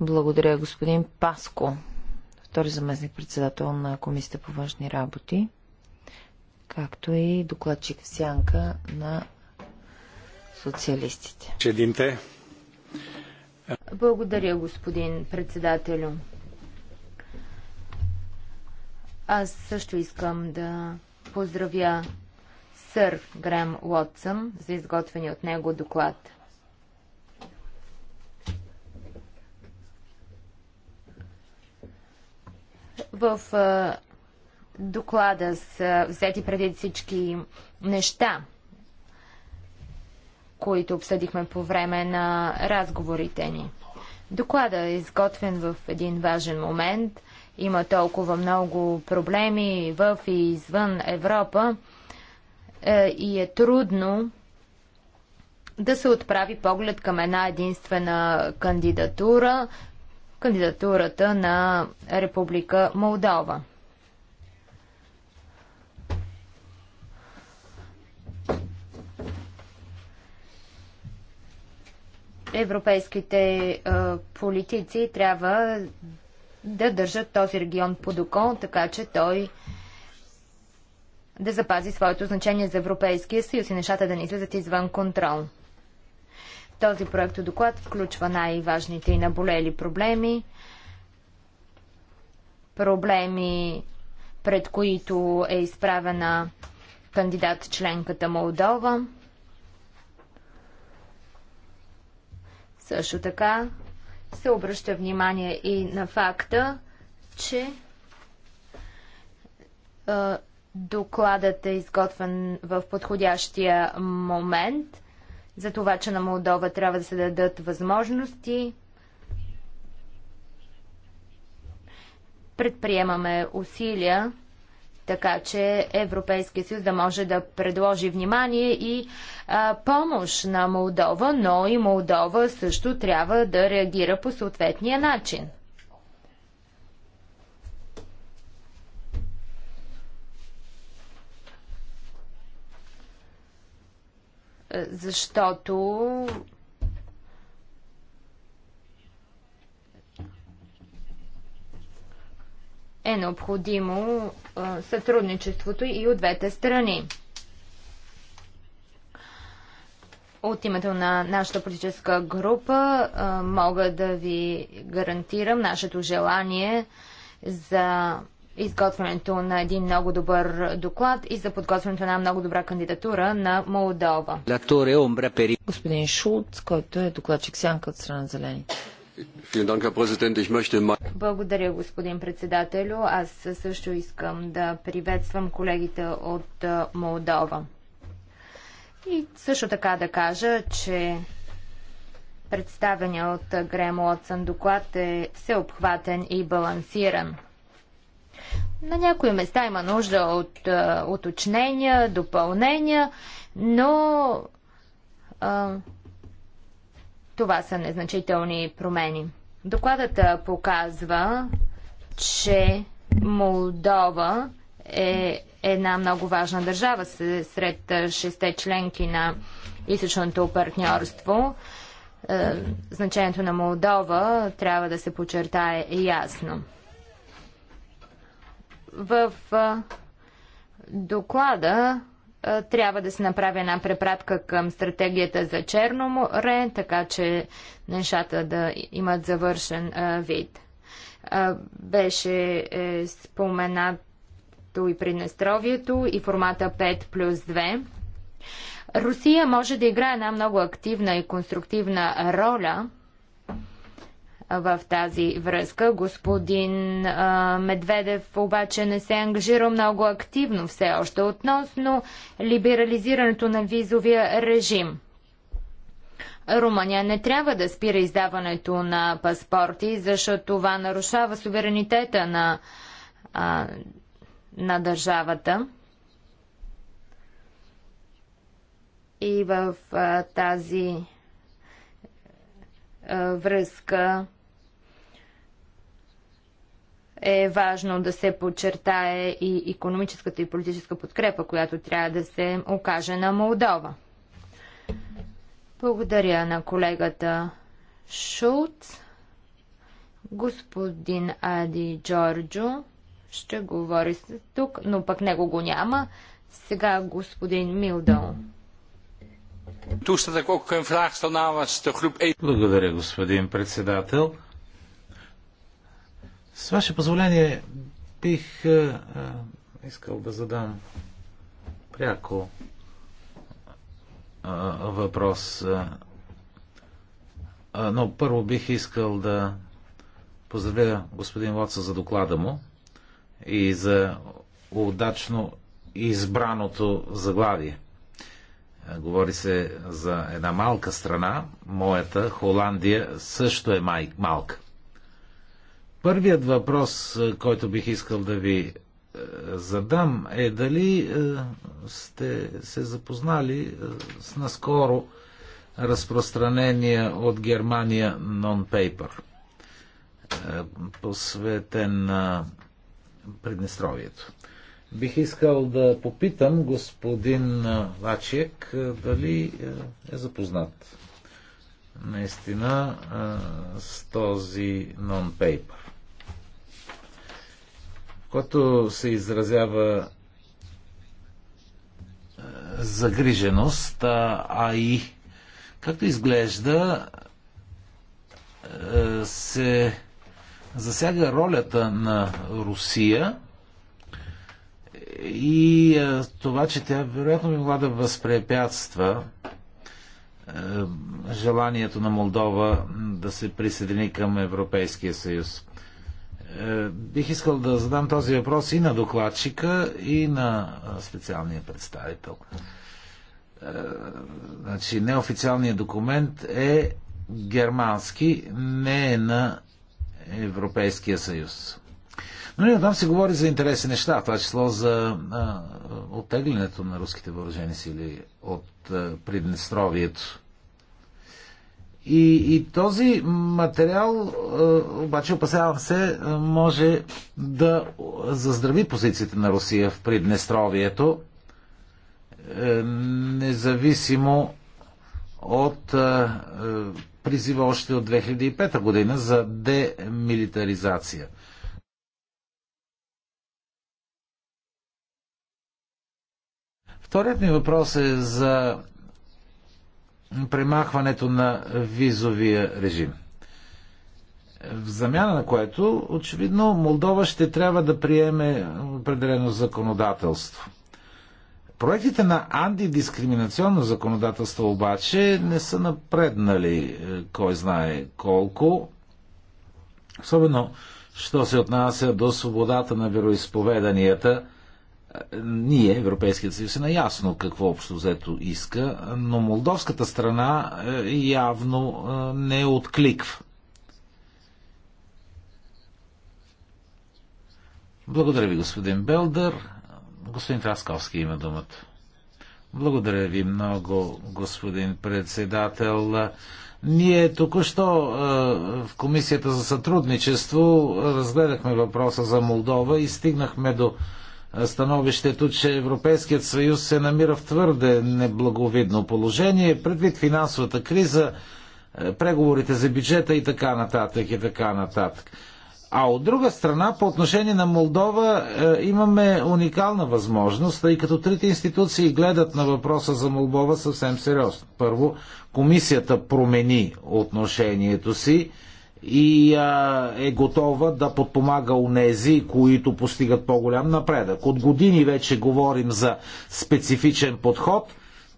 Speaker 1: Благодаря, господин Паско, втори заместник председател на Комисията по външни работи, както и докладчик в сянка на социалистите. Чединте. Благодаря, господин
Speaker 3: председателю. Аз също искам да поздравя сър Грем Уотсън за изготвени от него доклад. В доклада са взети преди всички неща, които обсъдихме по време на разговорите ни. Доклада е изготвен в един важен момент. Има толкова много проблеми в и извън Европа е, и е трудно да се отправи поглед към една единствена кандидатура, кандидатурата на Република Молдова. европейските политици трябва да държат този регион под око, така че той да запази своето значение за Европейския съюз и нещата да не излизат извън контрол. Този проект доклад включва най-важните и наболели проблеми, проблеми, пред които е изправена кандидат членката Молдова – Също така се обръща внимание и на факта, че е, докладът е изготвен в подходящия момент, за това, че на Молдова трябва да се дадат възможности. Предприемаме усилия така че Европейския съюз да може да предложи внимание и а, помощ на Молдова, но и Молдова също трябва да реагира по съответния начин. Е, защото е необходимо а, сътрудничеството и от двете страни. От името на нашата политическа група а, мога да ви гарантирам нашето желание за изготвянето на един много добър доклад и за подготвянето на много добра кандидатура на Молдова.
Speaker 1: Господин Шулц, който е докладчик сянка от страна на зелените.
Speaker 3: Благодаря, господин председателю. Аз също искам да приветствам колегите от Молдова. И също така да кажа, че представения от Гремо Отсън доклад е всеобхватен и балансиран. На някои места има нужда от уточнения, допълнения, но а, това са незначителни промени. Докладът показва, че Молдова е една много важна държава сред шесте членки на източното партньорство. Е, значението на Молдова трябва да се почертае ясно. В е, доклада е, трябва да се направи една препратка към стратегията за Черно море, така че нещата да имат завършен е, вид. Е, беше споменато и Приднестровието и формата 5 плюс 2. Русия може да играе една много активна и конструктивна роля в тази връзка. Господин а, Медведев обаче не се е ангажира много активно все още относно либерализирането на визовия режим. Румъния не трябва да спира издаването на паспорти, защото това нарушава суверенитета на, а, на държавата. И в а, тази връзка е важно да се подчертае и економическата и политическа подкрепа, която трябва да се окаже на Молдова. Благодаря на колегата Шулц. Господин Ади Джорджо ще говори тук, но пък него го няма. Сега господин Милдъл.
Speaker 4: E- Благодаря, господин председател. С ваше позволение бих а, е, а, е, искал да задам пряко а, е, въпрос. А, но първо бих искал да поздравя господин Лоца за доклада му и за удачно избраното заглавие. Говори се за една малка страна, моята Холандия също е май, малка. Първият въпрос, е, който бих искал да ви е, задам е дали е, сте се запознали с наскоро разпространение от Германия нон-пейпер, посветен на Приднестровието. Бих искал да попитам господин Лачек дали е запознат наистина с този нон-пейпер който се изразява е, загриженост, а и както изглежда е, се засяга ролята на Русия и е, това, че тя вероятно би могла да възпрепятства желанието на Молдова да се присъедини към Европейския съюз. Е, бих искал да задам този въпрос и на докладчика, и на специалния представител. Е, значи, неофициалният документ е германски, не е на Европейския съюз. Но ние там се говори за интересни неща, това число за оттеглянето на руските въоръжени сили от Приднестровието. И, и този материал, е, обаче опасявам се, е, може да заздрави позициите на Русия в Приднестровието, е, независимо от призива още от 2005 година за демилитаризация. Вторият ми въпрос е за премахването на визовия режим. В замяна на което, очевидно, Молдова ще трябва да приеме определено законодателство. Проектите на антидискриминационно законодателство обаче не са напреднали е, кой знае колко. Особено, що се отнася до свободата на вероисповеданията – ние, Европейският съюз, е наясно какво общо взето иска, но молдовската страна е, явно е, не откликва. Благодаря ви, господин Белдър. Господин Трасковски има думата. Благодаря ви много, господин председател. Ние току-що е, в Комисията за сътрудничество разгледахме въпроса за Молдова и стигнахме до становището, че Европейският съюз се намира в твърде неблаговидно положение, предвид финансовата криза, е, преговорите за бюджета и така нататък и така нататък. А от друга страна, по отношение на Молдова е, имаме уникална възможност, тъй като трите институции гледат на въпроса за Молдова съвсем сериозно. Първо, комисията промени отношението си и а, е готова да подпомага унези, които постигат по-голям напредък. От години вече говорим за специфичен подход.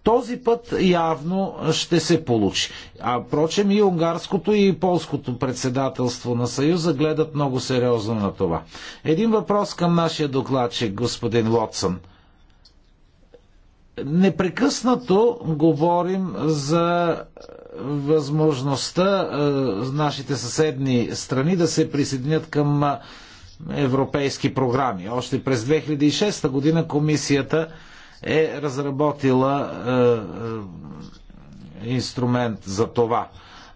Speaker 4: Този път явно ще се получи. А прочем и унгарското и полското председателство на Съюза гледат много сериозно на това. Един въпрос към нашия докладчик, господин Лотсън – Непрекъснато говорим за възможността е, нашите съседни страни да се присъединят към е, европейски програми. Още през 2006 година комисията е разработила е, инструмент за това.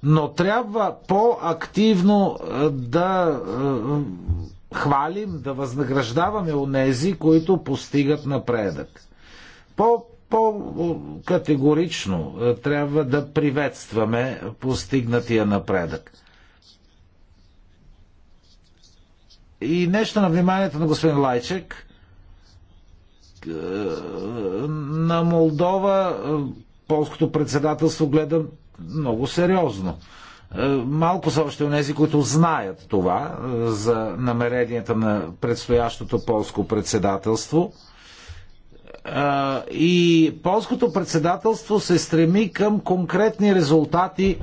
Speaker 4: Но трябва по-активно да хвалим, да възнаграждаваме онези, които постигат напредък по, по-категорично е, трябва да приветстваме постигнатия напредък. И нещо на вниманието на господин Лайчек. Е, на Молдова е, полското председателство гледа много сериозно. Малко са още онези, които знаят това за намеренията на предстоящото полско председателство – и полското председателство се стреми към конкретни резултати.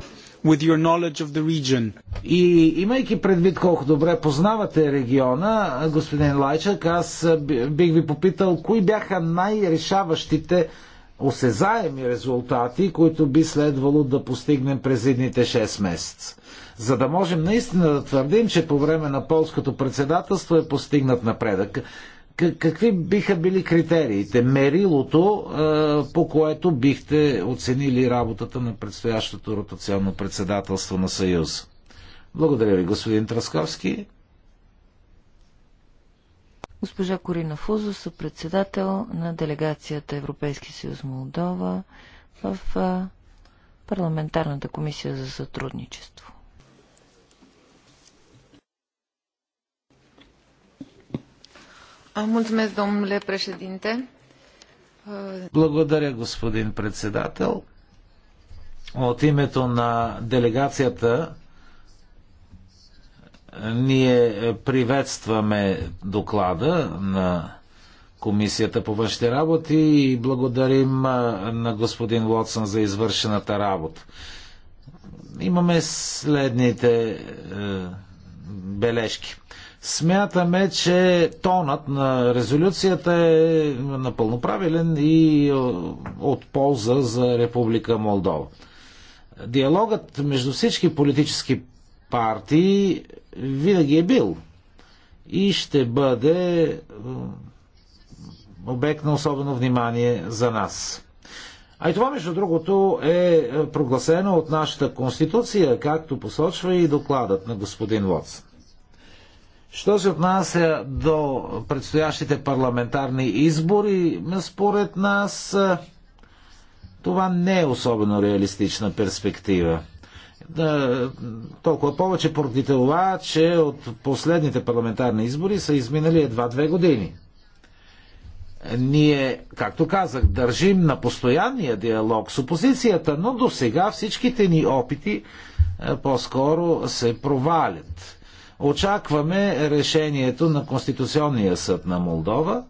Speaker 4: With your knowledge of the region. И имайки предвид колко добре познавате региона, господин Лайчак, аз бих ви попитал, кои бяха най-решаващите осезаеми резултати, които би следвало да постигнем през едните 6 месеца. За да можем наистина да твърдим, че по време на полското председателство е постигнат напредък какви биха били критериите, мерилото, е, по което бихте оценили работата на предстоящото ротационно председателство на Съюз? Благодаря ви, господин Трасковски.
Speaker 1: Госпожа Корина Фузо, съпредседател на делегацията Европейски съюз Молдова в е, парламентарната комисия за сътрудничество. președinte.
Speaker 4: Благодаря, господин председател. От името на делегацията ние приветстваме доклада на Комисията по външни работи и благодарим на господин Лотсън за извършената работа. Имаме следните бележки. Смятаме, че тонът на резолюцията е напълно правилен и е, от полза за Република Молдова. Диалогът между всички политически партии винаги е бил и ще бъде е, обект на особено внимание за нас. А и това, между другото, е прогласено от нашата конституция, както посочва и докладът на господин Лоц. Що се отнася до предстоящите парламентарни избори, според нас е, това не е особено реалистична перспектива. Да, е, толкова повече поради това, че от последните парламентарни избори са изминали едва две години. Ние, както казах, държим на постоянния диалог с опозицията, но до сега всичките ни опити е, по-скоро се провалят. Очакваме решението на Конституционния съд на Молдова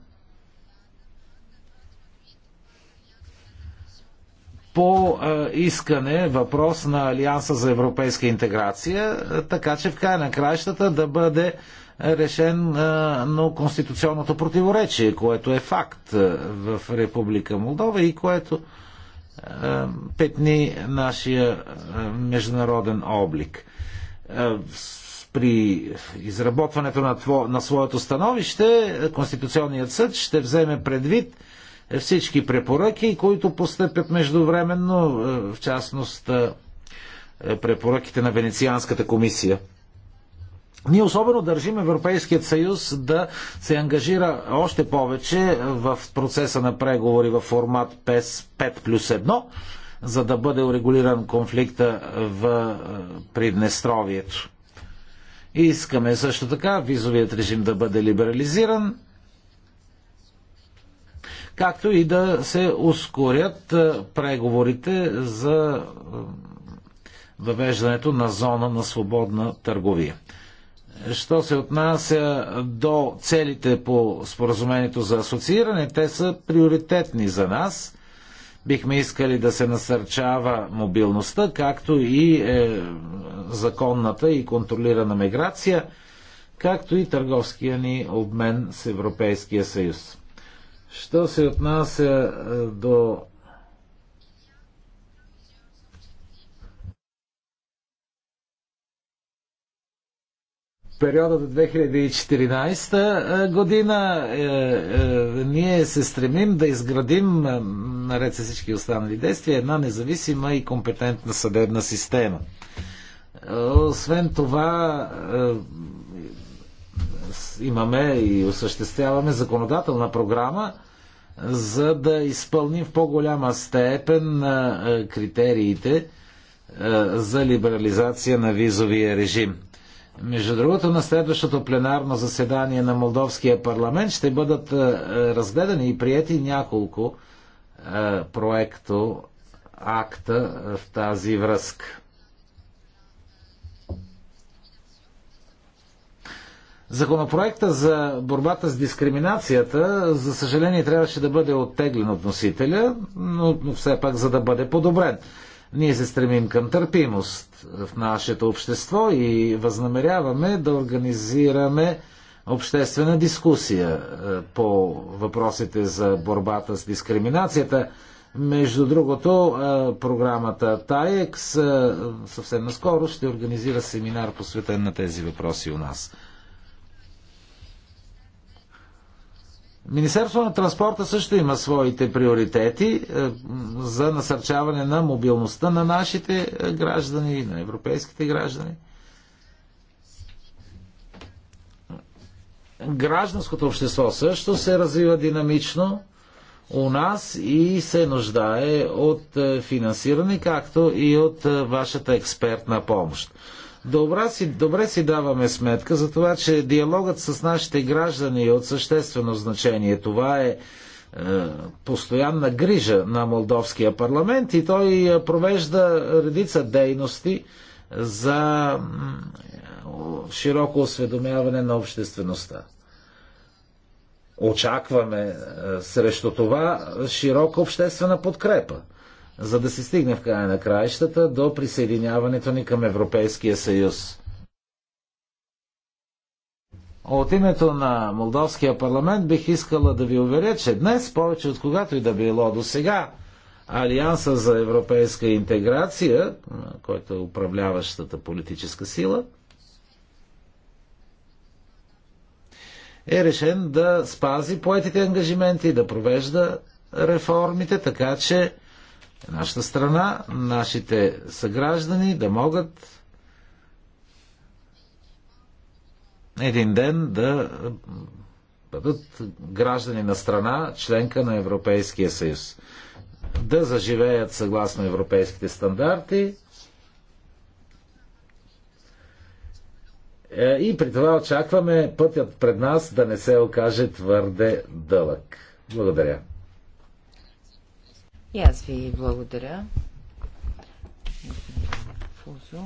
Speaker 4: по е, искане въпрос на Алианса за европейска интеграция, е, така че в края на краищата да бъде решен е, на конституционното противоречие, което е факт в Република Молдова и което петни нашия международен облик при изработването на, тво, на своето становище Конституционният съд ще вземе предвид всички препоръки, които постъпят междувременно, е, в частност е, е, препоръките на Венецианската комисия. Ние особено държим Европейският съюз да се ангажира още повече в процеса на преговори в формат 5 плюс 1, за да бъде урегулиран конфликта в Приднестровието. Искаме също така визовият режим да бъде либерализиран, както и да се ускорят преговорите за въвеждането на зона на свободна търговия. Що се отнася до целите по споразумението за асоцииране, те са приоритетни за нас. Бихме искали да се насърчава мобилността, както и е, законната и контролирана миграция, както и търговския ни обмен с Европейския съюз. Що се отнася е, до периода до 2014 година е, е, ние се стремим да изградим е, наред с всички останали действия, една независима и компетентна съдебна система. Освен това, е, имаме и осъществяваме законодателна програма, за да изпълним в по-голяма степен е, критериите е, за либерализация на визовия режим. Между другото, на следващото пленарно заседание на Молдовския парламент ще бъдат разгледани и прияти няколко е, проекто акта в тази връзка. Законопроекта за борбата с дискриминацията, за съжаление, трябваше да бъде оттеглен от носителя, но, все пак за да бъде подобрен. Ние се стремим към търпимост в нашето общество и възнамеряваме да организираме обществена дискусия е, по въпросите за борбата с дискриминацията. Между другото, е, програмата TAEX е, съвсем наскоро ще организира семинар посветен на тези въпроси у нас. Министерство на транспорта също има своите приоритети за насърчаване на мобилността на нашите граждани, на европейските граждани. Гражданското общество също се развива динамично у нас и се нуждае от е, финансиране, както и от е, вашата експертна помощ. Добре си, добре си даваме сметка за това, че диалогът с нашите граждани е от съществено значение. Това е, е постоянна грижа на Молдовския парламент и той е, провежда редица дейности за широко осведомяване на обществеността очакваме е, срещу това широка обществена подкрепа, за да се стигне в края на краищата до присъединяването ни към Европейския съюз. От името на Молдовския парламент бих искала да ви уверя, че днес, повече от когато и да било до сега, Алианса за европейска интеграция, който е управляващата политическа сила – е решен да спази поетите ангажименти, да провежда реформите, така че нашата страна, нашите съграждани да могат един ден да бъдат граждани на страна, членка на Европейския съюз. Да заживеят съгласно европейските стандарти, Е, и при това очакваме пътят пред нас да не се окаже твърде дълъг. Благодаря.
Speaker 1: И аз ви благодаря. Господин Фузо.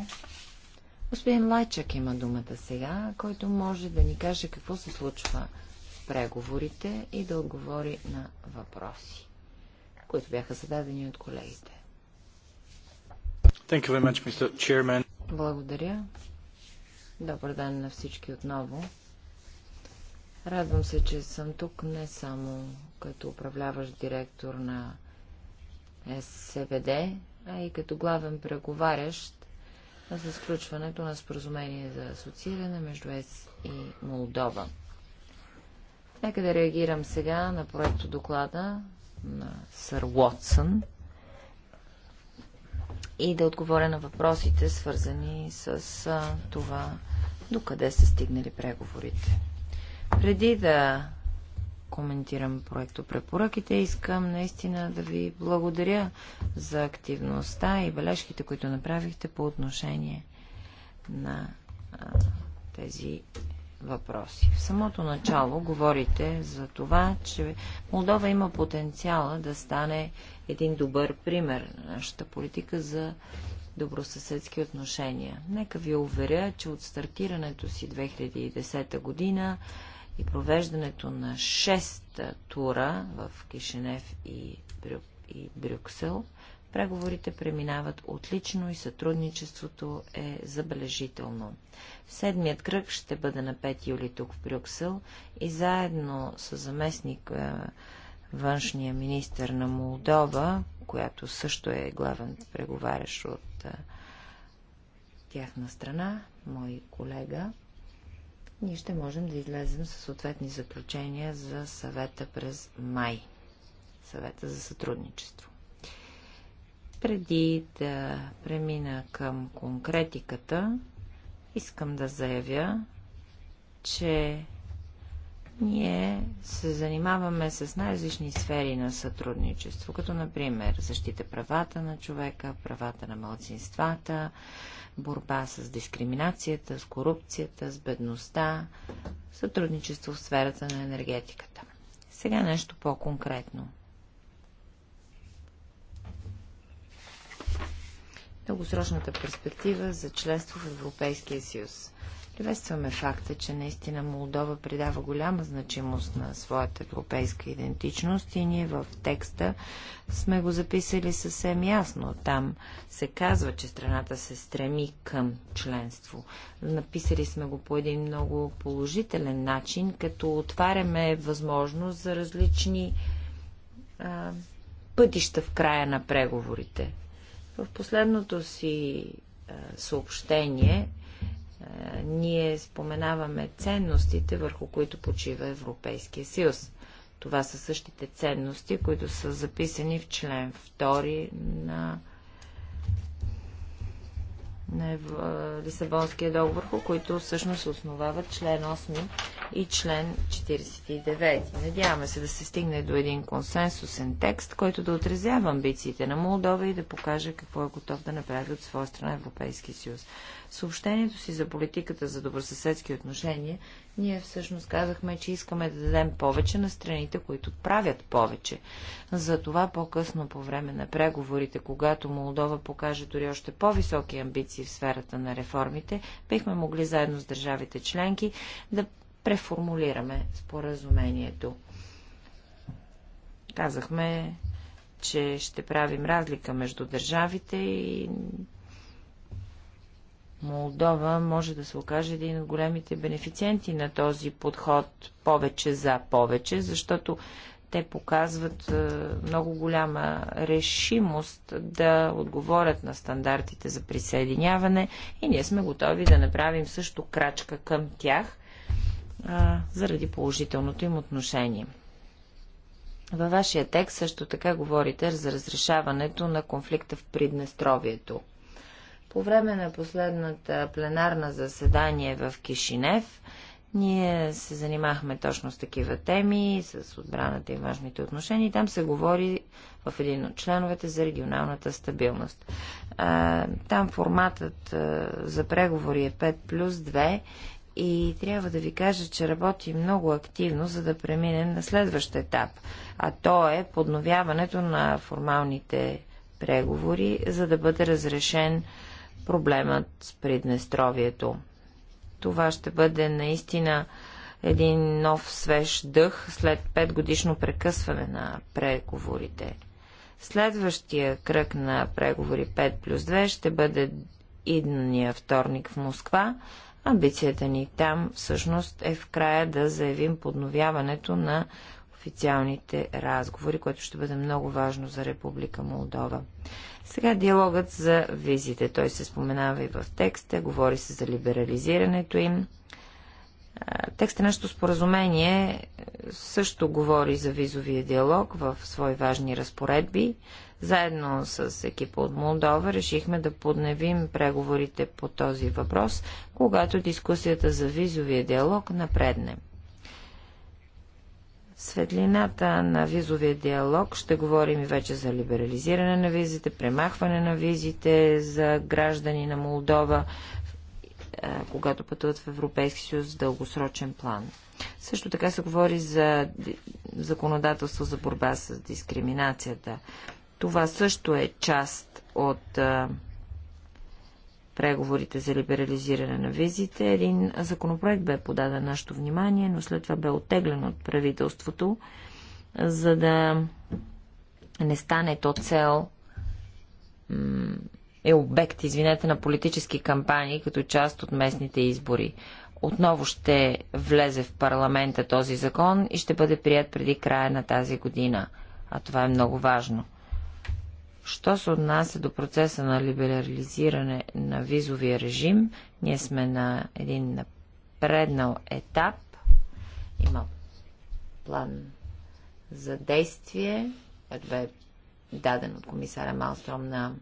Speaker 1: Господин Лайчак има думата сега, който може да ни каже какво се случва в преговорите и да отговори на
Speaker 4: въпроси,
Speaker 1: които бяха зададени от колегите.
Speaker 4: Much,
Speaker 1: Благодаря, Добър ден на всички отново. Радвам се, че съм тук не само като управляващ директор на СВД, а и като главен преговарящ за сключването на споразумение за асоцииране между ЕС и Молдова. Нека да реагирам сега на проекто доклада на Сър Уотсън – и да отговоря на въпросите, свързани с това, до къде са стигнали преговорите. Преди да коментирам проекто препоръките, искам наистина да ви благодаря за активността и бележките, които направихте по отношение на а, тези въпроси. В самото начало говорите за това, че Молдова има потенциала да стане един добър пример на нашата политика за добросъседски отношения. Нека ви уверя, че от стартирането си 2010 година и провеждането на 6 тура в Кишинев и, Брю... и Брюксел, преговорите преминават отлично и сътрудничеството е забележително. Седмият кръг ще бъде на 5 юли тук в Брюксел и заедно с заместник е, външния министр на Молдова, която също е главен преговарящ от тяхна страна, мой колега, ние ще можем да излезем със съответни заключения за съвета през май. Съвета за сътрудничество. Преди да премина към конкретиката, искам да заявя, че
Speaker 4: ние
Speaker 1: се занимаваме с най-различни сфери на сътрудничество, като например защита правата на човека, правата на младсинствата, борба с дискриминацията, с корупцията, с бедността, сътрудничество в сферата на енергетиката. Сега нещо по-конкретно. Дългосрочната перспектива за членство в Европейския съюз. Приветстваме факта, че наистина Молдова придава голяма значимост на своята европейска идентичност и ние в текста сме го записали съвсем ясно. Там се казва, че страната се стреми към членство. Написали сме го по един много положителен начин, като отваряме възможност за различни а, пътища в края на преговорите. В последното си съобщение ние споменаваме ценностите, върху които почива Европейския съюз. Това са същите ценности, които са записани в член 2 на на Лисабонския договор, по които всъщност основават член 8 и член 49. Надяваме се да се стигне до един консенсусен текст, който да отразява амбициите на Молдова и да покаже какво е готов да направи от своя страна Европейски съюз. Съобщението си за политиката за добросъседски отношения ние всъщност казахме, че искаме да дадем повече на страните, които правят повече. Затова по-късно по време на преговорите, когато Молдова покаже дори още по-високи амбиции в сферата на реформите, бихме могли заедно с държавите членки да преформулираме споразумението. Казахме, че ще правим разлика между държавите и Молдова може да се окаже един от големите бенефициенти на този подход повече за повече, защото те показват е, много голяма решимост да отговорят на стандартите за присъединяване и ние сме готови да направим също крачка към тях а, заради положителното им отношение. Във вашия текст също така говорите за разрешаването на конфликта в Приднестровието – по време на последната пленарна заседание в Кишинев, ние се занимахме точно с такива теми, с отбраната и важните отношения. Там се говори в един от членовете за регионалната стабилност. Там форматът за преговори е 5 плюс 2 и трябва да ви кажа, че работи много активно, за да преминем на следващ етап, а то е подновяването на формалните преговори, за да бъде разрешен проблемът с Приднестровието. Това ще бъде наистина един нов свеж дъх след петгодишно прекъсване на преговорите. Следващия кръг на преговори 5 плюс 2 ще бъде идния вторник в Москва. Амбицията ни там всъщност е в края да заявим подновяването на официалните разговори, което ще бъде много важно за Република Молдова. Сега диалогът за визите. Той се споменава и в текста, говори се за либерализирането им. Текста нашето споразумение също говори за визовия диалог в свои важни разпоредби. Заедно с екипа от Молдова решихме да подневим преговорите по този въпрос, когато дискусията за визовия диалог напредне светлината на визовия диалог ще говорим и вече за либерализиране на визите, премахване на визите за граждани на Молдова, е, когато пътуват в Европейски съюз в дългосрочен план. Също така се говори за законодателство за борба с дискриминацията. Това също е част от е, преговорите за либерализиране на визите. Един законопроект бе подаден нашето внимание, но след това бе оттеглен от правителството, за да не стане то цел е обект, извинете, на политически кампании като част от местните избори. Отново ще влезе в парламента този закон и ще бъде прият преди края на тази година. А това е много важно – Що се отнася до процеса на либерализиране на визовия режим, ние сме на един напреднал етап. Има план за действие, който бе даден от комисаря Малстром на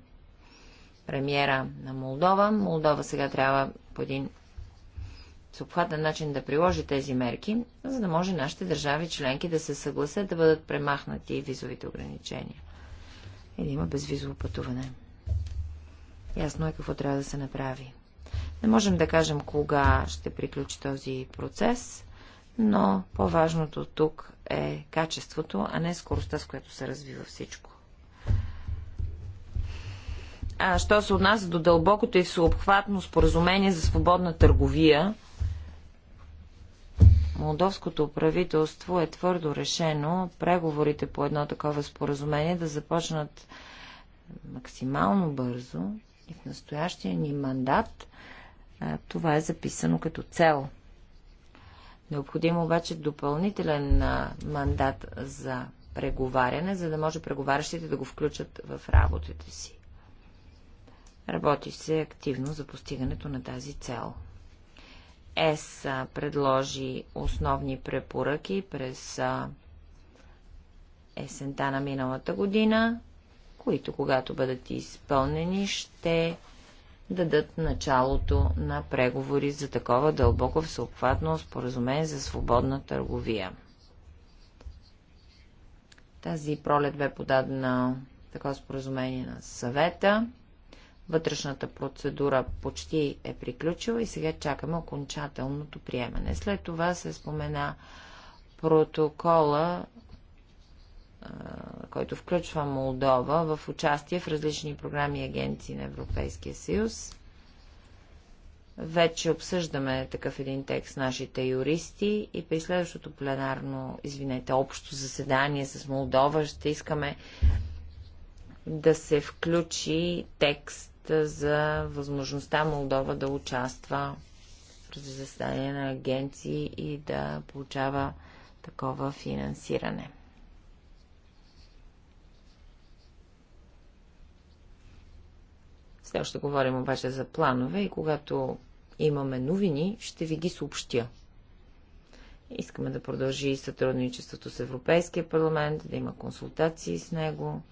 Speaker 1: премиера на Молдова. Молдова сега трябва по един съобхватен начин да приложи тези мерки, за да може нашите държави членки да се съгласят да бъдат премахнати визовите ограничения и да има безвизово пътуване. Ясно е какво трябва да се направи. Не можем да кажем кога ще приключи този процес, но по-важното тук е качеството, а не скоростта, с която се развива всичко. А що се отнася до дълбокото и всеобхватно споразумение за свободна търговия, Молдовското правителство е твърдо решено преговорите по едно такова споразумение да започнат максимално бързо и в настоящия ни мандат това е записано като цел. Необходимо обаче допълнителен мандат за преговаряне, за да може преговарящите да го включат в работата си. Работи се активно за постигането на тази цел. ЕС предложи основни препоръки през есента на миналата година, които, когато бъдат изпълнени, ще дадат началото на преговори за такова дълбоко всеобхватно споразумение за свободна търговия. Тази пролет бе подадена такова споразумение на съвета. Вътрешната процедура почти е приключила и сега чакаме окончателното приемане. След това се спомена протокола, който включва Молдова в участие в различни програми и агенции на Европейския съюз. Вече обсъждаме такъв един текст нашите юристи и при следващото пленарно, извинете, общо заседание с Молдова ще искаме да се включи текст за възможността Молдова да участва в заседание на агенции и да получава такова финансиране. Все още говорим обаче за планове и когато имаме новини, ще ви ги съобщя. Искаме да продължи сътрудничеството с Европейския парламент, да има консултации с него,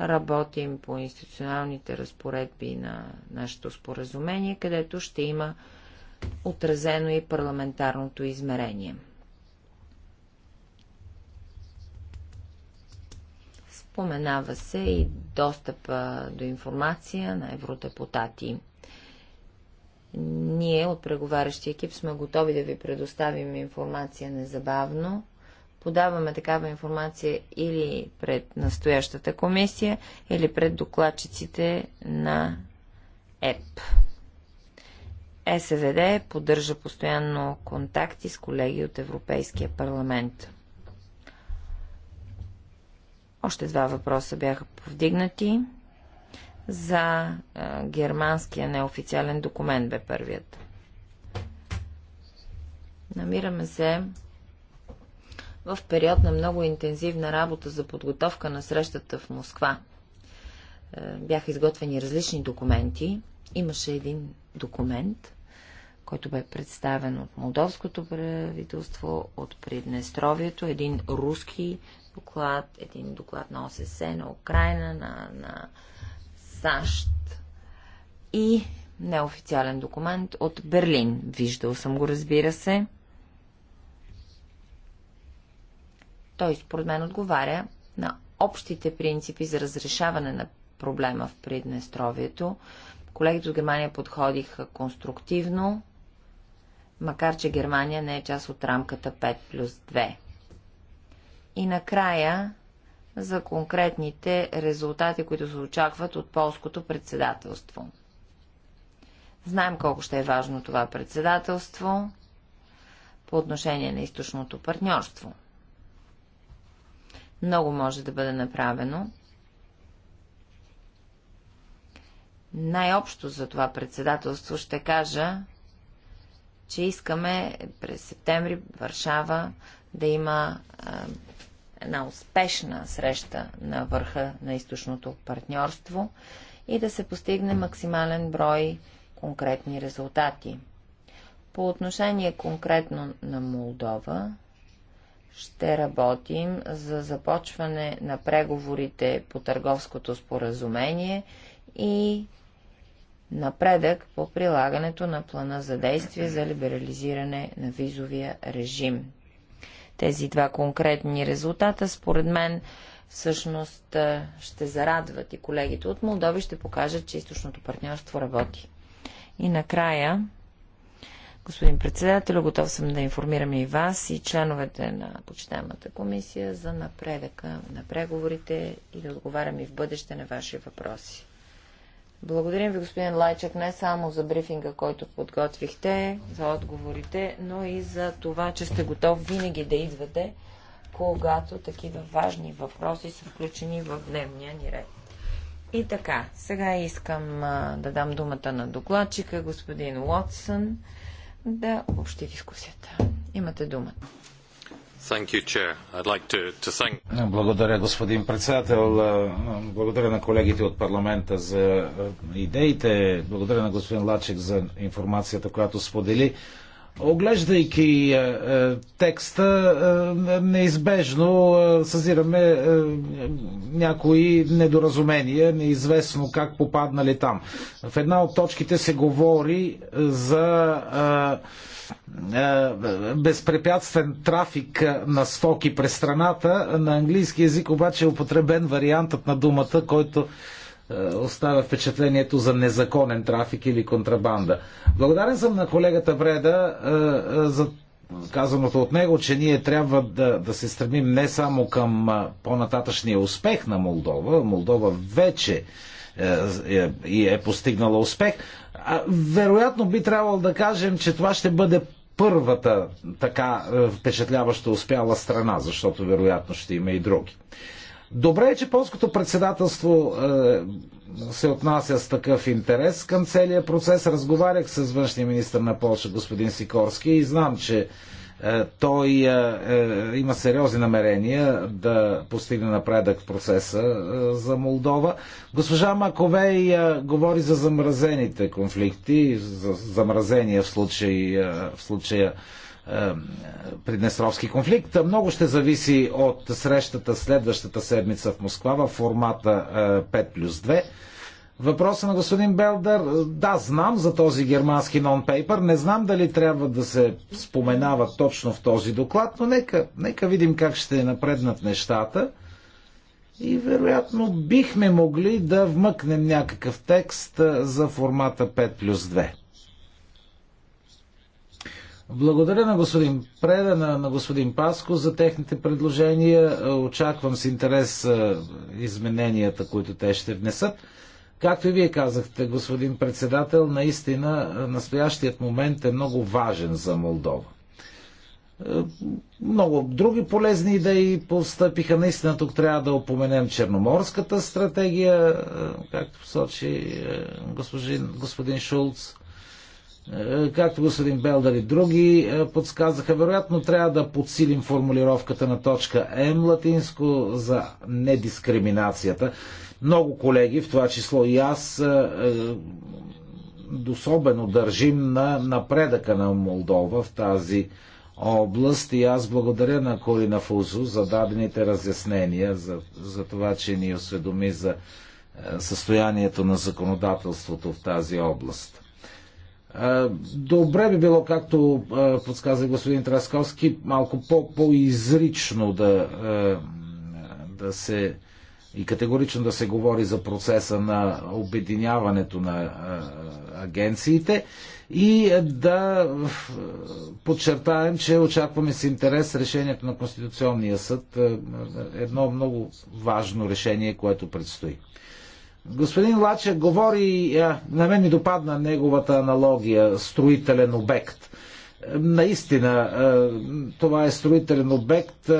Speaker 1: Работим по институционалните разпоредби на нашето споразумение, където ще има отразено и парламентарното измерение. Споменава се и достъпа до информация на евродепутати. Ние от преговарящия екип сме готови да ви предоставим информация незабавно подаваме такава информация или пред настоящата комисия, или пред докладчиците на ЕП. СВД поддържа постоянно контакти с колеги от Европейския парламент. Още два въпроса бяха повдигнати. За е, германския неофициален документ бе първият. Намираме се в период на много интензивна работа за подготовка на срещата в Москва. Е, бяха изготвени различни документи. Имаше един документ, който бе представен от молдовското правителство, от Приднестровието, един руски доклад, един доклад на ОССЕ, на Украина, на, на САЩ и неофициален документ от Берлин. Виждал съм го, разбира се. Той според мен отговаря на общите принципи за разрешаване на проблема в Приднестровието. Колегите от Германия подходиха конструктивно, макар че Германия не е част от рамката 5 плюс 2. И накрая за конкретните резултати, които се очакват от полското председателство. Знаем колко ще е важно това председателство по отношение на източното партньорство. Много може да бъде направено. Най-общо за това председателство ще кажа, че искаме през септември Варшава да има а, една успешна среща на върха на източното партньорство и да се постигне максимален брой конкретни резултати. По отношение конкретно на Молдова, ще работим за започване на преговорите по търговското споразумение и напредък по прилагането на плана за действие за либерализиране на визовия режим. Тези два конкретни резултата, според мен, всъщност ще зарадват и колегите от Молдови ще покажат, че източното партньорство работи. И накрая Господин председател, готов съм да информирам и вас и членовете на почитаемата комисия за напредъка на преговорите и да отговарям и в бъдеще на ваши въпроси. Благодарим ви, господин Лайчак, не само за брифинга, който подготвихте, за отговорите, но и за това, че сте готов винаги да идвате, когато такива важни въпроси са включени в дневния ни ред. И така, сега искам а, да дам думата на докладчика, господин Уотсън да общи дискусията. Имате думата.
Speaker 4: Благодаря, господин председател. Благодаря на колегите от парламента за идеите. Благодаря на господин Лачек за информацията, която сподели. Оглеждайки е, е, текста, е, неизбежно съзираме някои недоразумения, неизвестно как попаднали там. В една от точките се говори за безпрепятствен трафик на стоки през страната. На английски язик обаче е употребен вариантът на думата, който е, оставя впечатлението за незаконен трафик или контрабанда. Благодарен съм на колегата Бреда е, е, за казаното от него, че ние трябва да, да се стремим не само към по-нататъчния успех на Молдова, Молдова вече е, е, е постигнала успех, а, вероятно би трябвало да кажем, че това ще бъде първата така впечатляваща успяла страна, защото вероятно ще има и други. Добре е, че полското председателство е, се отнася с такъв интерес към целия процес. Разговарях с външния министр на Польша, господин Сикорски, и знам, че е, той е, има сериозни намерения да постигне напредък в процеса за Молдова. Госпожа Маковей говори за замразените конфликти, за замразения в случая, в случая Приднестровски конфликт. Много ще зависи от срещата следващата седмица в Москва в формата 5 е, плюс 2. Въпроса на господин Белдър, да, знам за този германски нон-пейпер, не знам дали трябва да се споменава точно в този доклад, но нека, нека видим как ще напреднат нещата. И вероятно бихме могли да вмъкнем някакъв текст е, за формата 5 плюс 2. Благодаря на господин Преда, на, на господин Паско за техните предложения. Очаквам с интерес измененията, които те ще внесат. Както и вие казахте, господин председател, наистина настоящият момент е много важен за Молдова. Много други полезни идеи постъпиха. Наистина тук трябва да опоменем Черноморската стратегия, както посочи господин, господин Шулц е, както господин Белдър и други е, подсказаха, вероятно трябва да подсилим формулировката на точка М латинско за недискриминацията. Много колеги, в това число и аз, е, особено държим на напредъка на Молдова в тази област и аз благодаря на Корина Фузо за дадените разяснения, за, за това, че ни осведоми за състоянието на законодателството в тази област. Добре би било, както подсказа господин Трасковски, малко по-изрично -по да, да се и категорично да се говори за процеса на обединяването на агенциите и да подчертаем, че очакваме с интерес решението на Конституционния съд. Едно много важно решение, което предстои. Господин Лаче говори, е, на мен ми допадна неговата аналогия, строителен обект. Е, наистина, е, това е строителен обект,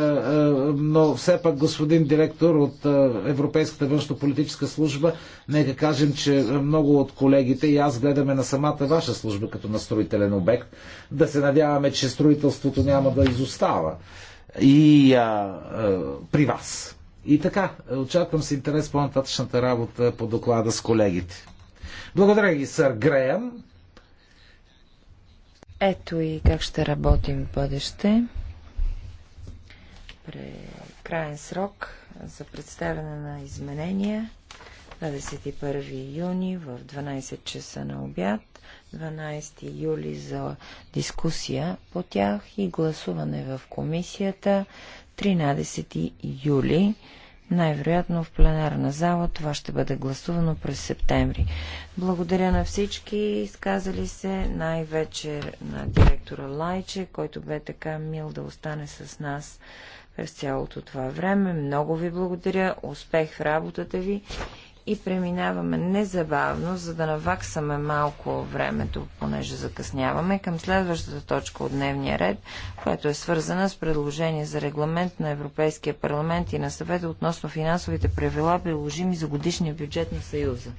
Speaker 4: но все пак господин директор от Европейската външно-политическа служба, нека кажем, че много от колегите и аз гледаме на самата ваша служба като на строителен обект, да се надяваме, че строителството няма да изостава и а, а, при вас. И така, очаквам с интерес по-нататъчната работа по доклада с колегите. Благодаря ги, сър Греем.
Speaker 1: Ето и как ще работим в бъдеще. При крайен срок за представяне на изменения 21 юни в 12 часа на обяд, 12 юли за дискусия по тях и гласуване в комисията 13 юли. Най-вероятно в пленарна зала това ще бъде гласувано през септември. Благодаря на всички изказали се, най-вече на директора Лайче, който бе така мил да остане с нас през цялото това време. Много ви благодаря, успех в работата ви и преминаваме незабавно, за да наваксаме малко времето, понеже закъсняваме, към следващата точка от дневния ред, която е свързана с предложение за регламент на Европейския парламент и на съвета относно финансовите правила, приложими за годишния бюджет на Съюза.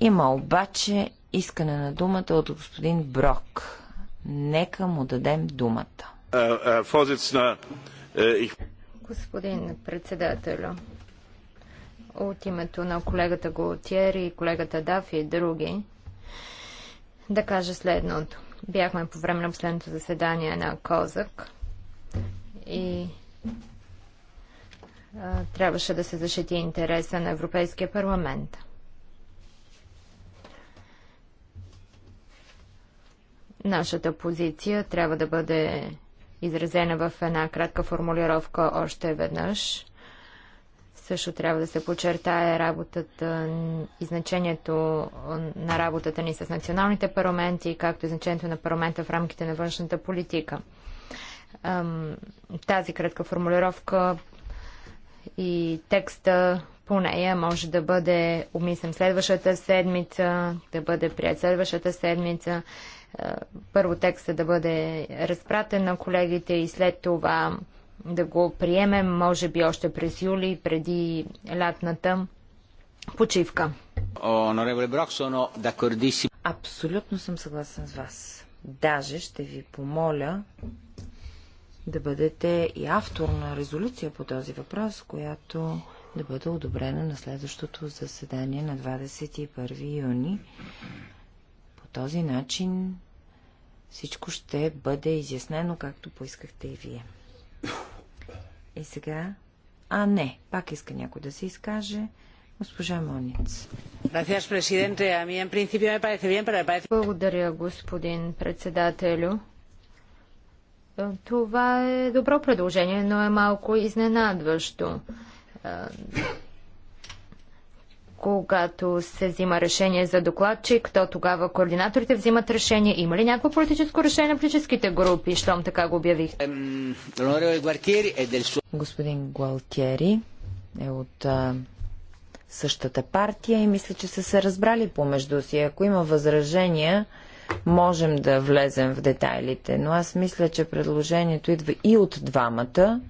Speaker 1: Има обаче искане на думата от господин Брок. Нека му дадем думата.
Speaker 4: Е, е, е,
Speaker 1: господин председателю,
Speaker 3: от името на колегата Голтиер и колегата Даф и други да кажа следното. Бяхме по време на последното заседание на Козък и а, трябваше да се защити интереса на Европейския парламент. Нашата позиция трябва да бъде изразена в една кратка формулировка още веднъж – също трябва да се подчертае работата и значението на работата ни с националните парламенти, както и значението на парламента в рамките на външната политика. Тази кратка формулировка и текста по нея може да бъде обмислен следващата седмица, да бъде прият следващата седмица. Е, първо текста да бъде разпратен на колегите и след това да го приемем, може би още през юли, преди лятната
Speaker 2: почивка.
Speaker 1: Абсолютно съм съгласен с вас. Даже ще ви помоля да бъдете и автор на резолюция по този въпрос, която да бъде одобрена на следващото заседание на 21 юни. По този начин всичко ще бъде изяснено, както поискахте и вие. И сега... А, не. Пак иска някой да се изкаже. Госпожа Мониц. Благодаря,
Speaker 3: господин председателю.
Speaker 1: Е, това е добро
Speaker 3: предложение, но е малко изненадващо. Е, когато се взима решение за докладчик, то тогава координаторите взимат решение. Има ли някакво политическо решение на политическите групи, щом така го обявих? Е
Speaker 1: Господин Гуалтери е от а, същата партия и мисля, че са се разбрали помежду си. Ако има възражения, можем да влезем в детайлите, но аз мисля, че предложението идва и от двамата.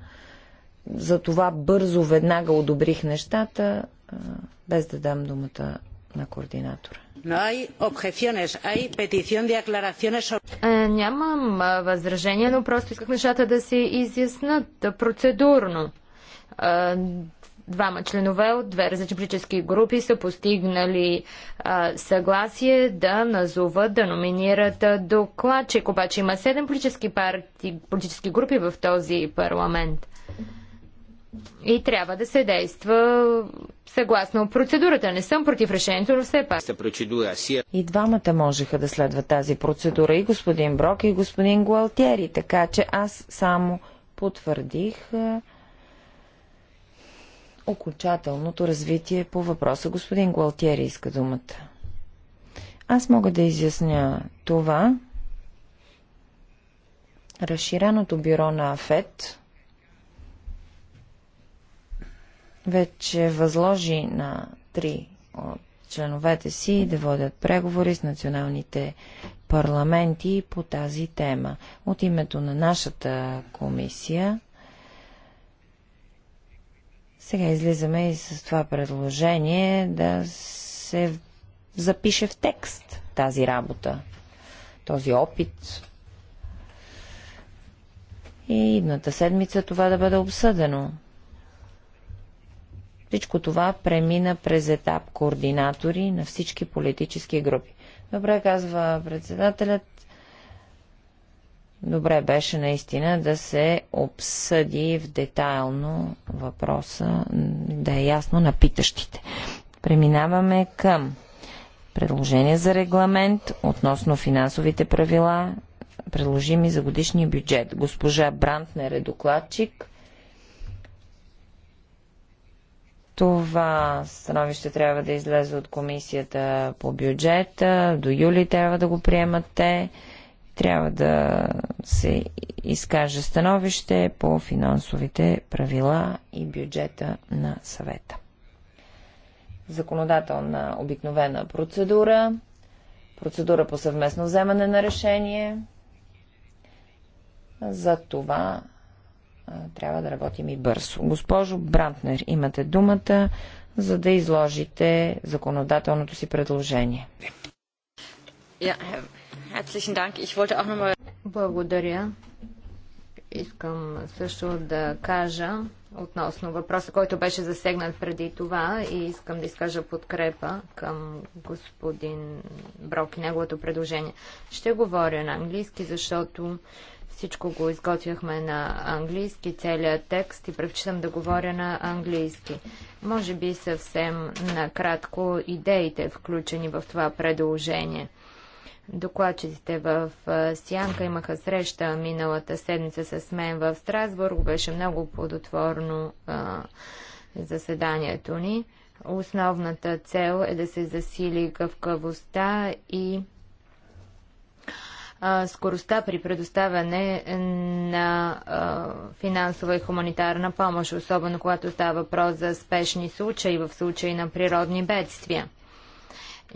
Speaker 1: Затова бързо, веднага одобрих нещата, без да дам думата на координатора.
Speaker 3: Е, нямам възражение, но просто исках нещата да се изяснат процедурно. Двама членове от две различни политически групи са постигнали а, съгласие да назоват, да номинират докладчик. Обаче има седем политически политически групи в този парламент и трябва да се действа съгласно процедурата. Не съм против решението, но все пак.
Speaker 1: Е. И двамата можеха да следват тази процедура, и господин Брок, и господин Гуалтери, така че аз само потвърдих е, окончателното развитие по въпроса. Господин Гуалтери иска думата. Аз мога да изясня това. Разширеното бюро на АФЕТ вече възложи на три от членовете си да водят преговори с националните парламенти по тази тема. От името на нашата комисия сега излизаме и с това предложение да се запише в текст тази работа, този опит. И идната седмица това да бъде обсъдено. Всичко това премина през етап координатори на всички политически групи. Добре, казва председателят. Добре беше наистина да се обсъди в детайлно въпроса, да е ясно на питащите. Преминаваме към предложение за регламент относно финансовите правила, предложими за годишния бюджет. Госпожа Брантнер е докладчик. Това становище трябва да излезе от комисията по бюджета. До юли трябва да го приемат те. Трябва да се изкаже становище по финансовите правила и бюджета на съвета. Законодателна обикновена процедура. Процедура по съвместно вземане на решение. За това трябва да работим и бързо. Госпожо Брантнер, имате думата, за да изложите законодателното си предложение.
Speaker 3: Благодаря. Искам също да кажа, относно въпроса, който беше засегнат преди това и искам да изкажа подкрепа към господин Брок и неговото предложение. Ще говоря на английски, защото всичко го изготвяхме на английски, целият текст и предпочитам да говоря на английски. Може би съвсем накратко идеите, включени в това предложение – Докладчиците в Сянка имаха среща миналата седмица с мен в Страсбург. Беше много плодотворно заседанието ни. Основната цел е да се засили гъвкавостта и скоростта при предоставяне на финансова и хуманитарна помощ, особено когато става въпрос за спешни случаи в случаи на природни бедствия.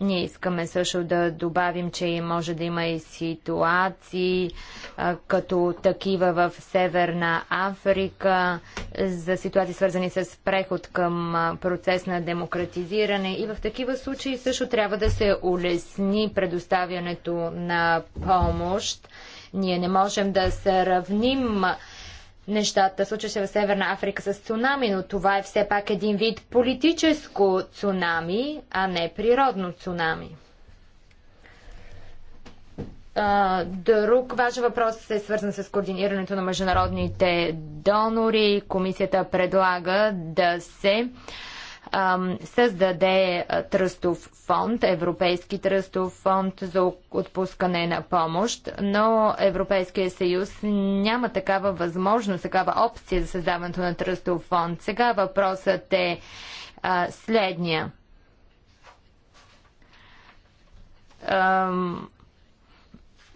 Speaker 3: Ние искаме също да добавим, че може да има и ситуации а, като такива в Северна Африка, за ситуации свързани с преход към процес на демократизиране. И в такива случаи също трябва да се улесни предоставянето на помощ. Ние не можем да сравним равним нещата. Случва се в Северна Африка с цунами, но това е все пак един вид политическо цунами, а не природно цунами. Друг важен въпрос е свързан с координирането на международните донори. Комисията предлага да се а, създаде тръстов фонд, Европейски тръстов фонд за отпускане на помощ, но Европейския съюз няма такава възможност, такава опция за създаването на тръстов фонд. Сега въпросът е а, следния.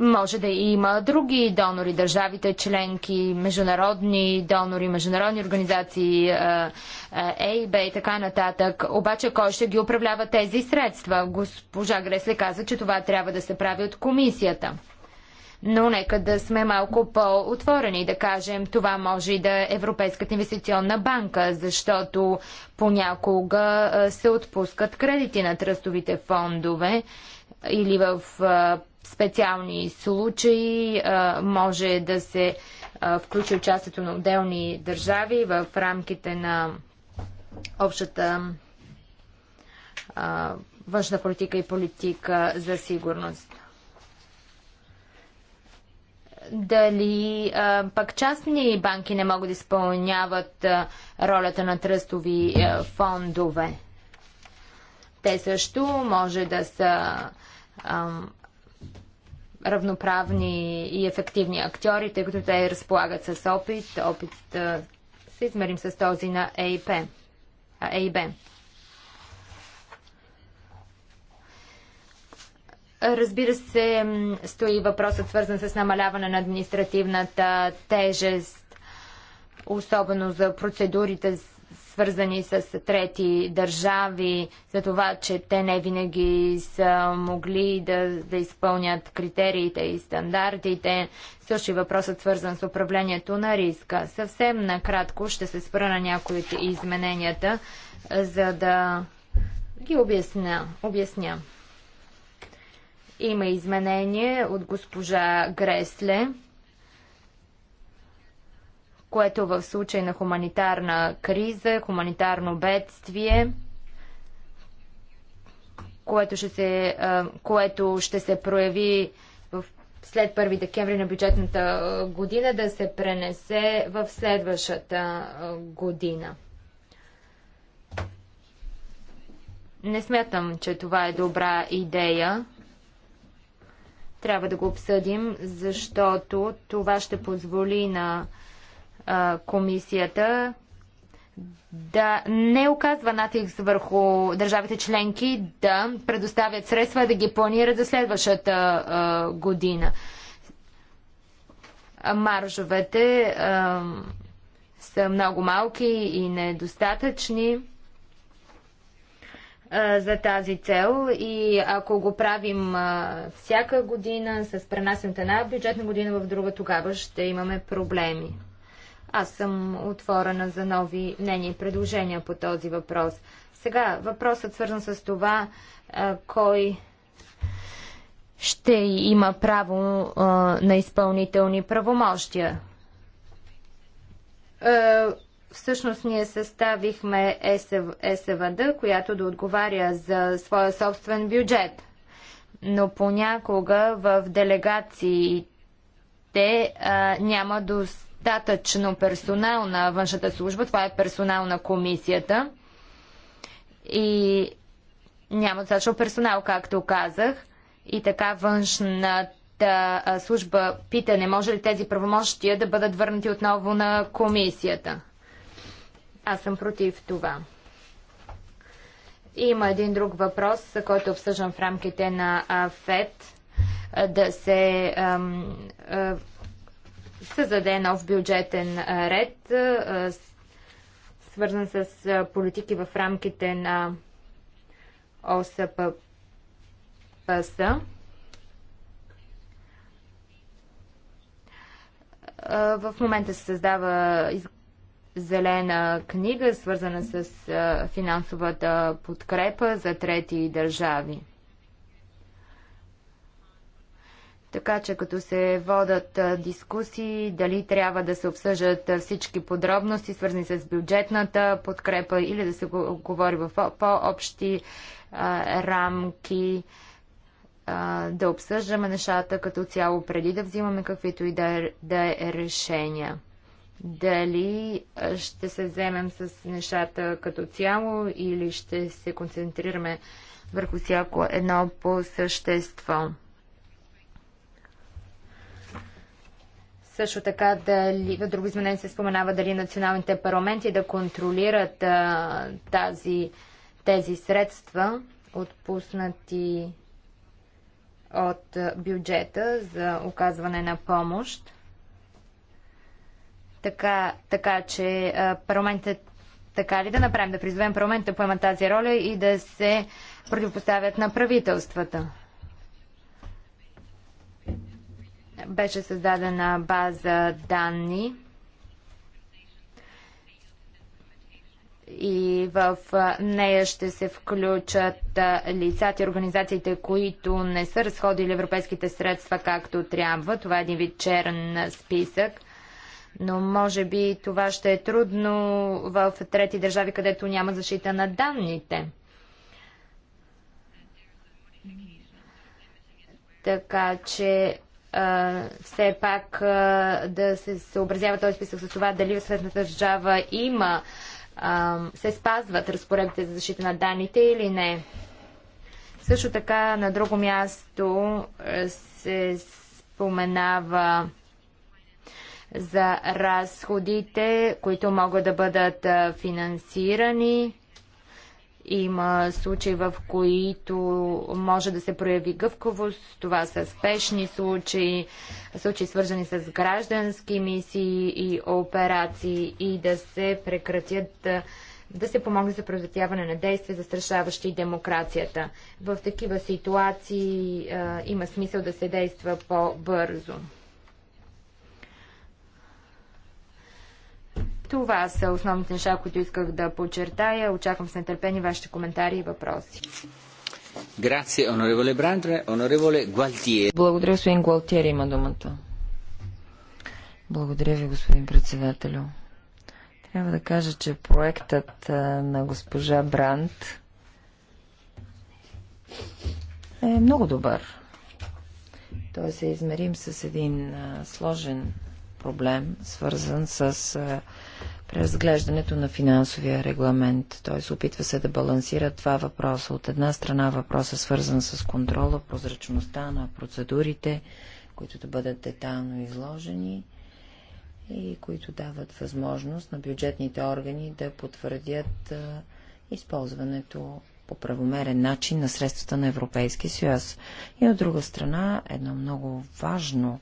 Speaker 3: Може да има други донори, държавите членки, международни донори, международни организации, ЕИБ и така нататък. Обаче кой ще ги управлява тези средства? Госпожа Гресле каза, че това трябва да се прави от комисията. Но нека да сме малко по-отворени, да кажем, това може и да е Европейската инвестиционна банка, защото понякога се отпускат кредити на тръстовите фондове или в специални случаи може да се включи участието на отделни държави в рамките на общата външна политика и политика за сигурност. Дали а, пък частни банки не могат да изпълняват а, ролята на тръстови а, фондове? Те също може да са равноправни и ефективни актьори, тъй като те разполагат с опит. Опит да се измерим с този на АИП. АИБ. Разбира се, стои въпросът свързан с намаляване на административната тежест, особено за процедурите свързани с трети държави, за това, че те не винаги са могли да, да изпълнят критериите и стандартите. Също и въпросът свързан с управлението на риска. Съвсем накратко ще се спра на някои от измененията, за да ги обясня. обясня. Има изменение от госпожа Гресле което в случай на хуманитарна криза, хуманитарно бедствие, което ще се, което ще се прояви след 1 декември на бюджетната година да се пренесе в следващата година. Не смятам, че това е добра идея. Трябва да го обсъдим, защото това ще позволи на комисията да не оказва натиск върху държавите членки да предоставят средства да ги планират за следващата а, година. Маржовете а, са много малки и недостатъчни а, за тази цел и ако го правим всяка година с пренасенето на бюджетна година в друга, тогава ще имаме проблеми. Аз съм отворена за нови мнения и предложения по този въпрос. Сега въпросът свързан с това, а, кой ще има право а, на изпълнителни правомощия. А, всъщност ние съставихме ЕСВ, СВД, която да отговаря за своя собствен бюджет. Но понякога в делегациите а, няма достатъчно достатъчно персонал на външната служба, това е персонал на комисията и няма достатъчно персонал, както казах. И така външната служба пита, не може ли тези правомощия да бъдат върнати отново на комисията. Аз съм против това. Има един друг въпрос, който обсъждам в рамките на ФЕД. Да се създаде нов бюджетен ред, свързан с политики в рамките на ОСППС. В момента се създава зелена книга, свързана с финансовата подкрепа за трети държави. Така че като се водат дискусии, дали трябва да се обсъждат всички подробности, свързани с бюджетната подкрепа или да се говори в по-общи рамки, да обсъждаме нещата като цяло преди да взимаме каквито и да е решения. Дали ще се вземем с нещата като цяло или ще се концентрираме върху всяко едно по същество. Също така дали, в друго изменение се споменава дали националните парламенти да контролират а, тази, тези средства, отпуснати от бюджета за оказване на помощ. Така, така че парламентът така ли да направим, да призовем парламент да поема тази роля и да се противопоставят на правителствата? Беше създадена база данни и в нея ще се включат лицата и организациите, които не са разходили европейските средства както трябва. Това е един вид черен списък. Но може би това ще е трудно в трети държави, където няма защита на данните. Така че все пак да се съобразява този списък с това дали в съответната държава има, се спазват разпоредбите за защита на данните или не. Също така на друго място се споменава за разходите, които могат да бъдат финансирани има случаи, в които може да се прояви гъвковост. Това са спешни случаи, случаи свързани с граждански мисии и операции и да се прекратят да се помогне за предотвратяване на действия, застрашаващи демокрацията. В такива ситуации а, има смисъл да се действа по-бързо. Това са основните неща, които исках да подчертая. Очаквам с нетърпени вашите коментари и
Speaker 1: въпроси.
Speaker 2: Благодаря, господин
Speaker 1: Гуалтиер, има думата. Благодаря ви, господин председателю. Трябва да кажа, че проектът на госпожа Бранд е много добър. Той се измерим с един сложен проблем, свързан с преразглеждането на финансовия регламент. се опитва се да балансира два въпроса. От една страна въпроса свързан с контрола, прозрачността на процедурите, които да бъдат детайлно изложени и които дават възможност на бюджетните органи да потвърдят използването по правомерен начин на средствата на Европейския съюз. И от друга страна, едно много важно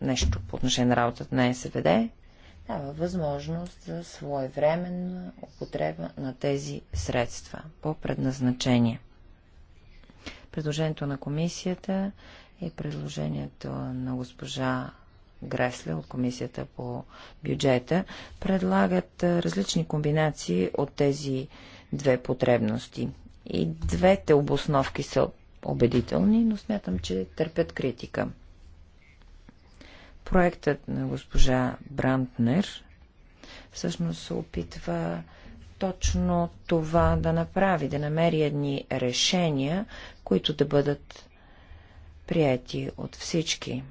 Speaker 1: нещо по отношение на работата на СВД, дава възможност за своевременна употреба на тези средства по предназначение. Предложението на комисията и предложението на госпожа Гресле от комисията по бюджета предлагат различни комбинации от тези две потребности. И двете обосновки са убедителни, но смятам, че търпят критика. Проектът на госпожа Брантнер всъщност се опитва точно това да направи, да намери едни решения, които да бъдат прияти от всички.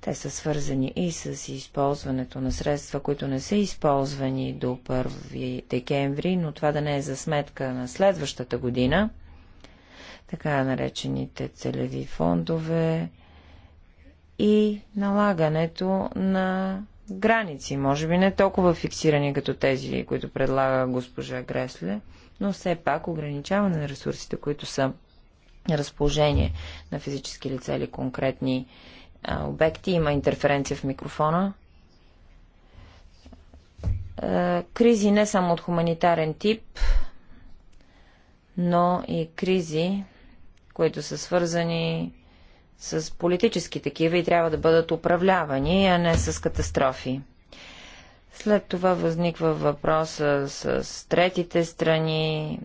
Speaker 1: Те са свързани и с използването на средства, които не са използвани до 1 декември, но това да не е за сметка на следващата година. Така наречените целеви фондове, и налагането на граници, може би не толкова фиксирани като тези, които предлага госпожа Гресле, но все пак ограничаване на ресурсите, които са на разположение на физически лица или конкретни а, обекти. Има интерференция в микрофона. А, кризи не само от хуманитарен тип, но и кризи, които са свързани с политически такива и трябва да бъдат управлявани, а не с катастрофи. След това възниква въпроса с третите страни,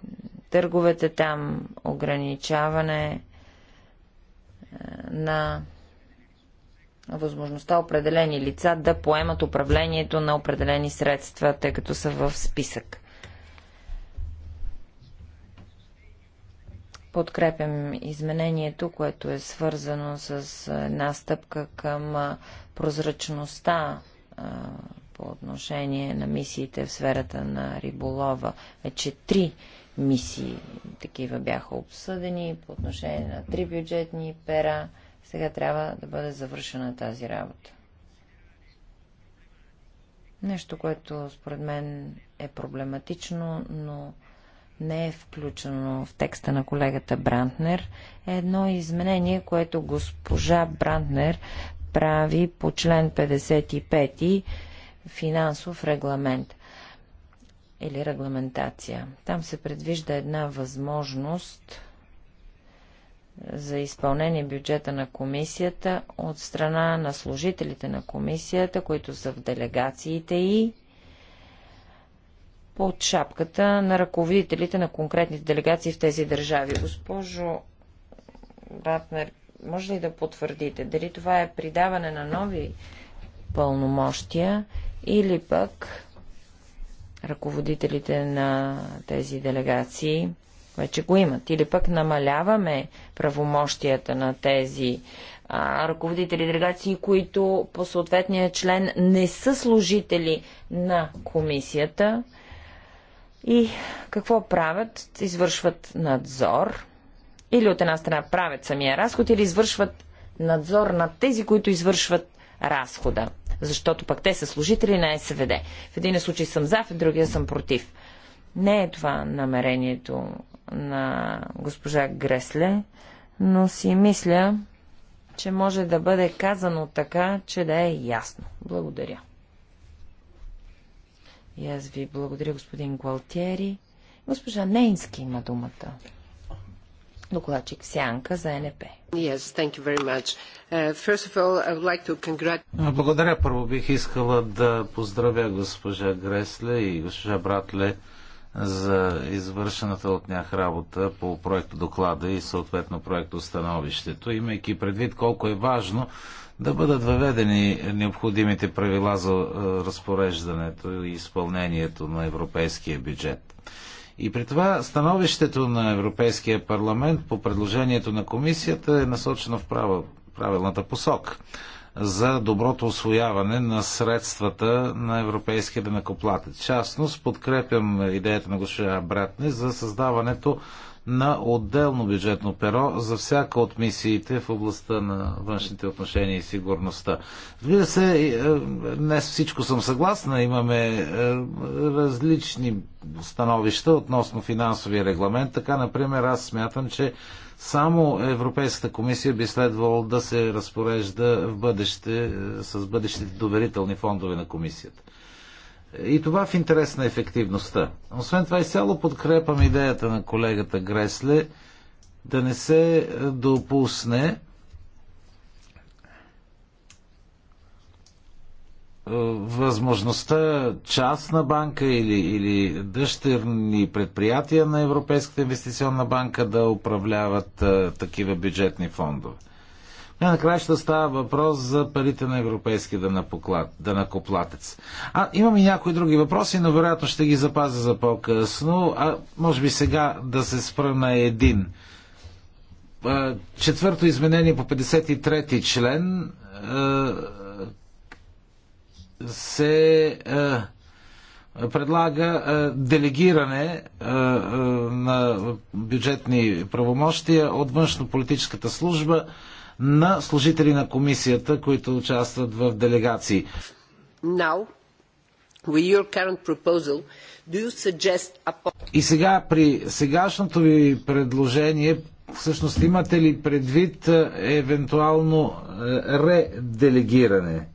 Speaker 1: търговете там, ограничаване е, на възможността определени лица да поемат управлението на определени средства, тъй като са в списък. Подкрепям изменението, което е свързано с една стъпка към прозрачността по отношение на мисиите в сферата на риболова. Вече три мисии такива бяха обсъдени по отношение на три бюджетни пера. Сега трябва да бъде завършена тази работа. Нещо, което според мен е проблематично, но не е включено в текста на колегата Брантнер, е едно изменение, което госпожа Брантнер прави по член 55 финансов регламент или регламентация. Там се предвижда една възможност за изпълнение бюджета на комисията от страна на служителите на комисията, които са в делегациите и под шапката на ръководителите на конкретните делегации в тези държави. Госпожо Ратнер, може ли да потвърдите дали това е придаване на нови пълномощия или пък ръководителите на тези делегации вече го имат. Или пък намаляваме правомощията на тези а, ръководители делегации, които по съответния член не са служители на комисията и какво правят? Извършват надзор. Или от една страна правят самия разход, или извършват надзор на тези, които извършват разхода. Защото пък те са служители на СВД. В един случай съм за, в другия съм против. Не е това намерението на госпожа Гресле, но си мисля, че може да бъде казано така, че да е ясно. Благодаря. И аз ви благодаря, господин Гуалтери. Госпожа Нейнски има думата. Докладчик Сянка за НП.
Speaker 2: Yes, thank you very much. Uh, first of all, I would like
Speaker 4: to Благодаря. Първо бих искала да поздравя госпожа Гресле и госпожа Братле за извършената от тях работа по проекто доклада и съответно проекто становището, имайки предвид колко е важно да бъдат въведени необходимите правила за е, разпореждането и изпълнението на европейския бюджет. И при това становището на Европейския парламент по предложението на комисията е насочено в права, правилната посока за доброто освояване на средствата на европейския денакоплатец. Частност подкрепям идеята на госпожа Братне за създаването на отделно бюджетно перо за всяка от мисиите в областта на външните отношения и сигурността. Разбира се, е, днес всичко съм съгласна. Имаме е, различни становища относно финансовия регламент. Така, например, аз смятам, че само Европейската комисия би следвало да се разпорежда в бъдеще е, с бъдещите доверителни фондове на комисията. И това в интерес на ефективността. Освен това, изцяло подкрепам идеята на колегата Гресле да не се е, допусне е, възможността частна банка или, или дъщерни предприятия на Европейската инвестиционна банка да управляват а, е, такива бюджетни фондове. Не, накрая ще става въпрос за парите на европейски накоплатец. А, имам и някои други въпроси, но вероятно ще ги запазя за по-късно. А може би сега да се спра на един. Четвърто изменение по 53-ти член се предлага делегиране на бюджетни правомощия от външно-политическата служба на служители на комисията, които участват в делегации.
Speaker 1: Now, proposal, a...
Speaker 4: И сега при сегашното ви предложение, всъщност имате ли предвид е, евентуално е, ределегиране?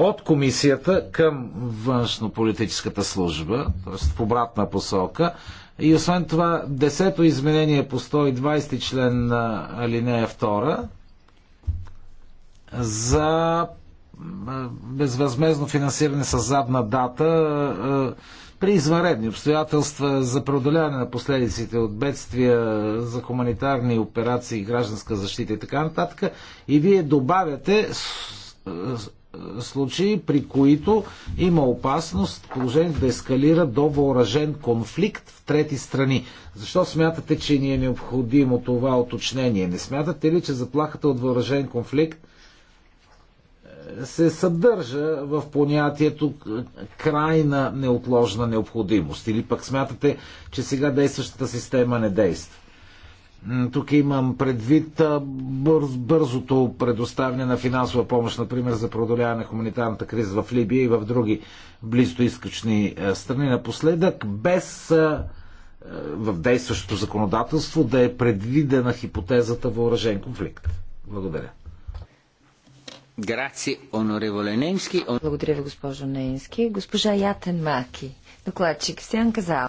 Speaker 4: от комисията към външнополитическата служба, т.е. в обратна посока, и освен това, десето изменение по 120 член на алинея 2 за безвъзмезно финансиране с задна дата при извънредни обстоятелства за преодоляване на последиците от бедствия за хуманитарни операции, гражданска защита и така нататък. И вие добавяте случаи, при които има опасност положението да ескалира до въоръжен конфликт в трети страни. Защо смятате, че ни е необходимо това оточнение? Не смятате ли, че заплахата от въоръжен конфликт е, се съдържа в понятието крайна неотложна необходимост? Или пък смятате, че сега действащата система не действа? Тук имам предвид бърз, бързото предоставяне на финансова помощ, например, за продоляване на хуманитарната криза в Либия и в други близкоисточни страни. Напоследък, без в действащото законодателство да е предвидена хипотезата въоръжен конфликт. Благодаря.
Speaker 1: Благодаря ви, госпожо Неински. Госпожа Ятен Маки, докладчик в казал.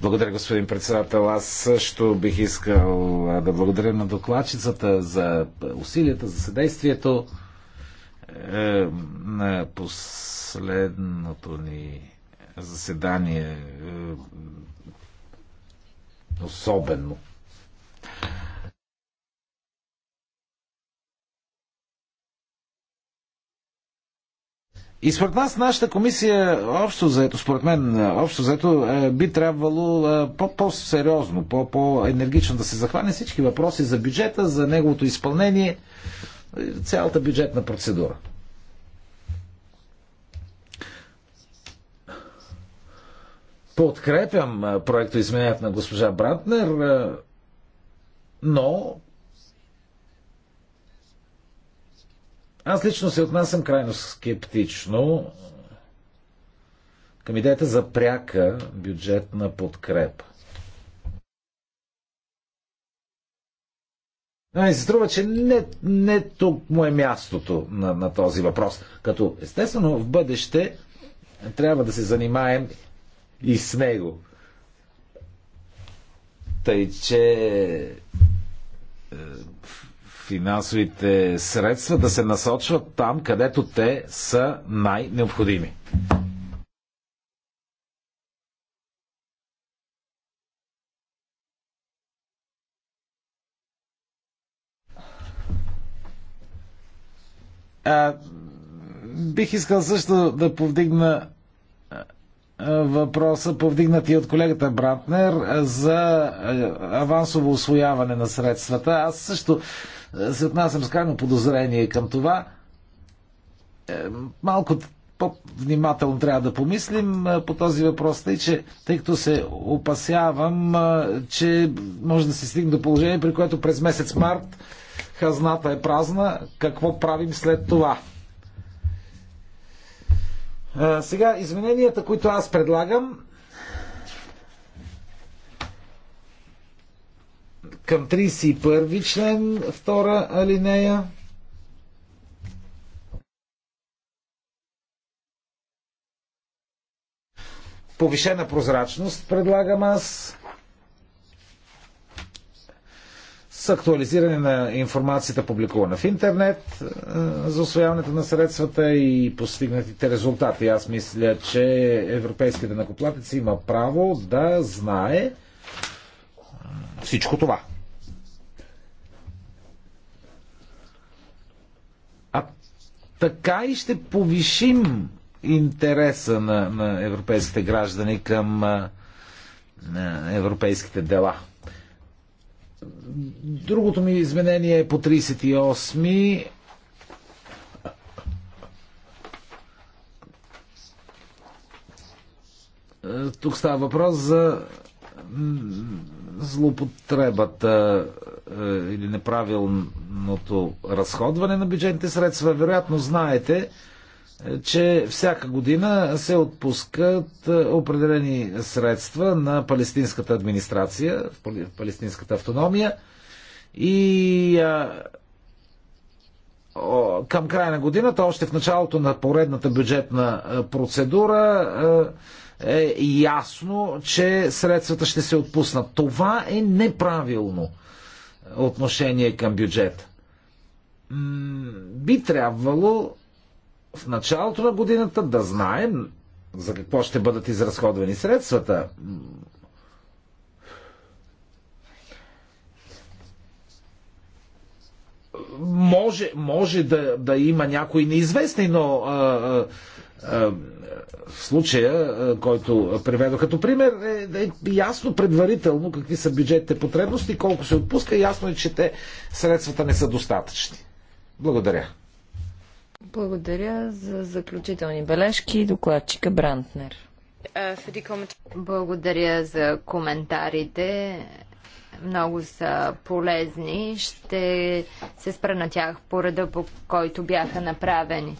Speaker 4: Благодаря, господин председател. Аз също бих искал да благодаря на докладчицата за усилията, за съдействието е, на последното ни заседание е, особено. И според нас, нашата комисия, общо заето, според мен, общо заето, е, би трябвало е, по-сериозно, -по по-енергично -по да се захване всички въпроси за бюджета, за неговото изпълнение, цялата бюджетна процедура. Подкрепям е, проекто изменят на госпожа Брантнер, но Аз лично се отнасям крайно скептично към идеята за пряка бюджетна подкрепа. Но ми се струва, че не, не тук му е мястото на, на този въпрос. Като естествено в бъдеще трябва да се занимаем и с него. Тъй, че е, финансовите средства да се насочват там, където те са най-необходими. А, бих искал също да повдигна въпроса, повдигнати от колегата Братнер, за авансово освояване на средствата. Аз също се отнасям с крайно подозрение към това. Е, малко по-внимателно трябва да помислим по този въпрос, тъй, че, тъй като се опасявам, че може да се стигне до положение, при което през месец март хазната е празна. Какво правим след това? сега, измененията, които аз предлагам към 31 член, 2 алинея. Повишена прозрачност предлагам аз. с актуализиране на информацията, публикувана в интернет е, за освояването на средствата и постигнатите резултати. Аз мисля, че европейските накоплатеци има право да знае е, всичко това. А така и ще повишим интереса на, на европейските граждани към е, на европейските дела. Другото ми изменение е по 38. Тук става въпрос за злоупотребата е, или неправилното разходване на бюджетните средства. Вероятно знаете, че всяка година се отпускат е, определени средства на палестинската администрация, в палестинската автономия и а, о, към края на годината, още в началото на поредната бюджетна е, процедура, е, е ясно, че средствата ще се отпуснат. Това е неправилно отношение към бюджета. Би трябвало в началото на годината да знаем за какво ще бъдат изразходвани средствата. Може, може да, да има някои неизвестни, но а, а, а, в случая, който приведох като пример, е, е ясно предварително какви са бюджетните потребности, колко се отпуска, ясно е, че те средствата не са достатъчни. Благодаря.
Speaker 1: Благодаря за заключителни бележки докладчика Брантнер.
Speaker 3: Благодаря за коментарите. Много са полезни. Ще се спра на тях по реда, по който бяха направени.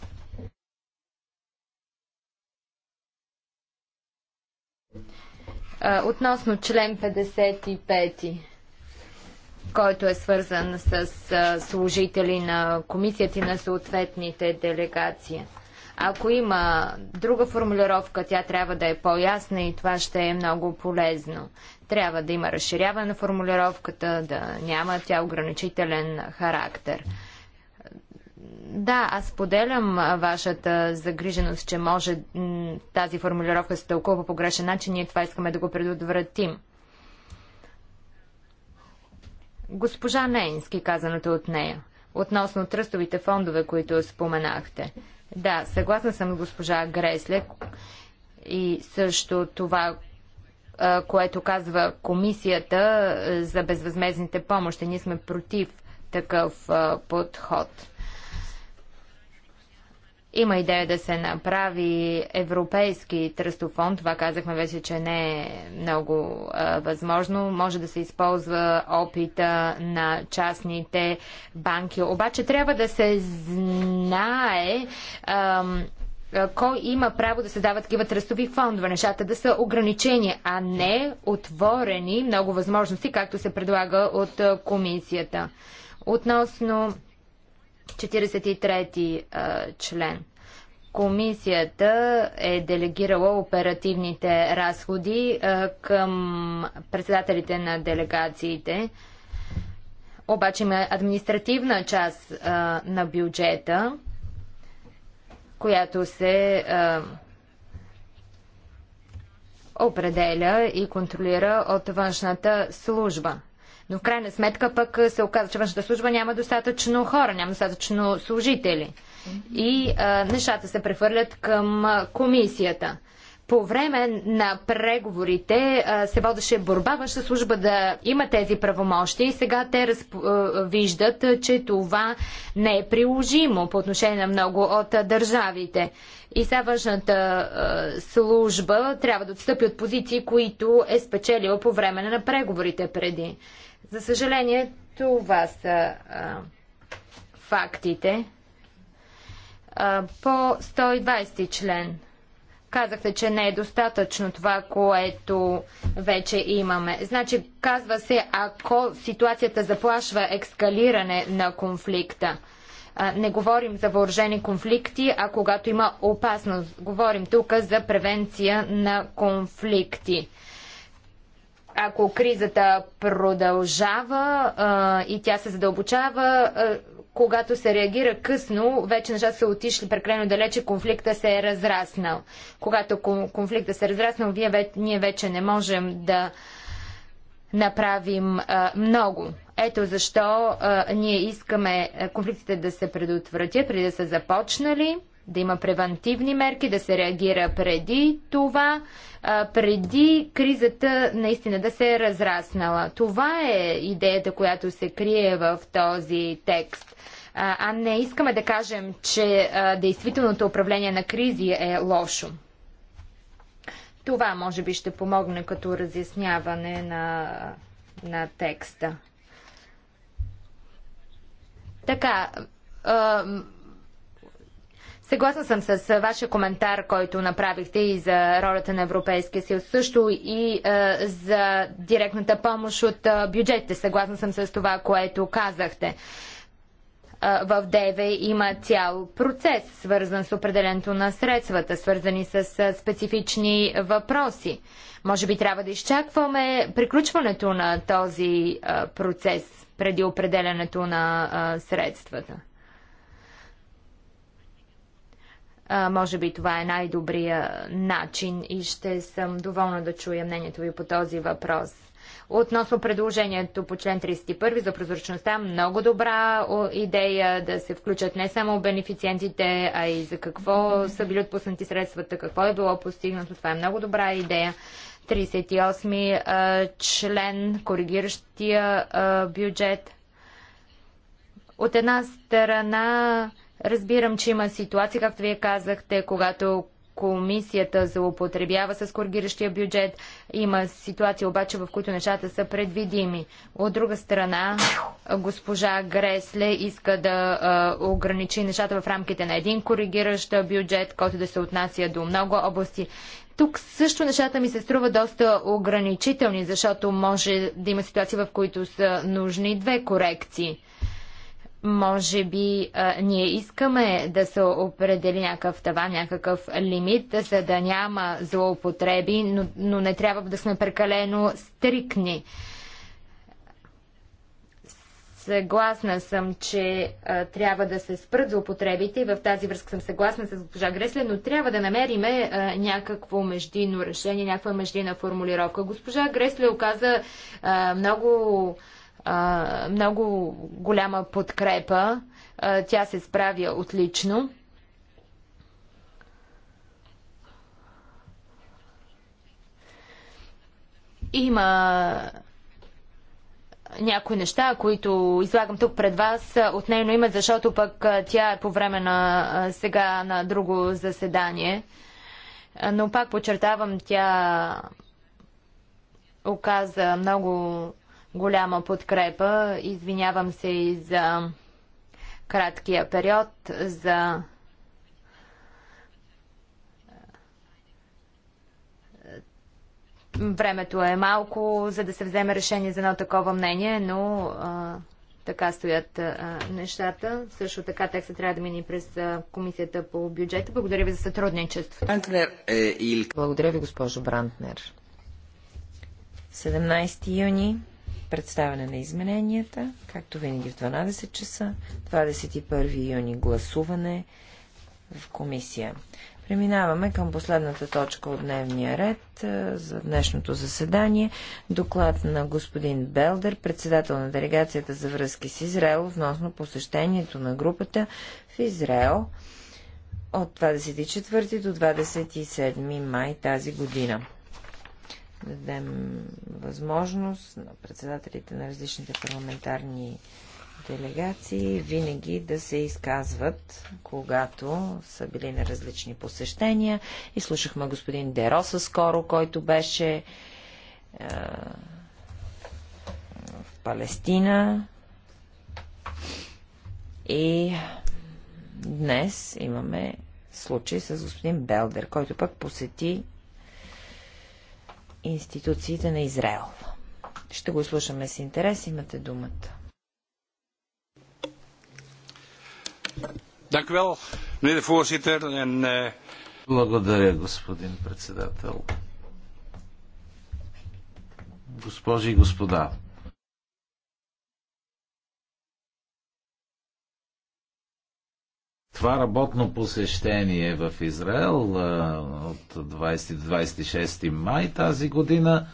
Speaker 3: Относно член 55 който е свързан с служители на комисията и на съответните делегации. Ако има друга формулировка, тя трябва да е по-ясна и това ще е много полезно. Трябва да има разширяване на формулировката, да няма тя ограничителен характер. Да, аз поделям вашата загриженост, че може тази формулировка се тълкува по грешен начин и това искаме да го предотвратим. Госпожа Нейнски, казаното от нея, относно тръстовите фондове, които споменахте. Да, съгласна съм с госпожа Гресле и също това, което казва комисията за безвъзмезните помощи. Ние сме против такъв подход. Има идея да се направи европейски тръстофонд. Това казахме вече, че не е много а, възможно. Може да се използва опита на частните банки. Обаче трябва да се знае А, кой има право да създава такива тръстови фондове. Нещата да са ограничени, а не отворени много възможности, както се предлага от комисията. Относно 43 член. Комисията е делегирала оперативните разходи към председателите на делегациите. Обаче има административна част на бюджета, която се определя и контролира от външната служба. Но в крайна сметка пък се оказа, че външната служба няма достатъчно хора, няма достатъчно служители. И а, нещата се прехвърлят към комисията. По време на преговорите а, се водеше борба външна служба да има тези правомощи и сега те разп... виждат, че това не е приложимо по отношение на много от а, държавите. И сега външната служба трябва да отстъпи от позиции, които е спечелила по време на преговорите преди. За съжаление, това са а, фактите. А, по 120 член. Казахте, че не е достатъчно това, което вече имаме. Значи, казва се, ако ситуацията заплашва екскалиране на конфликта. А, не говорим за въоръжени конфликти, а когато има опасност. Говорим тук за превенция на конфликти ако кризата продължава а, и тя се задълбочава, а, когато се реагира късно, вече нещата са отишли прекалено далече, конфликта се е разраснал. Когато конфликта се е разраснал, вие, ние вече не можем да направим а, много. Ето защо а, ние искаме конфликтите да се предотвратят преди да са започнали да има превантивни мерки, да се реагира преди това, преди кризата наистина да се е разраснала. Това е идеята, която се крие в този текст. А не искаме да кажем, че действителното управление на кризи е лошо. Това може би ще помогне като разясняване на, на текста. Така, Съгласна съм с вашия коментар, който направихте и за ролята на Европейския съюз, също и е, за директната помощ от е, бюджетите. Съгласна съм с това, което казахте. Е, в ДЕВЕ има цял процес, свързан с определенето на средствата, свързани с специфични въпроси. Може би трябва да изчакваме приключването на този процес преди определенето на средствата. А, може би това е най-добрия начин и ще съм доволна да чуя мнението ви по този въпрос. Относно предложението по член 31 за прозрачността, много добра идея да се включат не само бенефициентите, а и за какво са били отпуснати средствата, какво е било постигнато. Това е много добра идея. 38 член, коригиращия бюджет. От една страна Разбирам, че има ситуации, както вие казахте, когато комисията злоупотребява с коригиращия бюджет. Има ситуации обаче, в които нещата са предвидими. От друга страна, госпожа Гресле иска да а, ограничи нещата в рамките на един коригиращ бюджет, който да се отнася до много области. Тук също нещата ми се струва доста ограничителни, защото може да има ситуации, в които са нужни две корекции може би а, ние искаме да се определи някакъв таван, някакъв лимит, за да няма злоупотреби, но, но не трябва да сме прекалено стрикни. Съгласна съм, че а, трябва да се спрат злоупотребите и в тази връзка съм съгласна с госпожа Гресле, но трябва да намериме а, някакво междинно решение, някаква междинна формулировка. Госпожа Гресле оказа а, много много голяма подкрепа. тя се справя отлично. Има някои неща, които излагам тук пред вас от нейно име, защото пък тя е по време на сега на друго заседание. Но пак подчертавам, тя оказа много голяма подкрепа. Извинявам се и за краткия период, за е, времето е малко, за да се вземе решение за едно такова мнение, но а, така стоят а, нещата. Също така текстът трябва да мини през а,
Speaker 1: комисията по бюджета. Благодаря ви за сътрудничеството. Е, Благодаря ви, госпожо Брантнер. 17 юни представяне на измененията, както винаги в 12 часа, 21 юни гласуване в комисия. Преминаваме към последната точка от дневния ред е, за днешното заседание. Доклад на господин Белдер, председател на делегацията за връзки с Израел, относно посещението на групата в Израел от 24 до 27 май тази година да дадем възможност на председателите на различните парламентарни делегации винаги да се изказват, когато са били на различни посещения. И слушахме господин Дероса скоро, който беше е, в Палестина. И днес имаме случай с господин Белдер, който пък посети институциите на Израел. Ще го слушаме с интерес. Имате думата.
Speaker 4: Eh, Благодаря, господин председател. Госпожи и господа, Това работно посещение в Израел от 20-26 май тази година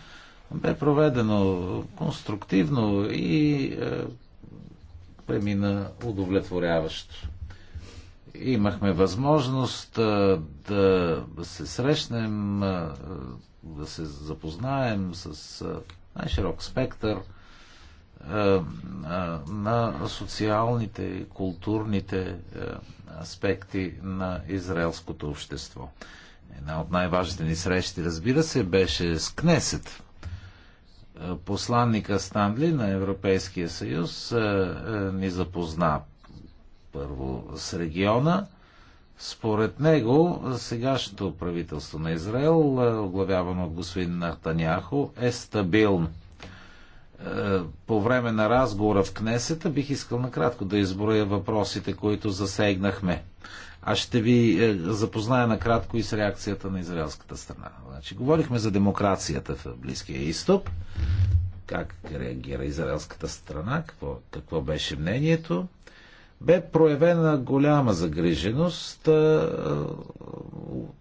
Speaker 4: бе проведено конструктивно и е, премина удовлетворяващо. Имахме възможност е, да се срещнем, е, да се запознаем с най-широк спектър е, е, на социалните и културните е, аспекти на израелското общество. Една от най-важните ни срещи, разбира се, беше с Кнесет. Посланника Станли на Европейския съюз ни запозна първо с региона. Според него, сегашното правителство на Израел, оглавявано от господин Натаняхо, е стабилно по време на разговора в Кнесета бих искал накратко да изброя въпросите, които засегнахме. Аз ще ви е, запозная накратко и с реакцията на израелската страна. Значи, говорихме за демокрацията в Близкия изток, как реагира израелската страна, какво, какво беше мнението бе проявена голяма загриженост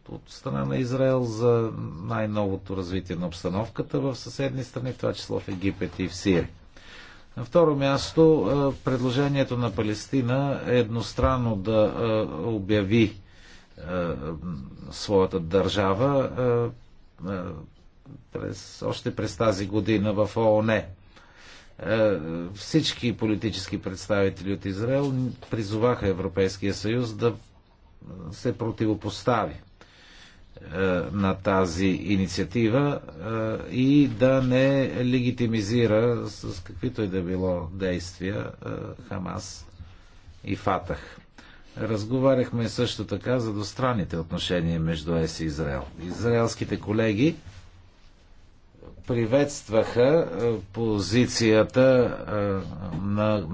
Speaker 4: от страна на Израел за най-новото развитие на обстановката в съседни страни, в това число в Египет и в Сирия. На второ място, предложението на Палестина е едностранно да обяви своята държава през, още през тази година в ООН. Е, всички политически представители от Израел призоваха Европейския съюз да се противопостави е, на тази инициатива е, и да не легитимизира с каквито и да било действия Хамас и Фатах. Разговаряхме също така за двустранните отношения между ЕС и Израел. Израелските колеги приветстваха е, позицията е, на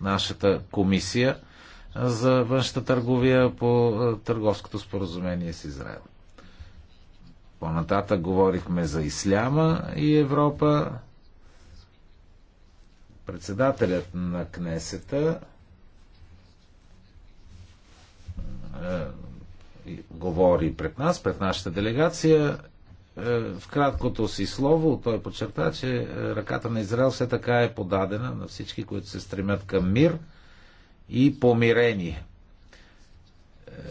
Speaker 4: нашата комисия е, за външната търговия по търговското споразумение с Израел. По-нататък говорихме за Исляма и Европа. Председателят на Кнесета говори пред нас, пред нашата делегация в краткото си слово той подчерта, че е, ръката на Израел все така е подадена на всички, които се стремят към мир и помирение.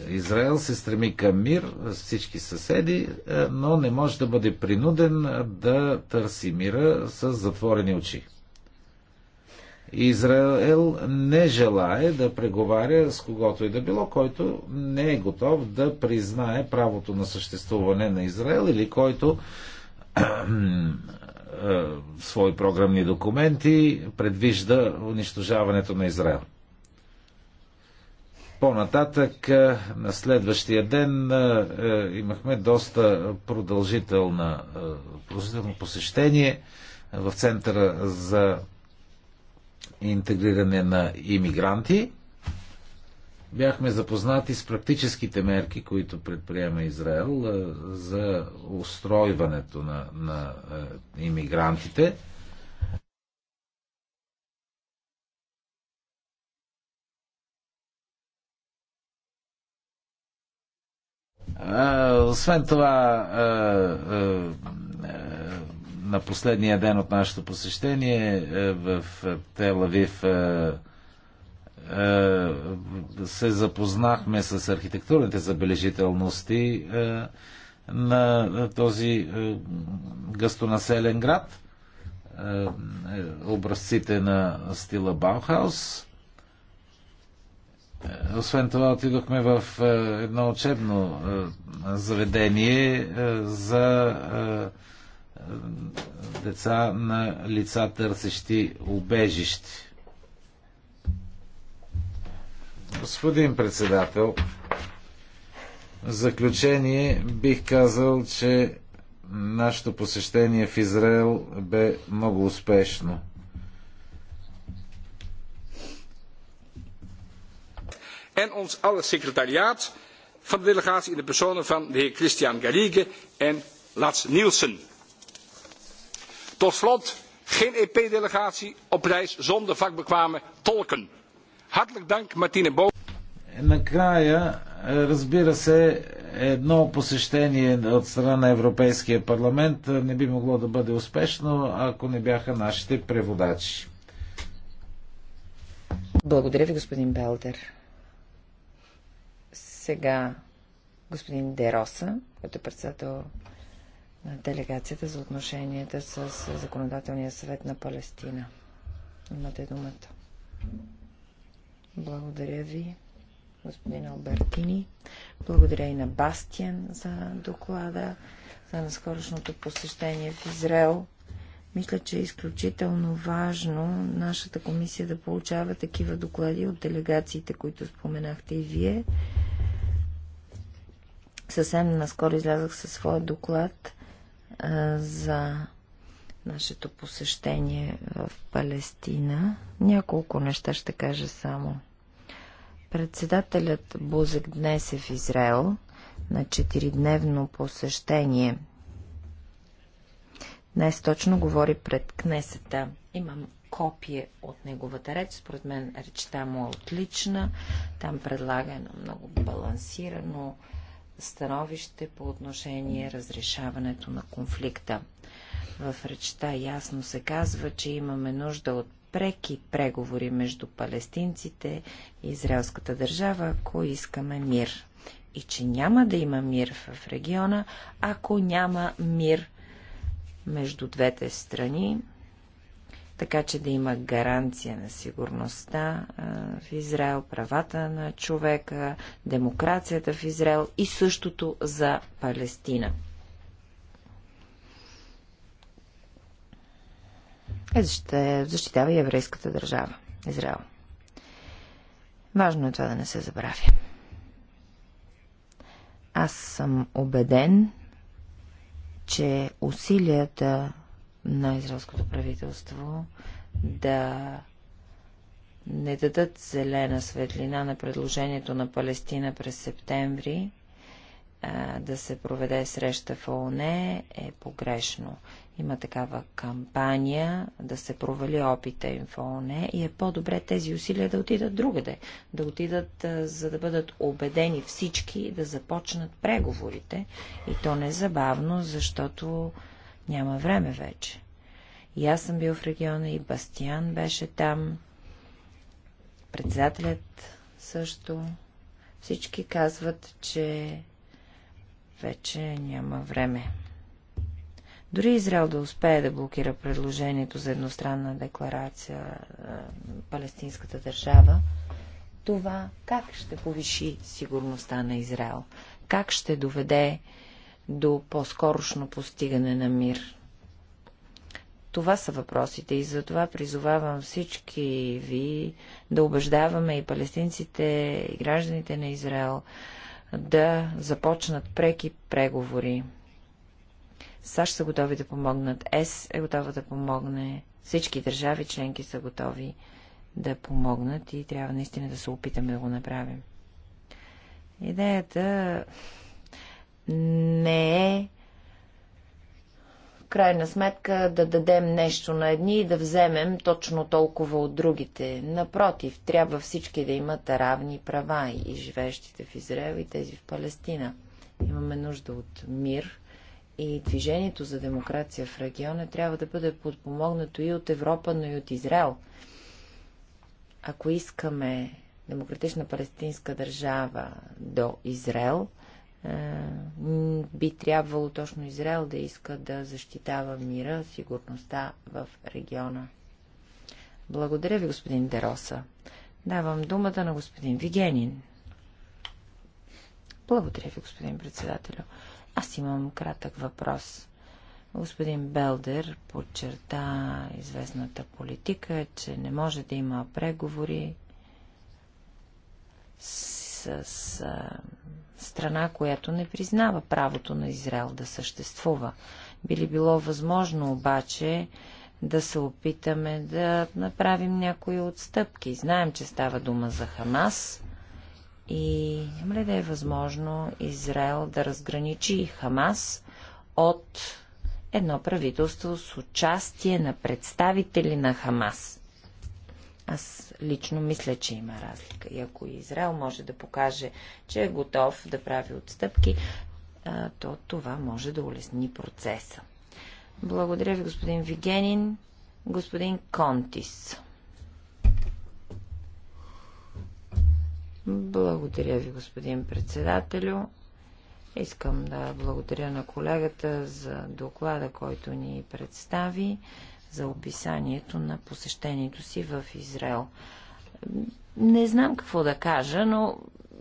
Speaker 4: Е, Израел се стреми към мир с всички съседи, е, но не може да бъде принуден да търси мира с затворени очи. Израел не желае да преговаря с когото и да било, който не е готов да признае правото на съществуване на Израел или който <clears throat> свои програмни документи предвижда унищожаването на Израел. По-нататък, на следващия ден, имахме доста продължително посещение в Центъра за интегриране на иммигранти. Бяхме запознати с практическите мерки, които предприема Израел за устройването на, на иммигрантите. Освен това, на последния ден от нашето посещение е, в е, Телавив е, се запознахме с архитектурните забележителности на този гъстонаселен град, образците на стила Баухаус. Освен това отидохме в едно учебно заведение за деца на лица търсещи убежище. Господин председател, в заключение бих казал, че нашето посещение в Израел бе много успешно.
Speaker 2: En ons alle secretariaat van de delegatie in de personen van de heer Christian Garrigue en Lats Nielsen. Tot slot, geen EP-delegatie op reis zonder vakbekwame tolken. Hartelijk dank, Martine
Speaker 4: Накрая, е, разбира се, едно посещение от страна на Европейския парламент е, не би могло да бъде успешно, ако не бяха нашите преводачи.
Speaker 1: Благодаря ви, господин Белдер. Сега господин Дероса, който е председател на делегацията за отношенията с Законодателния съвет на Палестина. Имате думата. Благодаря ви, господин Албертини. Благодаря и на Бастиен за доклада, за наскорошното посещение в Израел. Мисля, че е изключително важно нашата комисия да получава такива доклади от делегациите, които споменахте и вие. Съвсем наскоро излязах със своя доклад за нашето посещение в Палестина. Няколко неща ще кажа само. Председателят Бузек днес е в Израел на четиридневно посещение. Днес точно говори пред Кнесета. Имам копие от неговата реч. Според мен речта му е отлична. Там предлага едно много балансирано, становище по отношение разрешаването на конфликта. В речта ясно се казва, че имаме нужда от преки преговори между палестинците и израелската държава, ако искаме мир. И че няма да има мир в региона, ако няма мир между двете страни, така че да има гаранция на сигурността в Израел, правата на човека, демокрацията в Израел и същото за Палестина. Е, защитава и еврейската държава, Израел. Важно е това да не се забравя. Аз съм убеден, че усилията на израелското правителство да не дадат зелена светлина на предложението на Палестина през септември а, да се проведе среща в ООН е погрешно. Има такава кампания да се провали опита им в ООН и е по-добре тези усилия да отидат другаде, да отидат а, за да бъдат убедени всички да започнат преговорите и то незабавно, защото няма време вече. И аз съм бил в региона, и Бастиан беше там, председателят също. Всички казват, че вече няма време. Дори Израел да успее да блокира предложението за едностранна декларация на палестинската държава, това как ще повиши сигурността на Израел? Как ще доведе до по-скорошно постигане на мир. Това са въпросите и затова призовавам всички ви да убеждаваме и палестинците, и гражданите на Израел да започнат преки преговори. САЩ са готови да помогнат, ЕС е готова да помогне, всички държави членки са готови да помогнат и трябва наистина да се опитаме да го направим. Идеята не е крайна сметка да дадем нещо на едни и да вземем точно толкова от другите. Напротив, трябва всички да имат равни права и живеещите в Израел и тези в Палестина. Имаме нужда от мир и движението за демокрация в региона трябва да бъде подпомогнато и от Европа, но и от Израел. Ако искаме демократична палестинска държава до Израел, е, би трябвало точно Израел да иска да защитава мира, сигурността в региона. Благодаря ви, господин Дероса. Давам думата на господин Вигенин. Благодаря ви, господин председателю. Аз имам кратък въпрос. Господин Белдер подчерта известната политика, че не може да има преговори с, с страна, която не признава правото на Израел да съществува. Били било възможно обаче да се опитаме да направим някои отстъпки. Знаем, че става дума за Хамас и няма ли да е възможно Израел да разграничи Хамас от едно правителство с участие на представители на Хамас? Аз лично мисля, че има разлика. И ако Израел може да покаже, че е готов да прави отстъпки, то това може да улесни процеса. Благодаря ви, господин Вигенин. Господин Контис. Благодаря ви, господин председателю. Искам да благодаря на колегата за доклада, който ни представи за описанието на посещението си в Израел. Не знам какво да кажа, но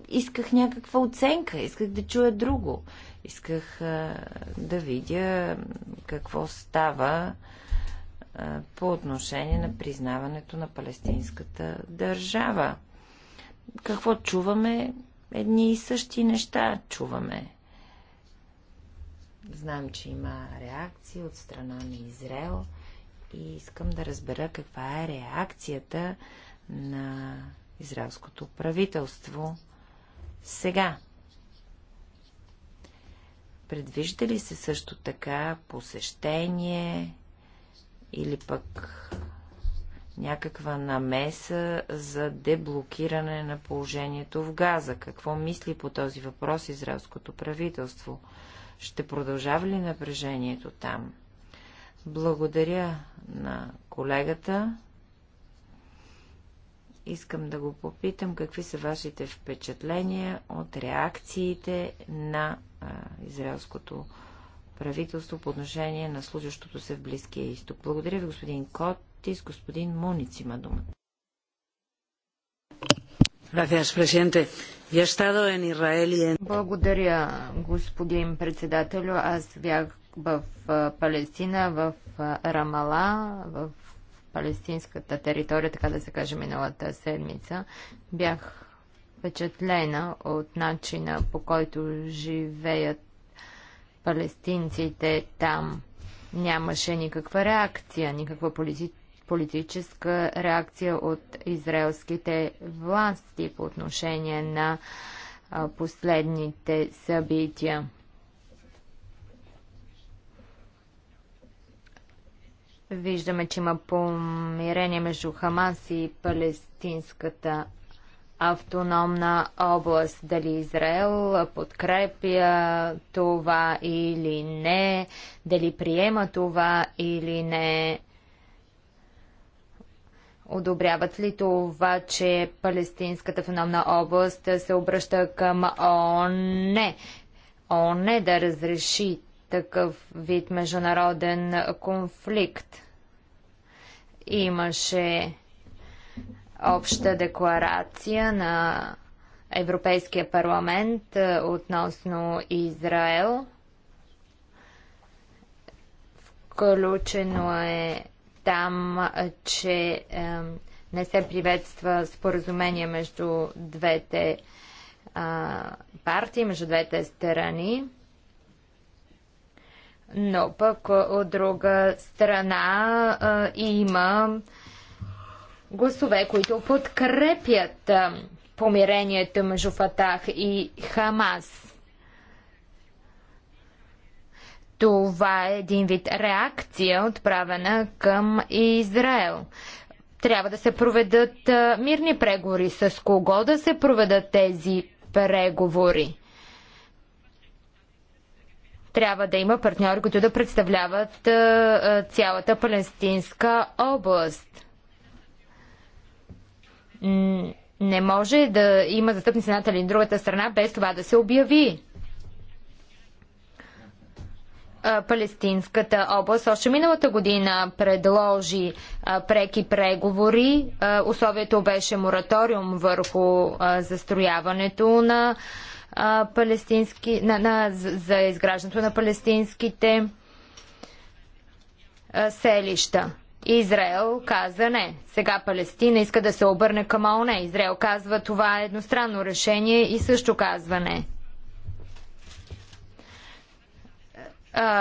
Speaker 1: исках някаква оценка, исках да чуя друго. Исках а, да видя какво става а, по отношение на признаването на палестинската държава. Какво чуваме? Едни и същи неща чуваме. Знам, че има реакции от страна на Израел – и искам да разбера каква е реакцията на израелското правителство сега. Предвижда ли се също така посещение или пък някаква намеса за деблокиране на положението в Газа? Какво мисли по този въпрос израелското правителство? Ще продължава ли напрежението там? Благодаря на колегата. Искам да го попитам какви са вашите впечатления от реакциите на а, израелското правителство по отношение на случващото се в Близкия изток. Благодаря ви, господин Котис. Господин Муниц има думата.
Speaker 3: Благодаря, господин председател, Аз бях в Палестина, в Рамала, в палестинската територия, така да се каже, миналата седмица, бях впечатлена от начина по който живеят палестинците там. Нямаше никаква реакция, никаква политическа реакция от израелските власти по отношение на последните събития. Виждаме, че има помирение между Хамас и палестинската автономна област. Дали Израел подкрепя това или не, дали приема това или не. Одобряват ли това, че палестинската автономна област се обръща към ООН? ООН е да разреши такъв вид международен конфликт. Имаше обща декларация на Европейския парламент е, относно Израел. Включено е там, че е, не се приветства споразумение между двете е, партии, между двете страни но пък от друга страна а, има гласове, които подкрепят а, помирението между Фатах и Хамас. Това е един вид реакция, отправена към Израел. Трябва да се проведат а, мирни преговори. С кого да се проведат тези преговори? Трябва да има партньори, които да представляват цялата палестинска област. Не може да има застъпници едната или другата страна без това да се обяви. Палестинската област още миналата година предложи преки преговори. условието беше мораториум върху застрояването на а, палестински, на, на, за изграждането на палестинските а, селища. Израел каза не. Сега Палестина иска да се обърне към ООН. Израел казва това е едностранно решение и също казва не.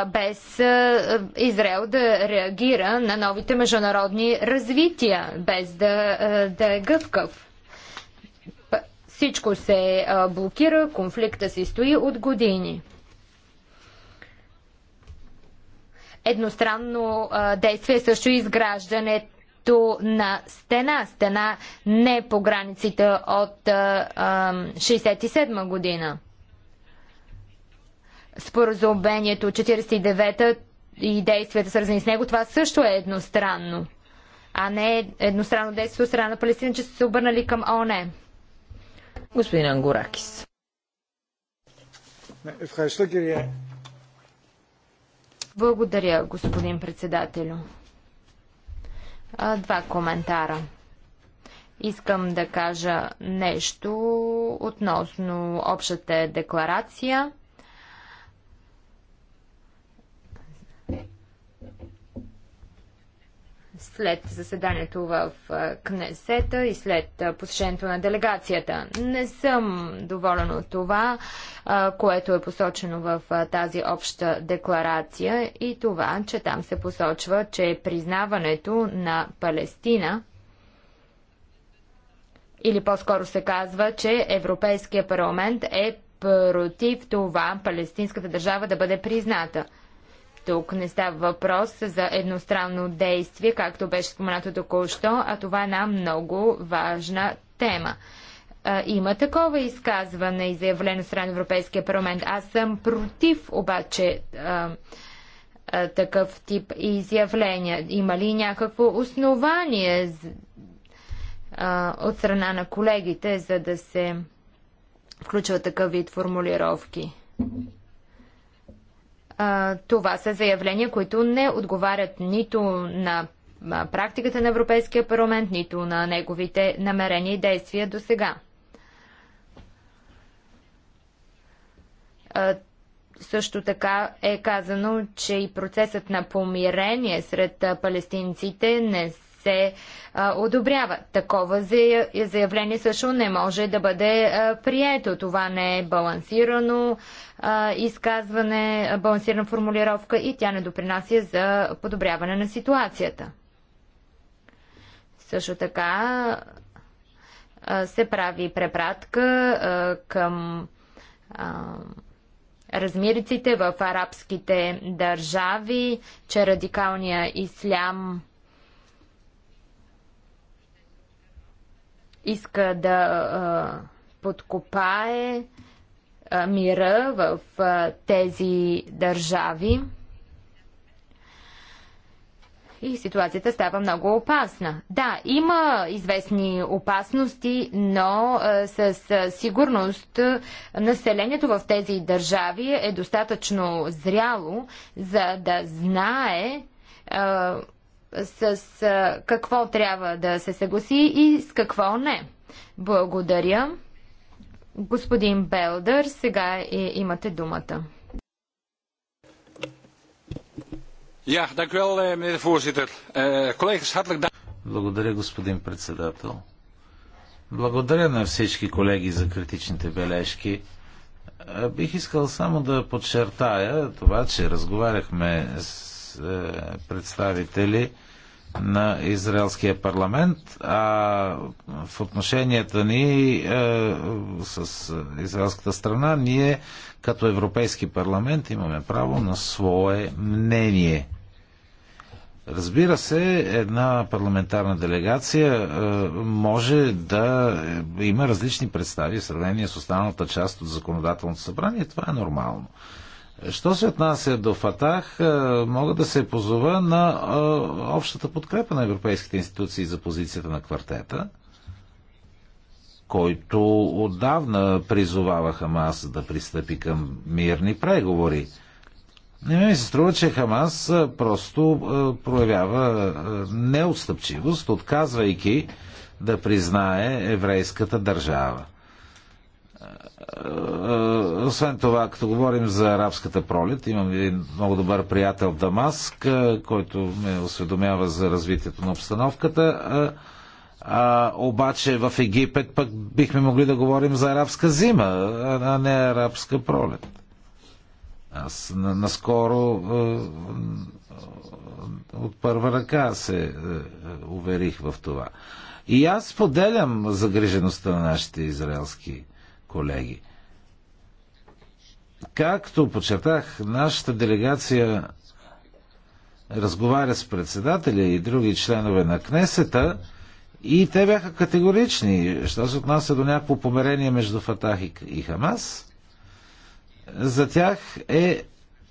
Speaker 3: без Израел да реагира на новите международни развития, без да, да е гъвкав. Всичко се блокира, конфликта се стои от години. Едностранно действие също изграждането на стена. Стена не е по границите от а, а, 67 година. Споразумението 49-та и действията свързани с него, това също е едностранно. А не е едностранно действие от страна на Палестина, че са се обърнали към ОНЕ.
Speaker 1: Господин Ангуракис.
Speaker 3: Благодаря, господин председателю. Два коментара. Искам да кажа нещо относно общата декларация. след заседанието в Кнесета и след посещението на делегацията. Не съм доволен от това, което е посочено в тази обща декларация и това, че там се посочва, че признаването на Палестина или по-скоро се казва, че Европейския парламент е против това палестинската държава да бъде призната – тук не става въпрос за едностранно действие, както беше споменато току-що, а това е една много важна тема. А, има такова изказване и заявлено страна Европейския парламент. Аз съм против обаче а, а, такъв тип изявления. Има ли някакво основание а, от страна на колегите, за да се включва такъв вид формулировки? А, това са заявления, които не отговарят нито на практиката на Европейския парламент, нито на неговите намерения и действия до сега. Също така е казано, че и процесът на помирение сред палестинците не се а, одобрява. Такова заявление също не може да бъде а, прието. Това не е балансирано а, изказване, балансирана формулировка и тя не допринася за подобряване на ситуацията. Също така се прави препратка към размириците в арабските държави, че радикалния ислям иска да а, подкопае а, мира в а, тези държави. И ситуацията става много опасна. Да, има известни опасности, но а, с а, сигурност а, населението в тези държави е достатъчно зряло, за да знае а, с какво трябва да се съгласи и с какво не. Благодаря. Господин Белдър, сега е, имате думата.
Speaker 4: Ja, dank u wel, eh, meneer de voorzitter. Eh, collega's, hartelijk dank. Благодаря, господин председател. Благодаря на всички колеги за критичните бележки. Е, бих искал само да подчертая това, че разговаряхме с е, представители на израелския парламент, а в отношенията ни е, с израелската страна, ние като Европейски парламент имаме право на свое мнение. Разбира се, една парламентарна делегация е, може да има различни представи в сравнение с останалата част от законодателното събрание. Това е нормално. Що се отнася до Фатах, е, мога да се позова на е, общата подкрепа на европейските институции за позицията на квартета, който отдавна призовава Хамас да пристъпи към мирни преговори. Не ми се струва, че Хамас е, просто проявява неотстъпчивост, отказвайки да признае еврейската държава. Е, освен това, като говорим за арабската пролет, имам един много добър приятел в Дамаск, е, който ме осведомява за развитието на обстановката. Е, а, обаче в Египет пък бихме могли да говорим за арабска зима, а не арабска пролет. Аз на, наскоро от първа ръка се уверих в това. И аз поделям загрижеността на нашите израелски колеги. Както подчертах, нашата делегация разговаря с председателя и други членове на Кнесета и те бяха категорични, що се отнася до някакво померение между Фатах и Хамас. За тях е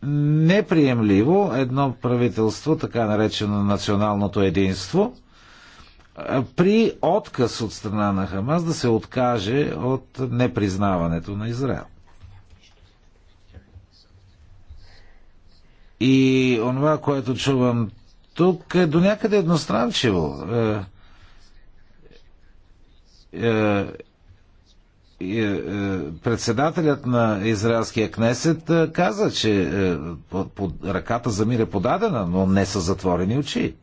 Speaker 4: неприемливо едно правителство, така наречено националното единство, при отказ от страна на Хамас да се откаже от непризнаването на Израел. И онова, което чувам тук е до някъде едностранчиво. Е, е, е, председателят на израелския кнесет каза, че ръката за мир е подадена, но не са затворени очи.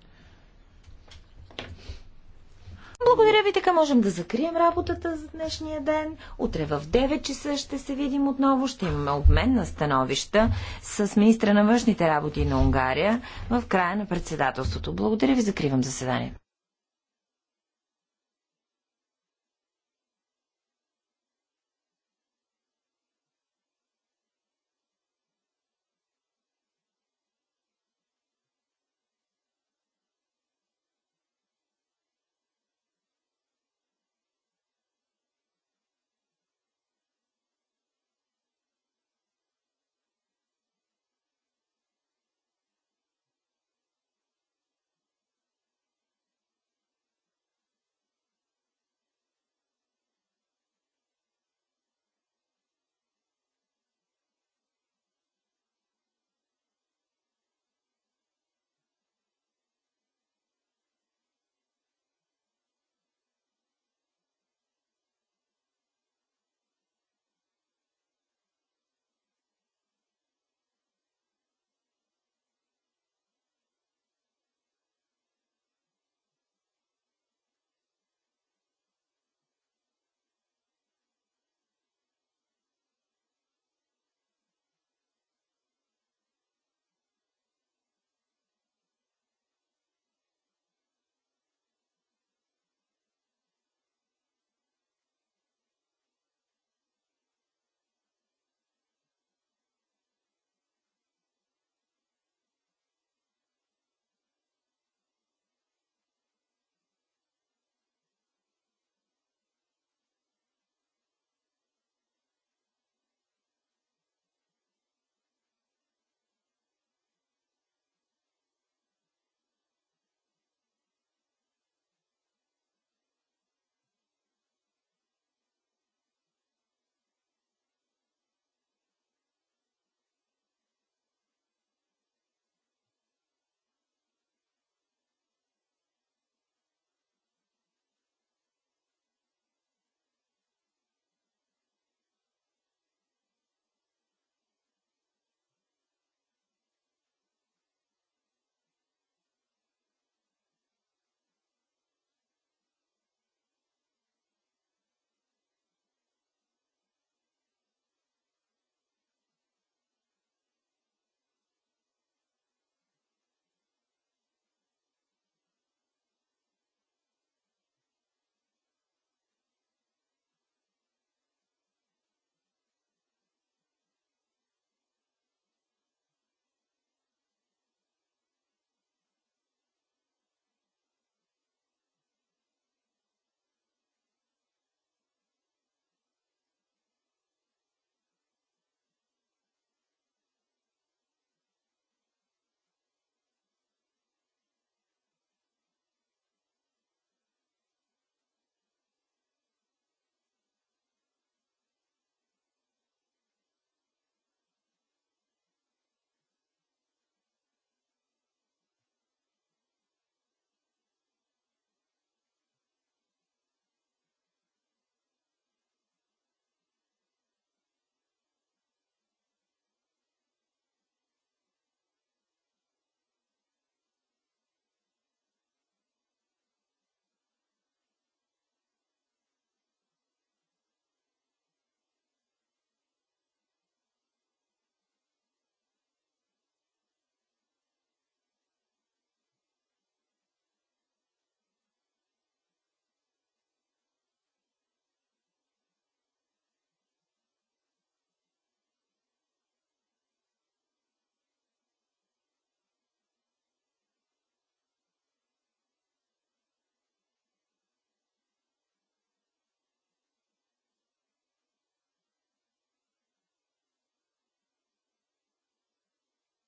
Speaker 1: Благодаря ви, така можем да закрием работата за днешния ден. Утре в 9 часа ще се видим отново. Ще имаме обмен на становища с министра на външните работи на Унгария в края на председателството. Благодаря ви, закривам заседанието.